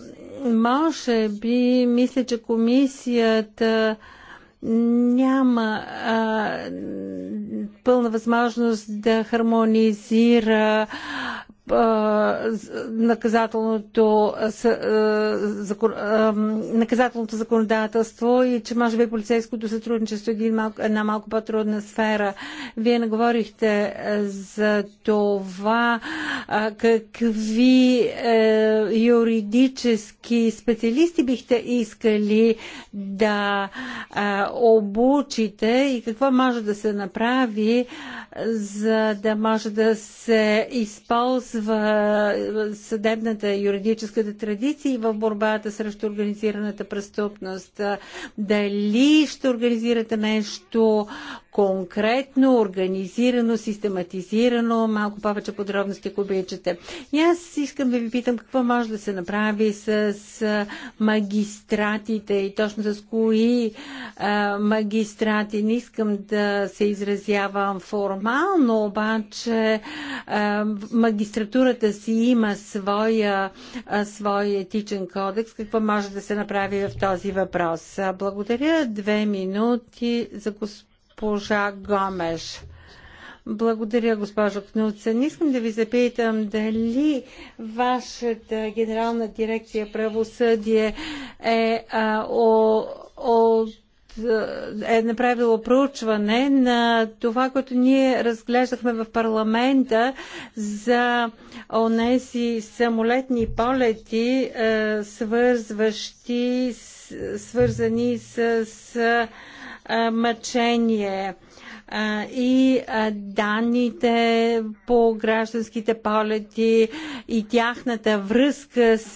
Speaker 1: е, може би, мисля, че комисията няма а, е, пълна възможност да хармонизира наказателното, наказателното законодателство и че може би полицейското сътрудничество е една малко по-трудна сфера. Вие не говорихте за това какви е, юридически специалисти бихте искали да обучите и какво може да се направи, за да може да се използва в е, съдебната и юридическата традиция в борбата срещу организираната престъпност. Е, дали ще организирате нещо конкретно, организирано, систематизирано, малко повече подробности, ако обичате. И аз искам да ви питам какво може да се направи с магистратите и точно с кои е, магистрати. Не искам да се изразявам формално, обаче магистратите литературата си има своя, свой етичен кодекс. Какво може да се направи в този въпрос? Благодаря. Две минути за госпожа Гомеш. Благодаря, госпожо Кнуцен. Искам да ви запитам дали вашата генерална дирекция правосъдие е а, о, от е направило проучване на това, което ние разглеждахме в парламента за онези самолетни полети, е, свързващи, свързани с е, мъчение е, и данните по гражданските полети и тяхната връзка с,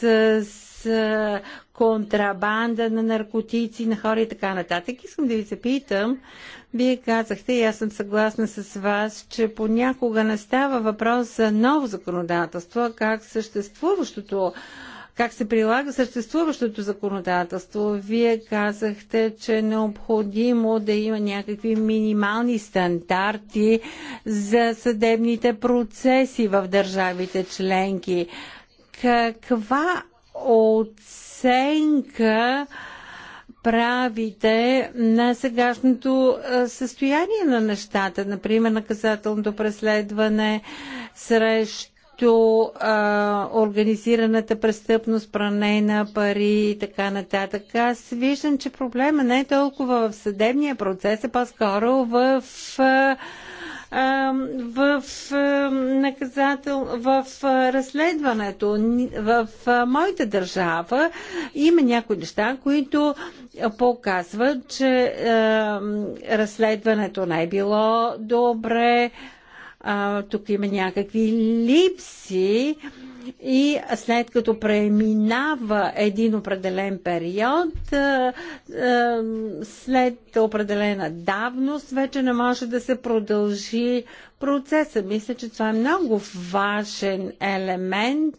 Speaker 1: с контрабанда на наркотици, на хора и така нататък. Искам да ви запитам, вие казахте, и аз съм съгласна с вас, че понякога не става въпрос за ново законодателство, а как съществуващото как се прилага съществуващото законодателство. Вие казахте, че е необходимо да има някакви минимални стандарти за съдебните процеси в държавите членки. Каква оценка оценка правите на сегашното състояние на нещата, например наказателното преследване срещу а, организираната престъпност, пране на пари и така нататък. Аз виждам, че проблема не е толкова в съдебния процес, а по-скоро в а, в наказател, в разследването. В моята държава има някои неща, които показват, че разследването не е било добре. Тук има някакви липси и след като преминава един определен период, е, е, след определена давност вече не може да се продължи процеса. Мисля, че това е много важен елемент,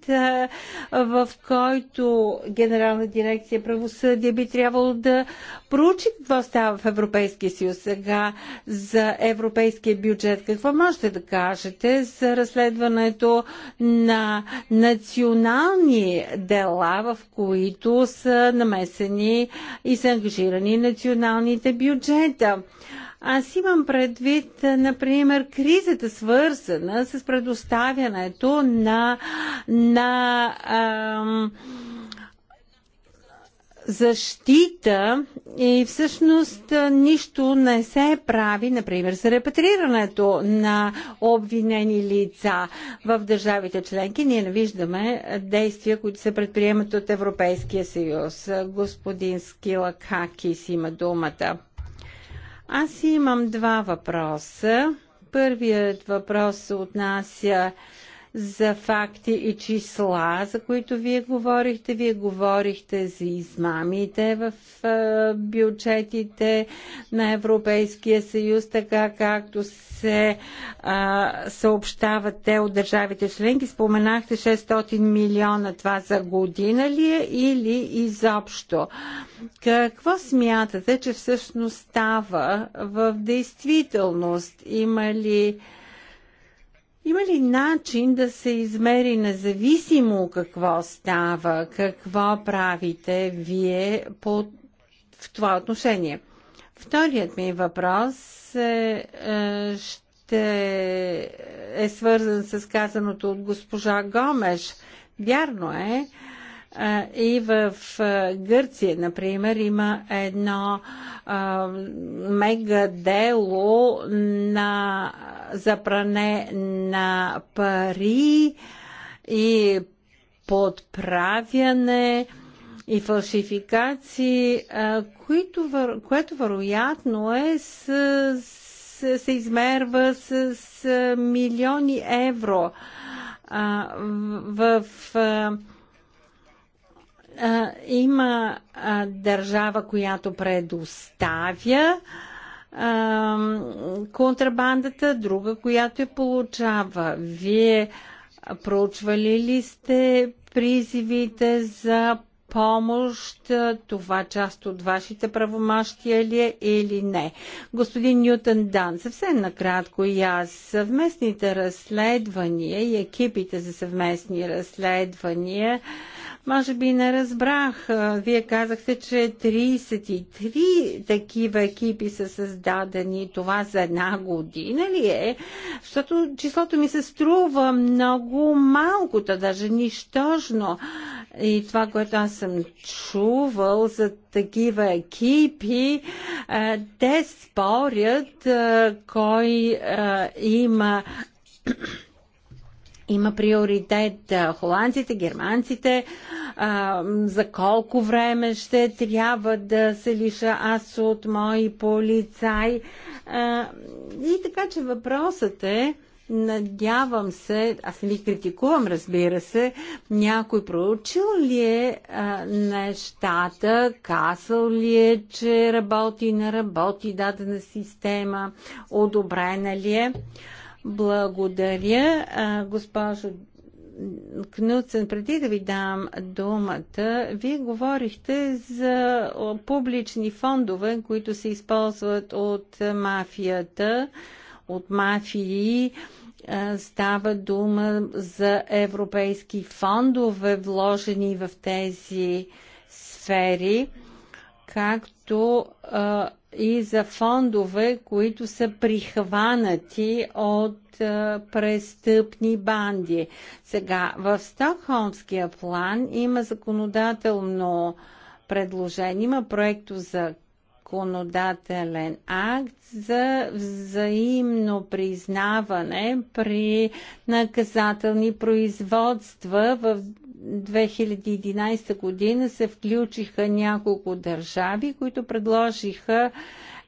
Speaker 1: в който Генерална дирекция правосъдие би трябвало да проучи какво става в Европейския съюз сега за европейския бюджет. Какво можете да кажете за разследването на национални дела, в които са намесени и са ангажирани националните бюджета? Аз имам предвид, например, кризата свързана с предоставянето на, на ам, защита и всъщност нищо не се прави, например, за репатрирането на обвинени лица в държавите членки. Ние не виждаме действия, които се предприемат от Европейския съюз. Господин Скила Какис има думата. Аз имам два въпроса. Първият въпрос се отнася за факти и числа, за които вие говорихте. Вие говорихте за измамите в бюджетите на Европейския съюз, така както се а, съобщават те от държавите членки. Споменахте 600 милиона това за година ли е или изобщо? Какво смятате, че всъщност става в действителност? Има ли има ли начин да се измери независимо какво става, какво правите вие по, в това отношение? Вторият ми въпрос е, е ще е свързан с казаното от госпожа Гомеш. Вярно е, е и в е, Гърция, например, има едно мега дело на за пране на пари и подправяне и фалшификации, които, което вероятно е с, с, се измерва с, с милиони евро. А, в, в а, има а, държава, която предоставя а, контрабандата, друга, която я получава. Вие проучвали ли сте призивите за помощ, това част от вашите правомащия ли е или не. Господин Нютон Дан, съвсем накратко и аз, съвместните разследвания и екипите за съвместни разследвания може би не разбрах. Вие казахте, че 33 такива екипи са създадени. Това за една година ли е? Защото числото ми се струва много малко, то даже нищожно. И това, което аз съм чувал за такива екипи, те спорят кой има има приоритет холандците, германците, а, за колко време ще трябва да се лиша аз от мои полицай. А, и така че въпросът е, надявам се, аз не ви критикувам, разбира се, някой проучил ли е а, нещата, казал ли е, че работи, не работи дадена система, одобрена ли е. А, благодаря, госпожо Кнуцен, преди да ви дам думата, вие говорихте за публични фондове, които се използват от мафията, от мафии. Става дума за европейски фондове, вложени в тези сфери, както а, и за фондове, които са прихванати от а, е, престъпни банди. Сега, в Стокхолмския план има законодателно предложение, има проекто за законодателен акт за взаимно признаване при наказателни производства в 2011 година се включиха няколко държави, които предложиха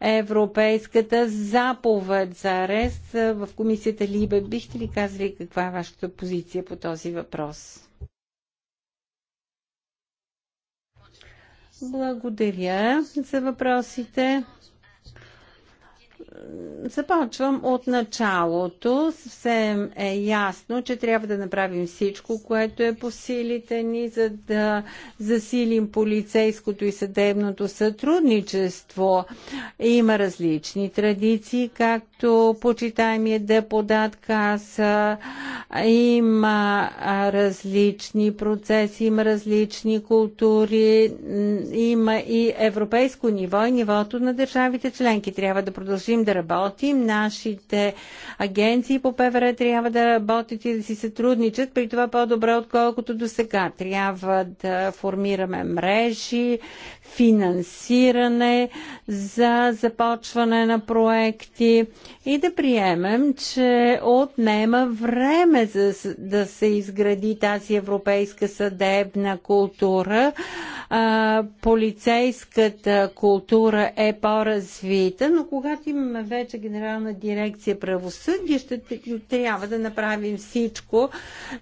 Speaker 1: Европейската заповед за арест в комисията Либе. Бихте ли казали каква е вашата позиция по този въпрос? Благодаря за въпросите. Започвам от началото. Съвсем е ясно, че трябва да направим всичко, което е по силите ни, за да засилим полицейското и съдебното сътрудничество. Има различни традиции, както почитаемия депутат каса. Има различни процеси, има различни култури, има и европейско ниво и нивото на държавите членки. Трябва да продължи продължим да работим. Нашите агенции по ПВР трябва да работят и да си сътрудничат, при това по-добре, отколкото до сега. Трябва да формираме мрежи, финансиране за започване на проекти и да приемем, че отнема време за да се изгради тази европейска съдебна култура. полицейската култура е по-развита, но когато има имаме вече Генерална дирекция правосъдие, ще трябва да направим всичко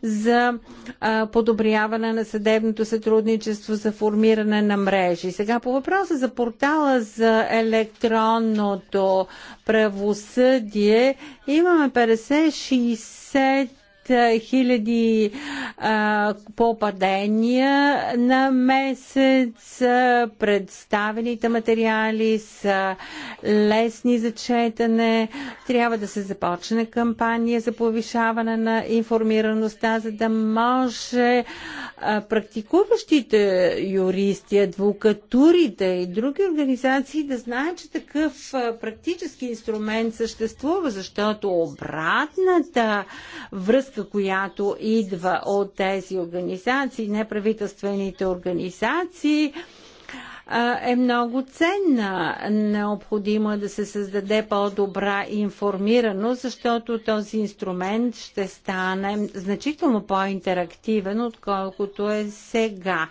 Speaker 1: за а, подобряване на съдебното сътрудничество, за формиране на мрежи. Сега по въпроса за портала за електронното правосъдие имаме 50-60 хиляди попадения на месец. Представените материали са лесни за четене. Трябва да се започне кампания за повишаване на информираността, за да може практикуващите юристи, адвокатурите и други организации да знаят, че такъв практически инструмент съществува, защото обратната връзка помощта, която идва от тези организации, неправителствените организации, е много ценна. Необходимо е да се създаде по-добра информираност, защото този инструмент ще стане значително по-интерактивен, отколкото е сега.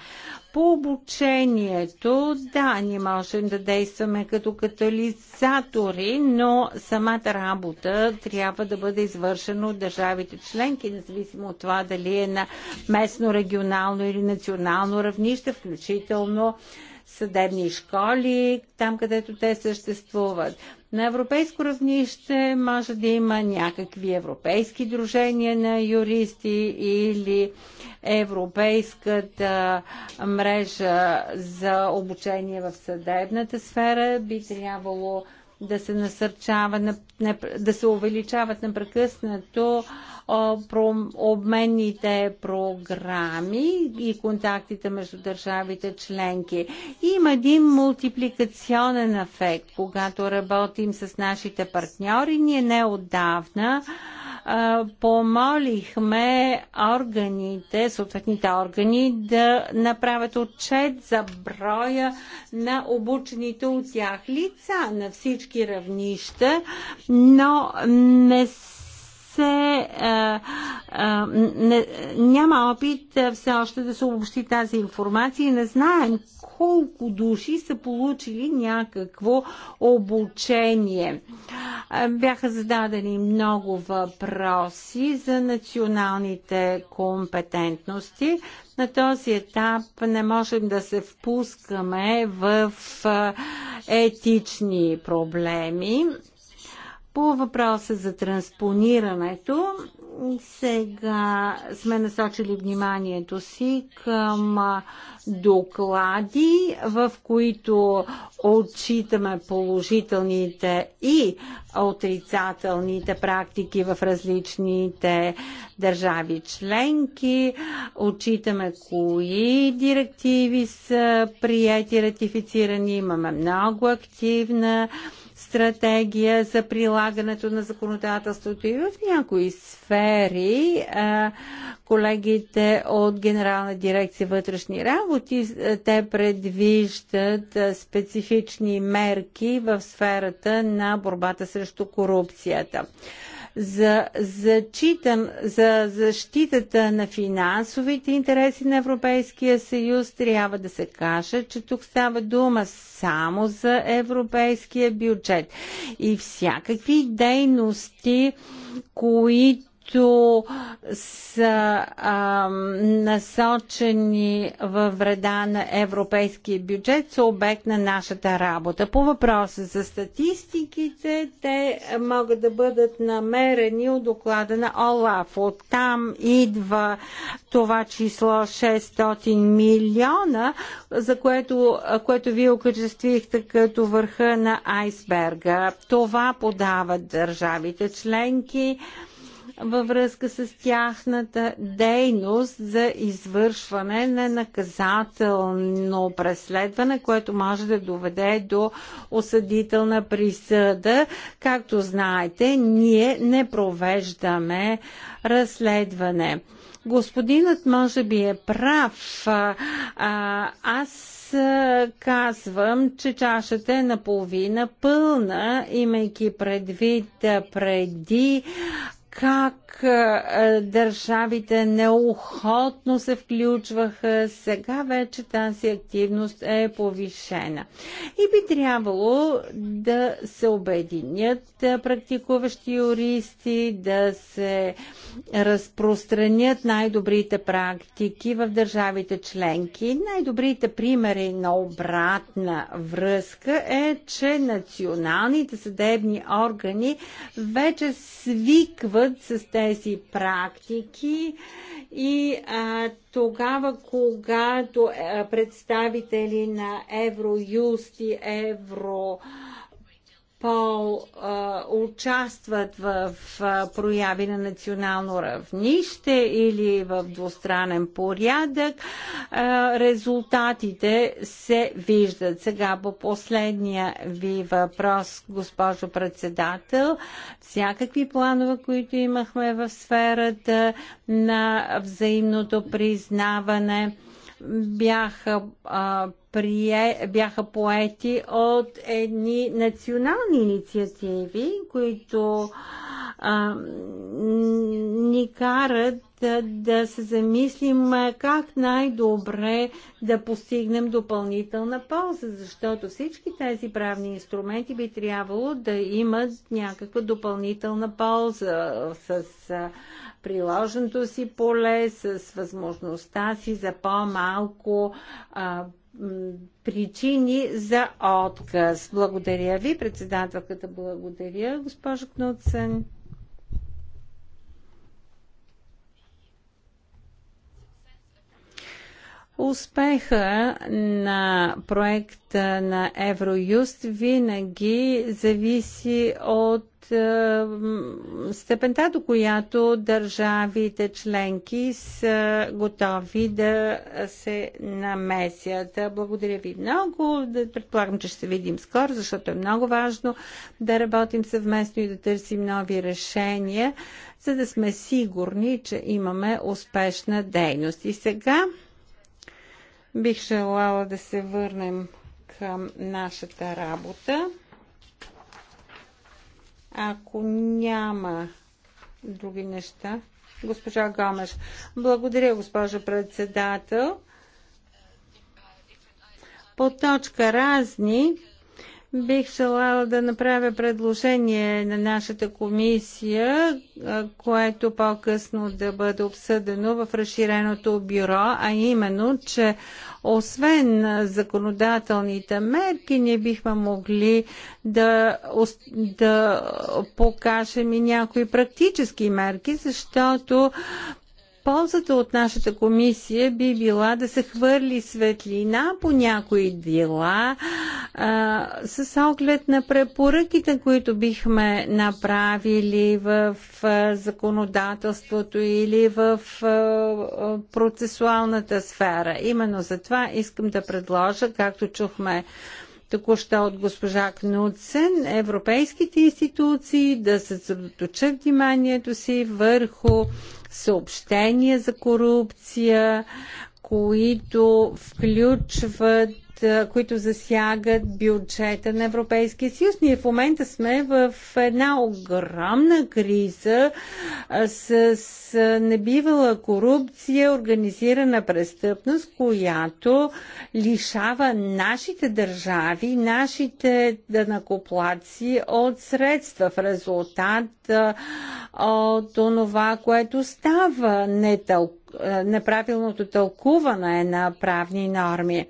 Speaker 1: По обучението, да, ние можем да действаме като катализатори, но самата работа трябва да бъде извършена от държавите членки, независимо от това дали е на местно, регионално или национално равнище, включително съдебни школи, там където те съществуват. На европейско равнище може да има някакви европейски дружения на юристи или европейската мрежа за обучение в съдебната сфера би трябвало да се насърчава, да се увеличават непрекъснато обменните програми и контактите между държавите членки. Има един мултипликационен ефект, когато работим с нашите партньори. Ние не отдавна помолихме органите, съответните органи да направят отчет за броя на обучените от тях лица на всички равнища, но не се се а, е, а, е, не, няма опит е, все още да се обобщи тази информация и не знаем колко души са получили някакво обучение. Бяха зададени много въпроси за националните компетентности. На този етап не можем да се впускаме в етични проблеми. По въпроса за транспонирането, сега сме насочили вниманието си към доклади, в които отчитаме положителните и отрицателните практики в различните държави членки. Отчитаме кои директиви са прияти, ратифицирани. Имаме много активна стратегия за прилагането на законодателството и в някои сфери колегите от Генерална дирекция вътрешни работи ти Те предвиждат специфични мерки в сферата на борбата срещу корупцията за, зачитан, за защитата на финансовите интереси на Европейския съюз трябва да се каже, че тук става дума само за европейския бюджет и всякакви дейности, които които са а, насочени във вреда на европейския бюджет, са обект на нашата работа. По въпроса за статистиките, те могат да бъдат намерени от доклада на ОЛАФ. Оттам идва това число 600 милиона, за което, което вие окачествихте като върха на айсберга. Това подават държавите членки във връзка с тяхната дейност за извършване на наказателно преследване, което може да доведе до осъдителна присъда. Както знаете, ние не провеждаме разследване. Господинът може би е прав. А, аз казвам, че чашата е наполовина пълна, имайки предвид преди как държавите неохотно се включваха, сега вече тази активност е повишена. И би трябвало да се обединят практикуващи юристи, да се разпространят най-добрите практики в държавите членки. Най-добрите примери на обратна връзка е, че националните съдебни органи вече свикват път с тези практики и а, тогава, когато представители на Евроюст и Евро пол участват в прояви на национално равнище или в двустранен порядък, резултатите се виждат. Сега по последния ви въпрос, госпожо председател, всякакви планове, които имахме в сферата на взаимното признаване, бяха, а, прие, бяха поети от едни национални инициативи, които а, а, ни карат да, да се замислим как най-добре да постигнем допълнителна полза, защото всички тези правни инструменти би трябвало да имат някаква допълнителна полза с приложеното си поле, с възможността си за по-малко причини за отказ. Благодаря ви, председателката. Благодаря, госпожо Кнуцен. Успеха на проекта на Евроюст винаги зависи от е, степента, до която държавите членки са готови да се намесят. Благодаря ви много. Предполагам, че ще се видим скоро, защото е много важно да работим съвместно и да търсим нови решения, за да сме сигурни, че имаме успешна дейност. И сега Бих желала да се върнем към нашата работа. Ако няма други неща, госпожа Гамеш. Благодаря, госпожа председател. По точка разни бих желала да направя предложение на нашата комисия, което по-късно да бъде обсъдено в разширеното бюро, а именно, че освен законодателните мерки, ние бихме могли да, да покажем и някои практически мерки, защото Ползата от нашата комисия би била да се хвърли светлина по някои дела а, с оглед на препоръките, които бихме направили в а, законодателството или в а, процесуалната сфера. Именно за това искам да предложа, както чухме току-що от госпожа Кнутсен европейските институции да се съсредоточат вниманието си върху съобщения за корупция, които включват които засягат бюджета на Европейския съюз. Ние в момента сме в една огромна криза с небивала корупция, организирана престъпност, която лишава нашите държави, нашите данакоплаци от средства в резултат от това, което става не неправилното тълкуване на правни норми.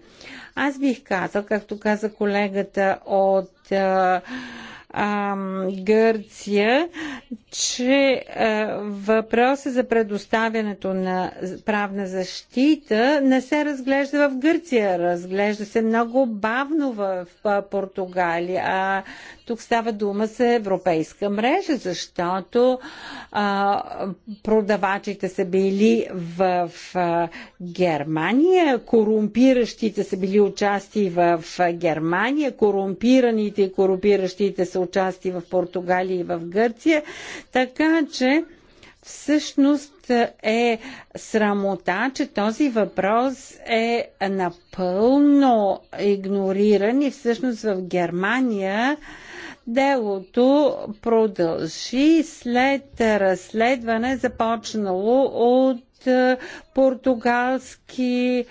Speaker 1: Аз бих казал, както каза колегата от а, а, Гърция, че а, въпросът за предоставянето на правна защита не се разглежда в Гърция, разглежда се много бавно в, в Португалия. А тук става дума за европейска мрежа, защото а, продавачите са били в, в Германия, корумпиращите са били участи в Германия, корумпираните и корумпиращите са участи в Португалия и в Гърция. Така че всъщност е срамота, че този въпрос е напълно игнориран и всъщност в Германия Делото продължи след разследване, започнало от е, португалски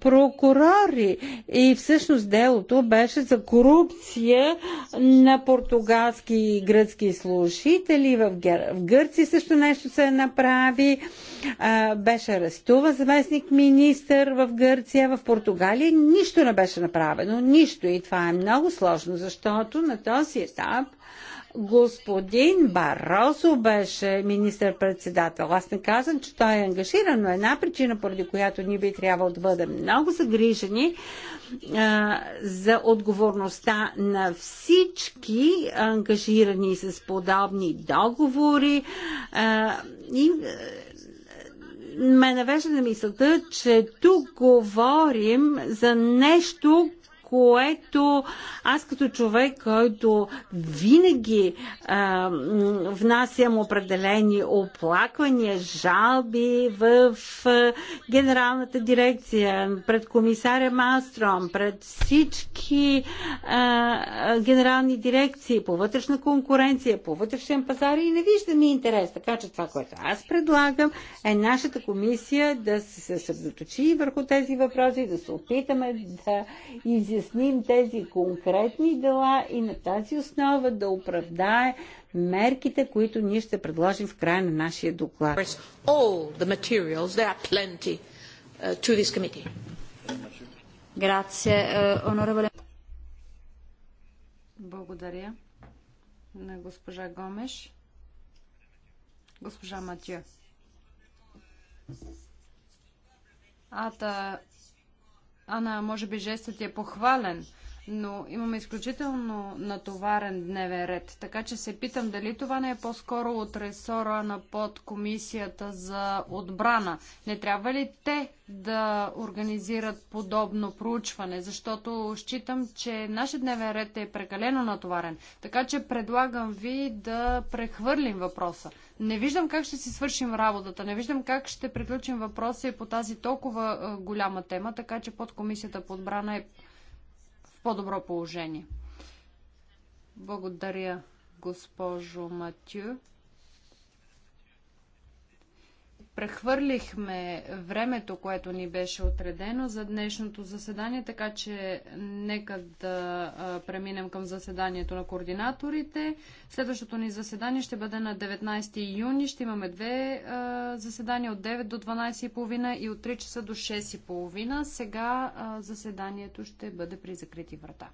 Speaker 1: прокурори. И всъщност делото беше за корупция на португалски и гръцки служители. В, в Гърция също нещо се направи беше арестува заместник министър в Гърция, в Португалия. Нищо не беше направено. Нищо. И това е много сложно, защото на този етап господин Баросо беше министър-председател. Аз не казвам, че той е ангажиран, но една причина, поради която ние би трябвало да бъдем много загрижени а, за отговорността на всички ангажирани с подобни договори а, и ме навежда на мисълта, че тук говорим за нещо, което аз като човек, който винаги а, внасям определени оплаквания, жалби в а, генералната дирекция, пред комисаря Малстром, пред всички а, генерални дирекции по вътрешна конкуренция, по вътрешен пазар и не виждам и интерес. Така че това, което аз предлагам е нашата комисия да се съсредоточи върху тези въпроси, да се опитаме да изясним изясним тези конкретни дела и на тази основа да оправдае мерките, които ние ще предложим в края на нашия доклад. Uh,
Speaker 2: uh, Благодаря на госпожа Гомеш. Госпожа Матю. Ата Ана, може би жестът е похвален, но имаме изключително натоварен дневен ред. Така че се питам дали това не е по-скоро от ресора на подкомисията за отбрана. Не трябва ли те да организират подобно проучване, защото считам, че нашия дневен ред е прекалено натоварен. Така че предлагам ви да прехвърлим въпроса. Не виждам как ще си свършим работата, не виждам как ще приключим въпроса и по тази толкова е, голяма тема, така че подкомисията по отбрана е по-добро положение. Благодаря, госпожо Матю прехвърлихме времето, което ни беше отредено за днешното заседание, така че нека да преминем към заседанието на координаторите. Следващото ни заседание ще бъде на 19 юни. Ще имаме две заседания от 9 до 12.30 и от 3 часа до 6.30. Сега заседанието ще бъде при закрити врата.